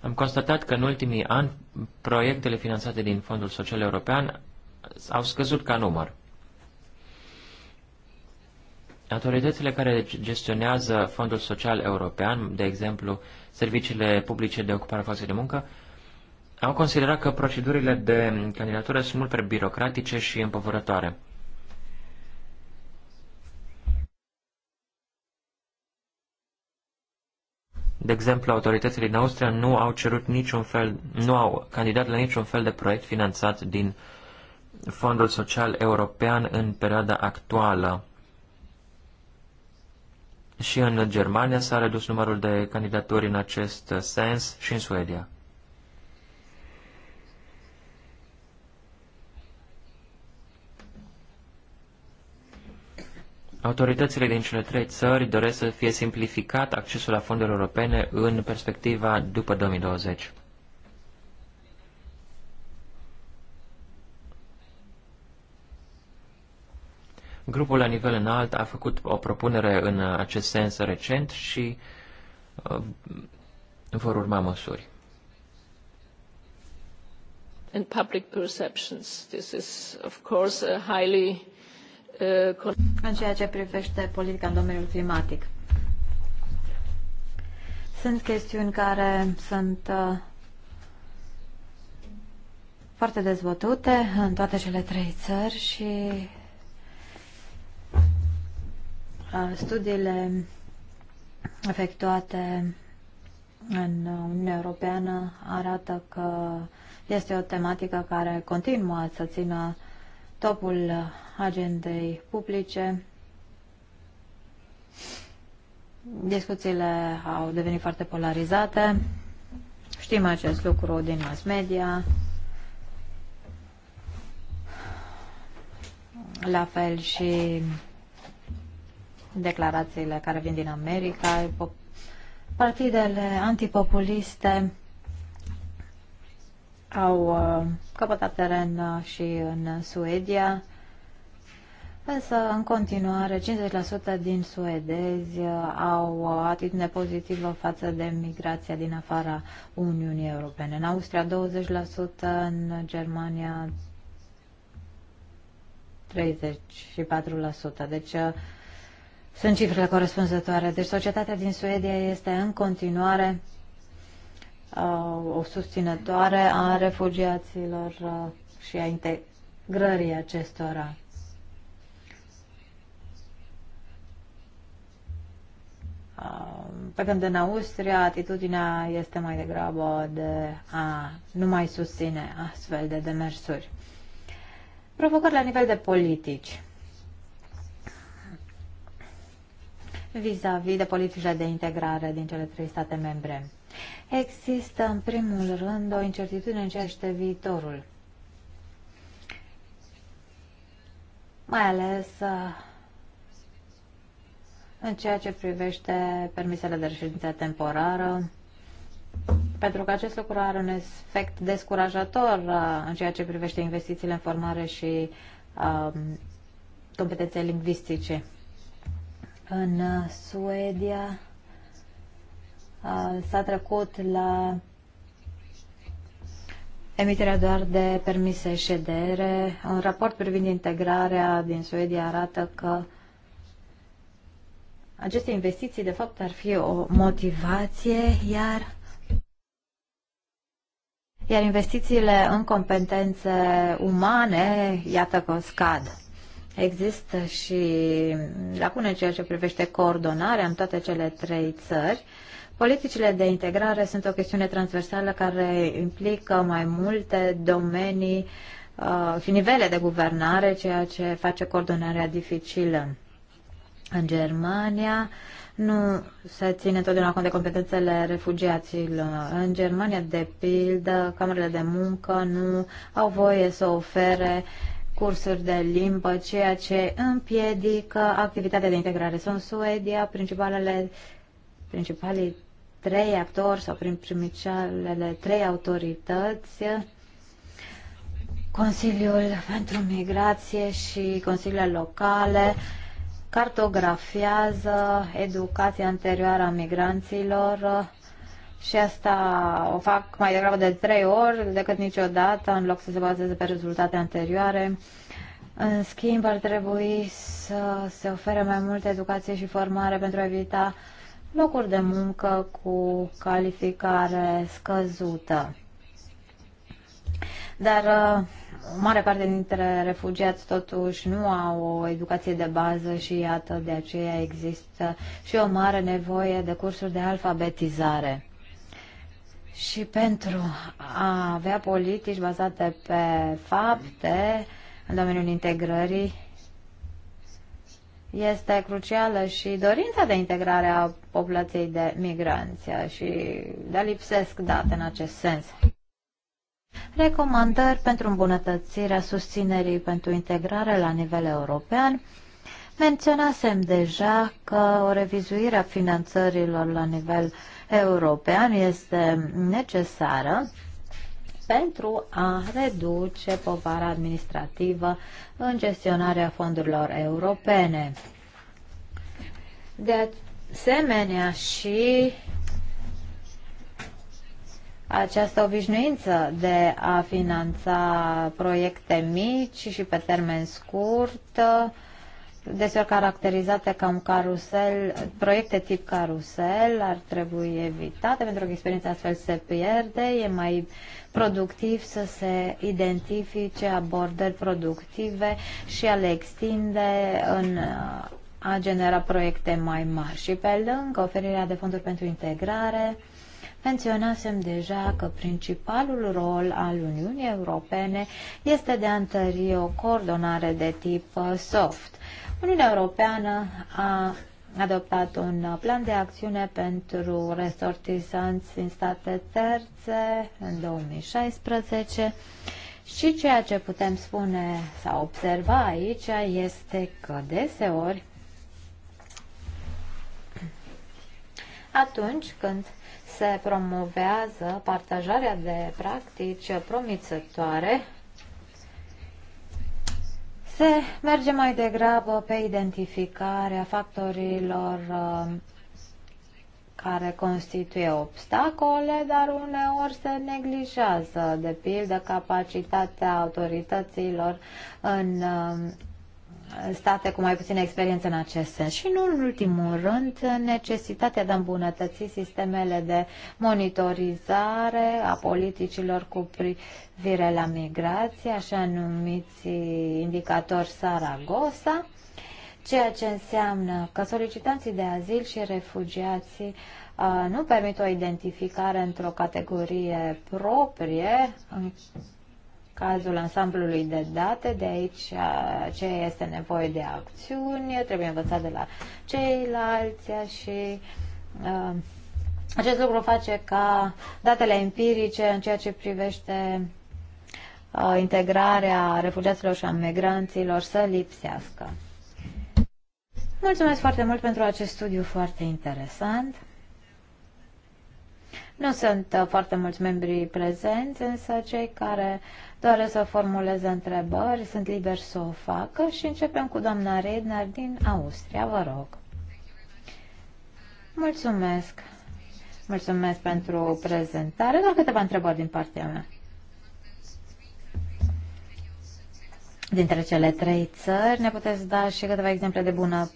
Am constatat că în ultimii ani proiectele finanțate din Fondul Social European au scăzut ca număr. Autoritățile care gestionează Fondul Social European, de exemplu serviciile publice de ocupare a forței de muncă, au considerat că procedurile de candidatură sunt mult prea birocratice și împovărătoare. De exemplu, autoritățile din Austria nu au cerut niciun fel, nu au candidat la niciun fel de proiect finanțat din Fondul Social European în perioada actuală. Și în Germania s-a redus numărul de candidaturi în acest sens și în Suedia. Autoritățile din cele trei țări doresc să fie simplificat accesul la fonduri europene în perspectiva după 2020. Grupul la nivel înalt a făcut o propunere în acest sens recent și uh, vor urma măsuri. And public perceptions. This is, of course, a highly uh, în ceea ce privește politica în domeniul climatic. Sunt chestiuni care sunt uh, foarte dezbătute în toate cele trei țări și Uh, studiile efectuate în Uniunea Europeană arată că este o tematică care continuă să țină topul agendei publice. Discuțiile au devenit foarte polarizate. Știm acest lucru din mass media. La fel și declarațiile care vin din America, partidele antipopuliste au uh, căpătat teren uh, și în Suedia, însă în continuare 50% din suedezi uh, au atitudine pozitivă față de migrația din afara Uniunii Europene. În Austria 20%, în Germania 34%. Deci sunt cifrele corespunzătoare. Deci societatea din Suedia este în continuare uh, o susținătoare a refugiaților uh, și a integrării acestora. Uh, pe când în Austria atitudinea este mai degrabă de a nu mai susține astfel de demersuri. Provocări la nivel de politici. vis-a-vis -vis de politicile de integrare din cele trei state membre. Există, în primul rând, o incertitudine în ceea ce viitorul. Mai ales uh, în ceea ce privește permisele de reședință temporară, pentru că acest lucru are un efect descurajator uh, în ceea ce privește investițiile în formare și um, competențe lingvistice. În uh, Suedia uh, s-a trecut la emiterea doar de permise ședere. Un raport privind integrarea din Suedia arată că aceste investiții, de fapt, ar fi o motivație, iar iar investițiile în competențe umane, iată că scad. Există și lacune în ceea ce privește coordonarea în toate cele trei țări. Politicile de integrare sunt o chestiune transversală care implică mai multe domenii uh, și nivele de guvernare, ceea ce face coordonarea dificilă. În Germania nu se ține întotdeauna cont de competențele refugiaților. În Germania, de pildă, camerele de muncă nu au voie să ofere cursuri de limbă, ceea ce împiedică activitatea de integrare. Sunt Suedia, principalele, principalii trei actori sau principalele trei autorități, Consiliul pentru Migrație și Consiliile Locale, cartografiază educația anterioară a migranților, și asta o fac mai degrabă de trei ori decât niciodată, în loc să se bazeze pe rezultate anterioare. În schimb, ar trebui să se ofere mai multă educație și formare pentru a evita locuri de muncă cu calificare scăzută. Dar o uh, mare parte dintre refugiați totuși nu au o educație de bază și iată, de aceea există și o mare nevoie de cursuri de alfabetizare. Și pentru a avea politici bazate pe fapte în domeniul integrării, este crucială și dorința de integrare a populației de migranți și de lipsesc date în acest sens. Recomandări pentru îmbunătățirea susținerii pentru integrare la nivel european. Menționasem deja că o revizuire a finanțărilor la nivel european este necesară pentru a reduce povara administrativă în gestionarea fondurilor europene. De asemenea și această obișnuință de a finanța proiecte mici și pe termen scurt uh, deseori caracterizate ca un carusel, proiecte tip carusel ar trebui evitate pentru că experiența astfel se pierde, e mai productiv să se identifice abordări productive și a le extinde în a genera proiecte mai mari. Și pe lângă oferirea de fonduri pentru integrare, menționasem deja că principalul rol al Uniunii Europene este de a întări o coordonare de tip soft Uniunea Europeană a adoptat un plan de acțiune pentru resortizanți în state terțe în 2016 și ceea ce putem spune sau observa aici este că deseori atunci când se promovează partajarea de practici promițătoare se merge mai degrabă pe identificarea factorilor um, care constituie obstacole, dar uneori se neglijează, de pildă, capacitatea autorităților în um, state cu mai puțină experiență în acest sens. Și nu în ultimul rând, necesitatea de a îmbunătăți sistemele de monitorizare a politicilor cu privire la migrație, așa numiți indicatori Saragosa, ceea ce înseamnă că solicitanții de azil și refugiații uh, nu permit o identificare într-o categorie proprie în cazul ansamblului de date, de aici ce este nevoie de acțiuni, trebuie învățat de la ceilalți și acest lucru face ca datele empirice în ceea ce privește integrarea refugiaților și a migranților să lipsească. Mulțumesc foarte mult pentru acest studiu foarte interesant. Nu sunt foarte mulți membri prezenți, însă cei care doresc să formuleze întrebări, sunt liber să o facă și începem cu doamna Redner din Austria, vă rog. Mulțumesc! Mulțumesc pentru prezentare, doar câteva întrebări din partea mea. Dintre cele trei țări, ne puteți da și câteva exemple de bună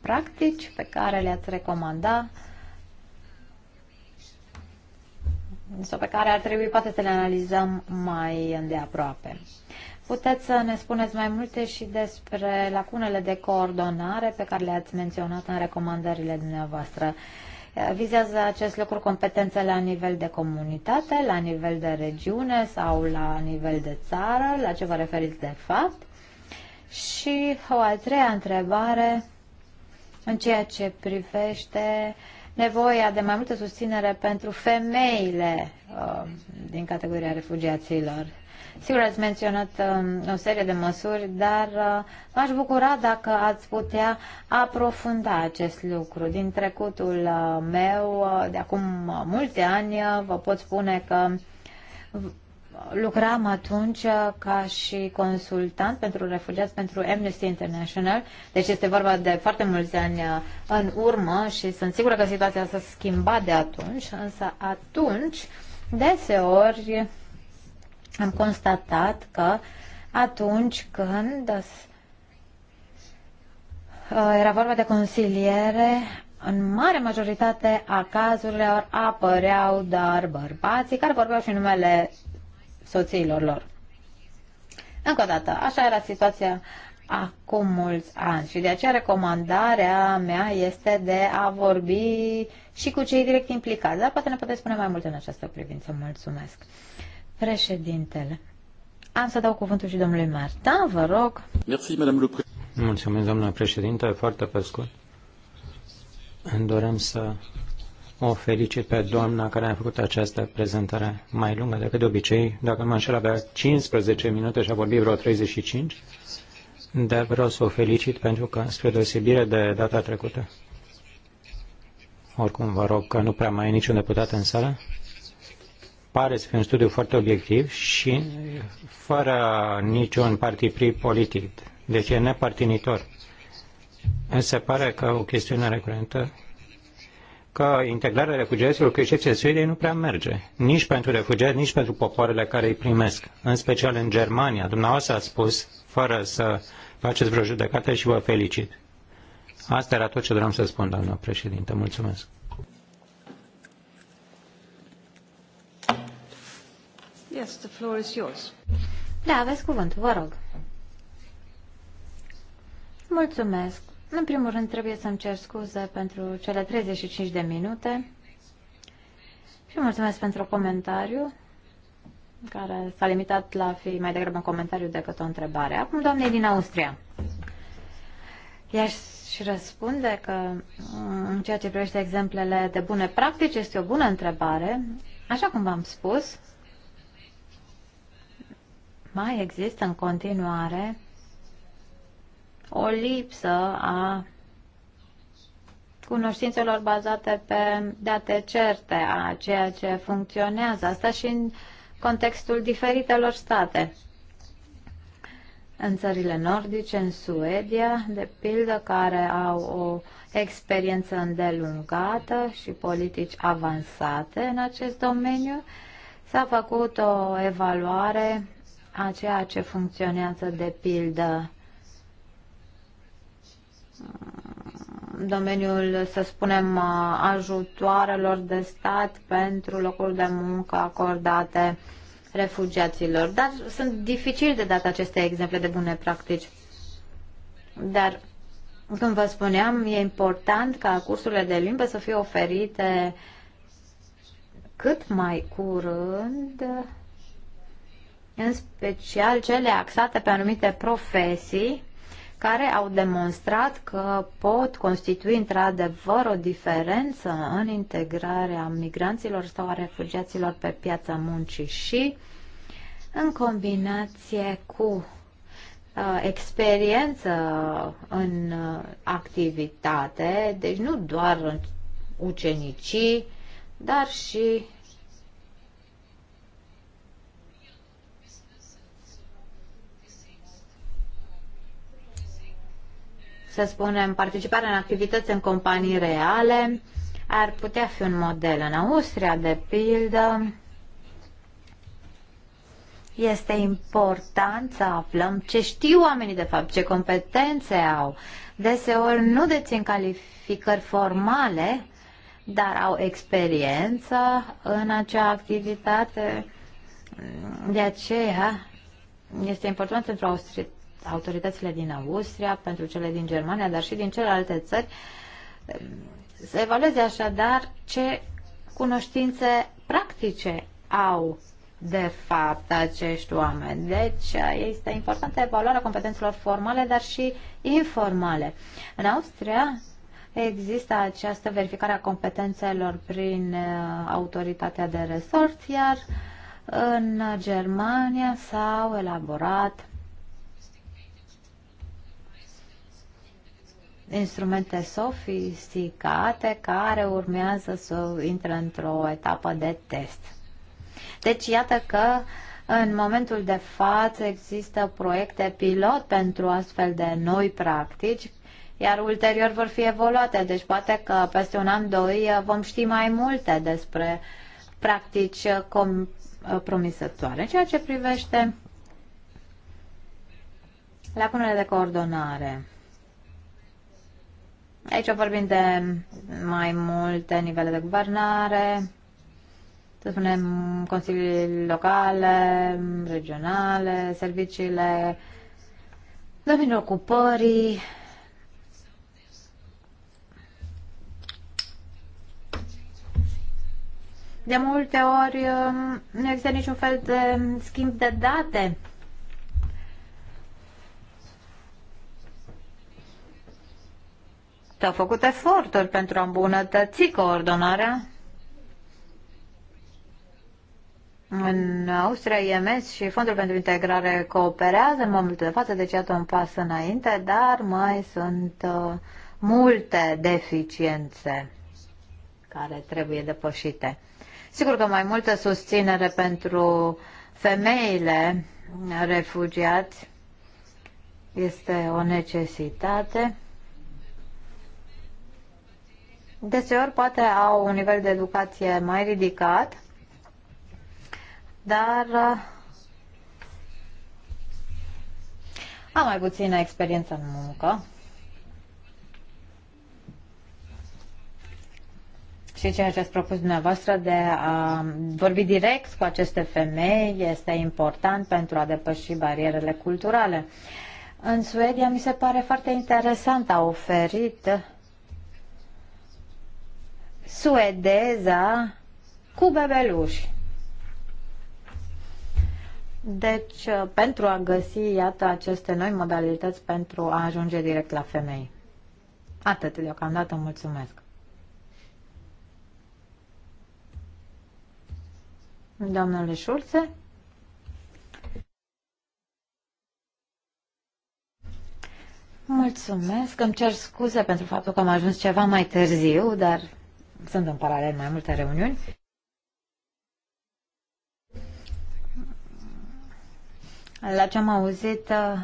practici pe care le-ați recomanda uh, sau pe care ar trebui poate să le analizăm mai îndeaproape. Puteți să ne spuneți mai multe și despre lacunele de coordonare pe care le-ați menționat în recomandările dumneavoastră. Vizează acest lucru competențe la nivel de comunitate, la nivel de regiune sau la nivel de țară? La ce vă referiți de fapt? Și o a treia întrebare în ceea ce privește uh, nevoia de mai multă susținere pentru femeile uh, din categoria refugiaților. Sigur, ați menționat uh, o serie de măsuri, dar uh, m-aș bucura dacă ați putea aprofunda acest lucru. Din trecutul uh, meu, uh, de acum uh, mulți ani, uh, vă pot spune că lucram atunci ca și consultant pentru refugiați pentru Amnesty International, deci este vorba de foarte mulți ani în urmă și sunt sigură că situația s-a schimbat de atunci, însă atunci deseori am constatat că atunci când uh, era vorba de consiliere, în mare majoritate a cazurilor apăreau doar bărbații care vorbeau și numele soțiilor lor. Încă o dată, așa era situația acum mulți ani și de aceea recomandarea mea este de a vorbi și cu cei direct implicați. Dar poate ne puteți spune mai multe în această privință. Mulțumesc. Președintele, am să dau cuvântul și domnului Marta, vă rog. Merci, Mulțumesc, doamna președinte, foarte pe scurt. Doream să o felicit pe doamna care a făcut această prezentare mai lungă decât de obicei. Dacă mă înșel, avea 15 minute și a vorbit vreo 35, dar vreau să o felicit pentru că, spre deosebire de data trecută, oricum vă rog că nu prea mai e niciun deputat în sală, pare să fie un studiu foarte obiectiv și fără niciun partipri politic, deci e nepartinitor. Se pare că o chestiune recurentă că integrarea refugiaților, cu excepție Suediei, nu prea merge. Nici pentru refugiați, nici pentru popoarele care îi primesc. În special în Germania. Dumneavoastră a spus, fără să faceți vreo judecată și vă felicit. Asta era tot ce doream să spun, doamnă președinte. Mulțumesc. Yes, the floor is yours. Da, aveți cuvântul, vă rog. Mulțumesc. În primul rând trebuie să-mi cer scuze pentru cele 35 de minute și mulțumesc pentru comentariu care s-a limitat la fi mai degrabă un comentariu decât o întrebare. Acum, doamnei din Austria, i-aș și răspunde că în ceea ce privește exemplele de bune practici este o bună întrebare. Așa cum v-am spus, mai există în continuare o lipsă a cunoștințelor bazate pe date certe, a ceea ce funcționează, asta și în contextul diferitelor state. În țările nordice, în Suedia, de pildă, care au o experiență îndelungată și politici avansate în acest domeniu, s-a făcut o evaluare a ceea ce funcționează, de pildă, domeniul, să spunem, ajutoarelor de stat pentru locuri de muncă acordate refugiaților. Dar sunt dificil de dat aceste exemple de bune practici. Dar, când vă spuneam, e important ca cursurile de limbă să fie oferite cât mai curând, în special cele axate pe anumite profesii, care au demonstrat că pot constitui într-adevăr o diferență în integrarea migranților sau a refugiaților pe piața muncii și în combinație cu uh, experiență în activitate, deci nu doar ucenicii, dar și să spunem, participarea în activități în companii reale ar putea fi un model. În Austria, de pildă, este important să aflăm ce știu oamenii de fapt, ce competențe au. Deseori nu dețin calificări formale, dar au experiență în acea activitate. De aceea este important pentru autoritățile din Austria, pentru cele din Germania, dar și din celelalte țări, să evalueze așadar ce cunoștințe practice au de fapt acești oameni. Deci este importantă evaluarea competențelor formale, dar și informale. În Austria există această verificare a competențelor prin uh, autoritatea de resort, iar în Germania s-au elaborat instrumente sofisticate care urmează să intre într-o etapă de test. Deci iată că în momentul de față există proiecte pilot pentru astfel de noi practici, iar ulterior vor fi evoluate. Deci poate că peste un an, doi vom ști mai multe despre practici promisătoare. Ceea ce privește la punerea de coordonare. Aici vorbim de mai multe nivele de guvernare, să spunem, consilii locale, regionale, serviciile, domeniul ocupării. De multe ori um, nu există niciun fel de schimb de date S-au făcut eforturi pentru a îmbunătăți coordonarea. În Austria, IMS și Fondul pentru Integrare cooperează în momentul de față, deci iată un pas înainte, dar mai sunt uh, multe deficiențe care trebuie depășite. Sigur că mai multă susținere pentru femeile refugiați este o necesitate deseori poate au un nivel de educație mai ridicat, dar uh, am mai puțină experiență în muncă. Și ceea ce ați propus dumneavoastră de a vorbi direct cu aceste femei este important pentru a depăși barierele culturale. În Suedia mi se pare foarte interesant a oferit Suedeza, cu bebeluși. Deci, uh, pentru a găsi, iată, aceste noi modalități pentru a ajunge direct la femei. Atât deocamdată, mulțumesc. Domnule Șurțe? Mulțumesc, îmi cer scuze pentru faptul că am ajuns ceva mai târziu, dar sunt în paralel mai multe reuniuni. La ce am auzit uh,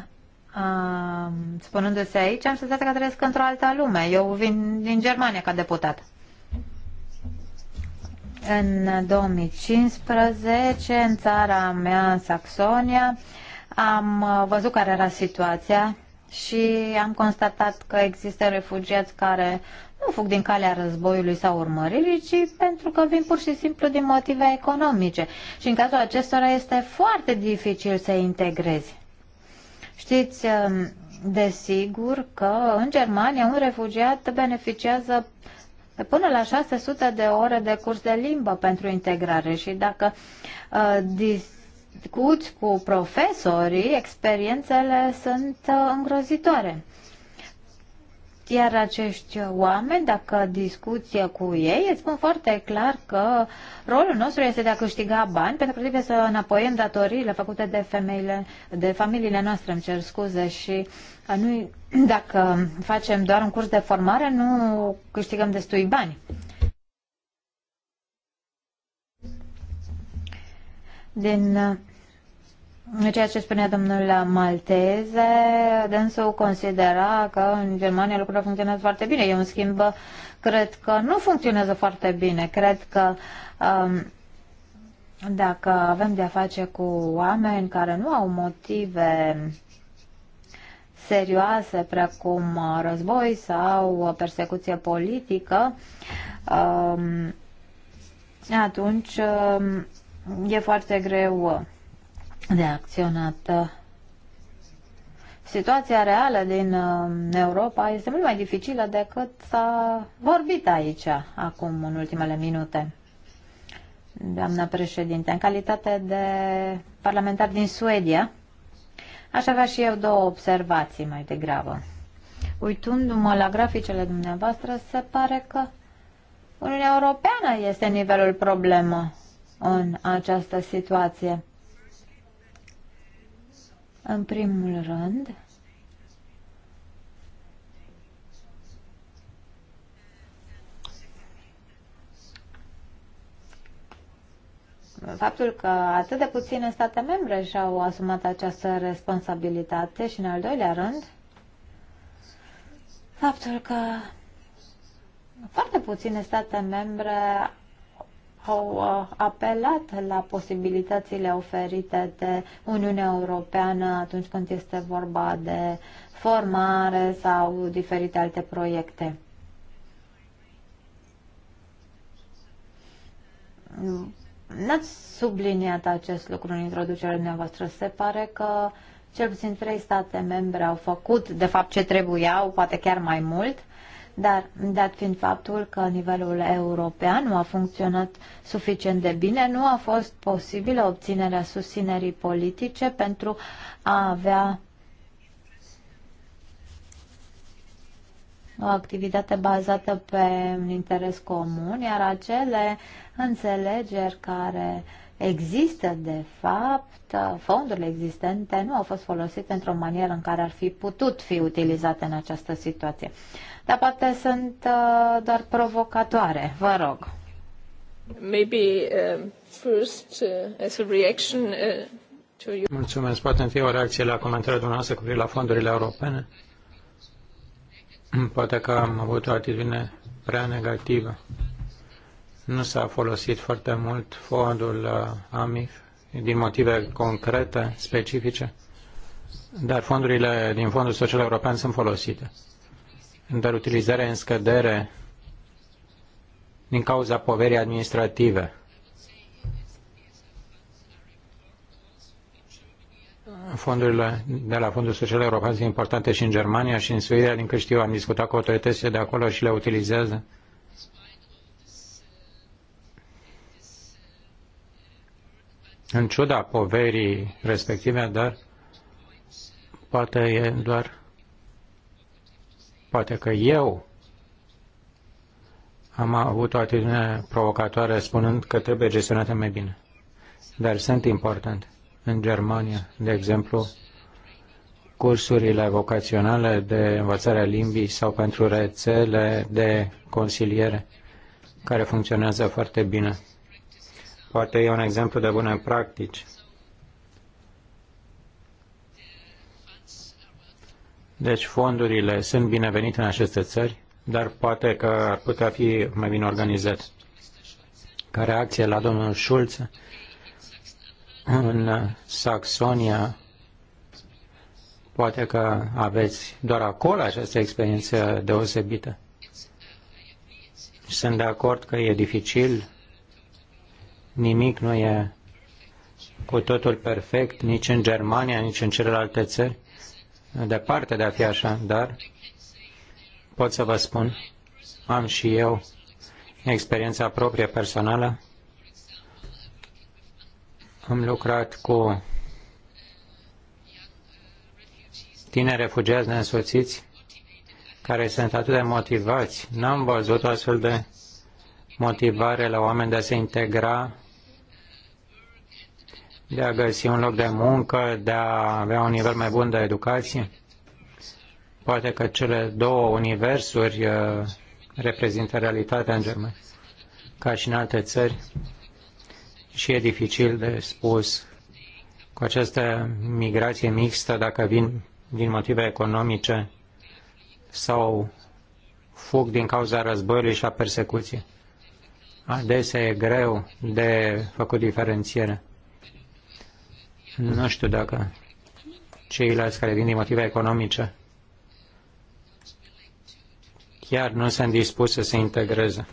um, spunându-se aici, am senzația că trăiesc într-o altă lume. Eu vin din Germania ca deputat. În 2015, în țara mea, în Saxonia, am uh, văzut care era situația și am constatat că există refugiați care nu fug din calea războiului sau urmăririi, ci pentru că vin pur și simplu din motive economice. Și în cazul acestora este foarte dificil să integrezi. Știți, um, desigur că în Germania un refugiat beneficiază până la 600 de ore de curs de limbă pentru integrare și dacă uh, dis- discuți cu profesorii, experiențele sunt uh, îngrozitoare. Iar acești oameni, dacă discuția cu ei, îți spun foarte clar că rolul nostru este de a câștiga bani, pentru că trebuie să înapoiem datoriile făcute de femeile, de familiile noastre, îmi cer scuze, și uh, nu, dacă facem doar un curs de formare, nu câștigăm destui bani. Din uh, ceea ce spunea domnul Malteze, dânsul considera că în Germania lucrurile funcționează foarte bine. Eu, în schimb, cred că nu funcționează foarte bine. Cred că um, dacă avem de-a face cu oameni care nu au motive serioase, precum război sau persecuție politică, um, atunci um, e foarte greu de acționat. Situația reală din um, Europa este mult mai dificilă decât s-a vorbit aici acum în ultimele minute. Doamna președinte, în calitate de parlamentar din Suedia, aș avea și eu două observații mai degrabă. Uitându-mă la graficele dumneavoastră, se pare că Uniunea Europeană este nivelul problemă în această situație. În primul rând, faptul că atât de puține state membre și-au asumat această responsabilitate și, în al doilea rând, faptul că foarte puține state membre au uh, apelat la posibilitățile oferite de Uniunea Europeană atunci când este vorba de formare sau diferite alte proiecte. N-ați subliniat acest lucru în introducerea dumneavoastră. Se pare că cel puțin trei state membre au făcut, de fapt, ce trebuiau, poate chiar mai mult. Dar, dat fiind faptul că nivelul european nu a funcționat suficient de bine, nu a fost posibilă obținerea susținerii politice pentru a avea o activitate bazată pe un interes comun, iar acele înțelegeri care există, de fapt, fondurile existente nu au fost folosite într-o manieră în care ar fi putut fi utilizate în această situație. Dar poate sunt uh, doar provocatoare. Vă rog. Maybe uh, first uh, as a reaction uh, to you. Mulțumesc. Poate întâi o reacție la comentariul dumneavoastră cu privire la fondurile europene. Poate că am avut o atitudine prea negativă. Nu s-a folosit foarte mult fondul uh, AMIF din motive concrete, specifice, dar fondurile din Fondul Social European sunt folosite dar utilizarea în scădere din cauza poverii administrative. Fondurile de la Fondul Social European sunt importante și în Germania și în Suedia, din câte știu, am discutat cu autoritățile de acolo și le utilizează. În ciuda poverii respective, dar poate e doar Poate că eu am avut o atitudine provocatoare spunând că trebuie gestionate mai bine. Dar sunt important. În Germania, de exemplu, cursurile vocaționale de învățare a limbii sau pentru rețele de consiliere, care funcționează foarte bine. Poate e un exemplu de bune practici Deci fondurile sunt binevenite în aceste țări, dar poate că ar putea fi mai bine organizat. Ca reacție la domnul Schulz, în Saxonia, poate că aveți doar acolo această experiență deosebită. Sunt de acord că e dificil, nimic nu e cu totul perfect, nici în Germania, nici în celelalte țări departe de a fi așa, dar pot să vă spun, am și eu experiența proprie personală. Am lucrat cu tineri refugiați neînsoțiți care sunt atât de motivați. N-am văzut astfel de motivare la oameni de a se integra de a găsi un loc de muncă, de a avea un nivel mai bun de educație. Poate că cele două universuri uh, reprezintă realitatea în Germania, ca și în alte țări. Și e dificil de spus cu această migrație mixtă, dacă vin din motive economice sau fug din cauza războiului și a persecuției. Adesea e greu de făcut diferențiere. Nu știu dacă ceilalți care vin din motive economice chiar nu sunt dispuși să se integreze.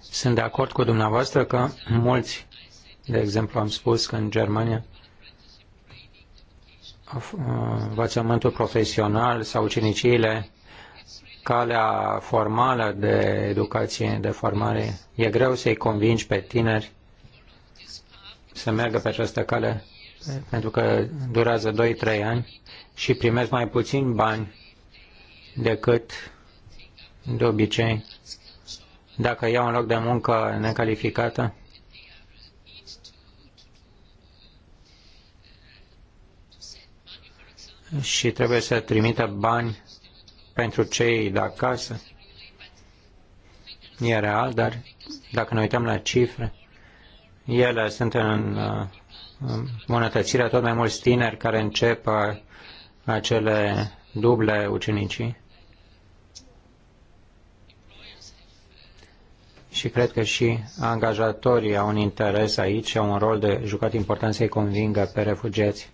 Sunt de acord cu dumneavoastră că mulți, de exemplu, am spus că în Germania uh, învățământul profesional sau uceniciile calea formală de educație, de formare, e greu să-i convingi pe tineri să meargă pe această cale, pentru că durează 2-3 ani și primesc mai puțin bani decât de obicei. Dacă iau un loc de muncă necalificată, și trebuie să trimită bani pentru cei de acasă e real, dar dacă ne uităm la cifre, ele sunt în îmbunătățirea tot mai mulți tineri care încep uh, acele duble ucenicii. Și cred că și angajatorii au un interes aici, au un rol de jucat important să-i convingă pe refugiați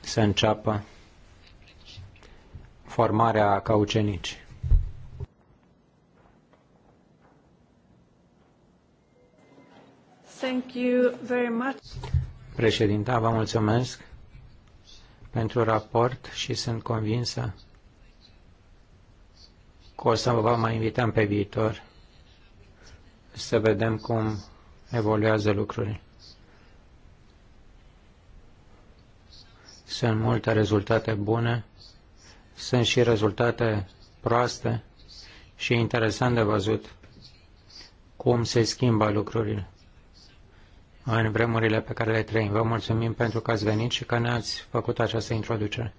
să înceapă formarea ca ucenici. Thank you very much. Președinta, vă mulțumesc pentru raport și sunt convinsă că o să vă mai invităm pe viitor să vedem cum evoluează lucrurile. Sunt multe rezultate bune sunt și rezultate proaste și interesant de văzut cum se schimbă lucrurile în vremurile pe care le trăim. Vă mulțumim pentru că ați venit și că ne-ați făcut această introducere.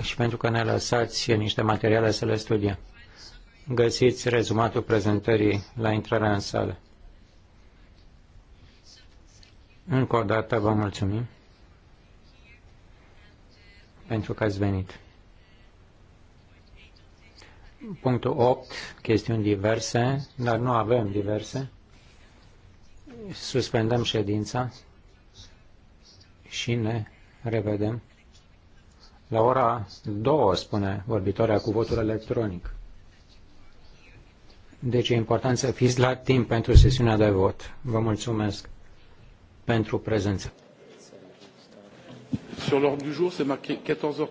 Și pentru că ne lăsați niște materiale să le studiem. Găsiți rezumatul prezentării la intrarea în sală. Încă o dată vă mulțumim pentru că ați venit. Punctul 8, chestiuni diverse, dar nu avem diverse. Suspendăm ședința și ne revedem. La ora 2, spune vorbitoarea cu votul electronic. Deci e important să fiți la timp pentru sesiunea de vot. Vă mulțumesc pentru prezență. Sur l'ordre du jour, c'est marqué 14h.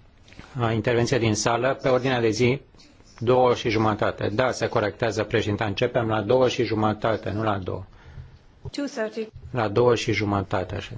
Intervenția din sală, pe ordinea de zi, două și jumătate. Da, se corectează președinte. Începem la două și jumătate, nu la două. 2.30. La două și jumătate, așa.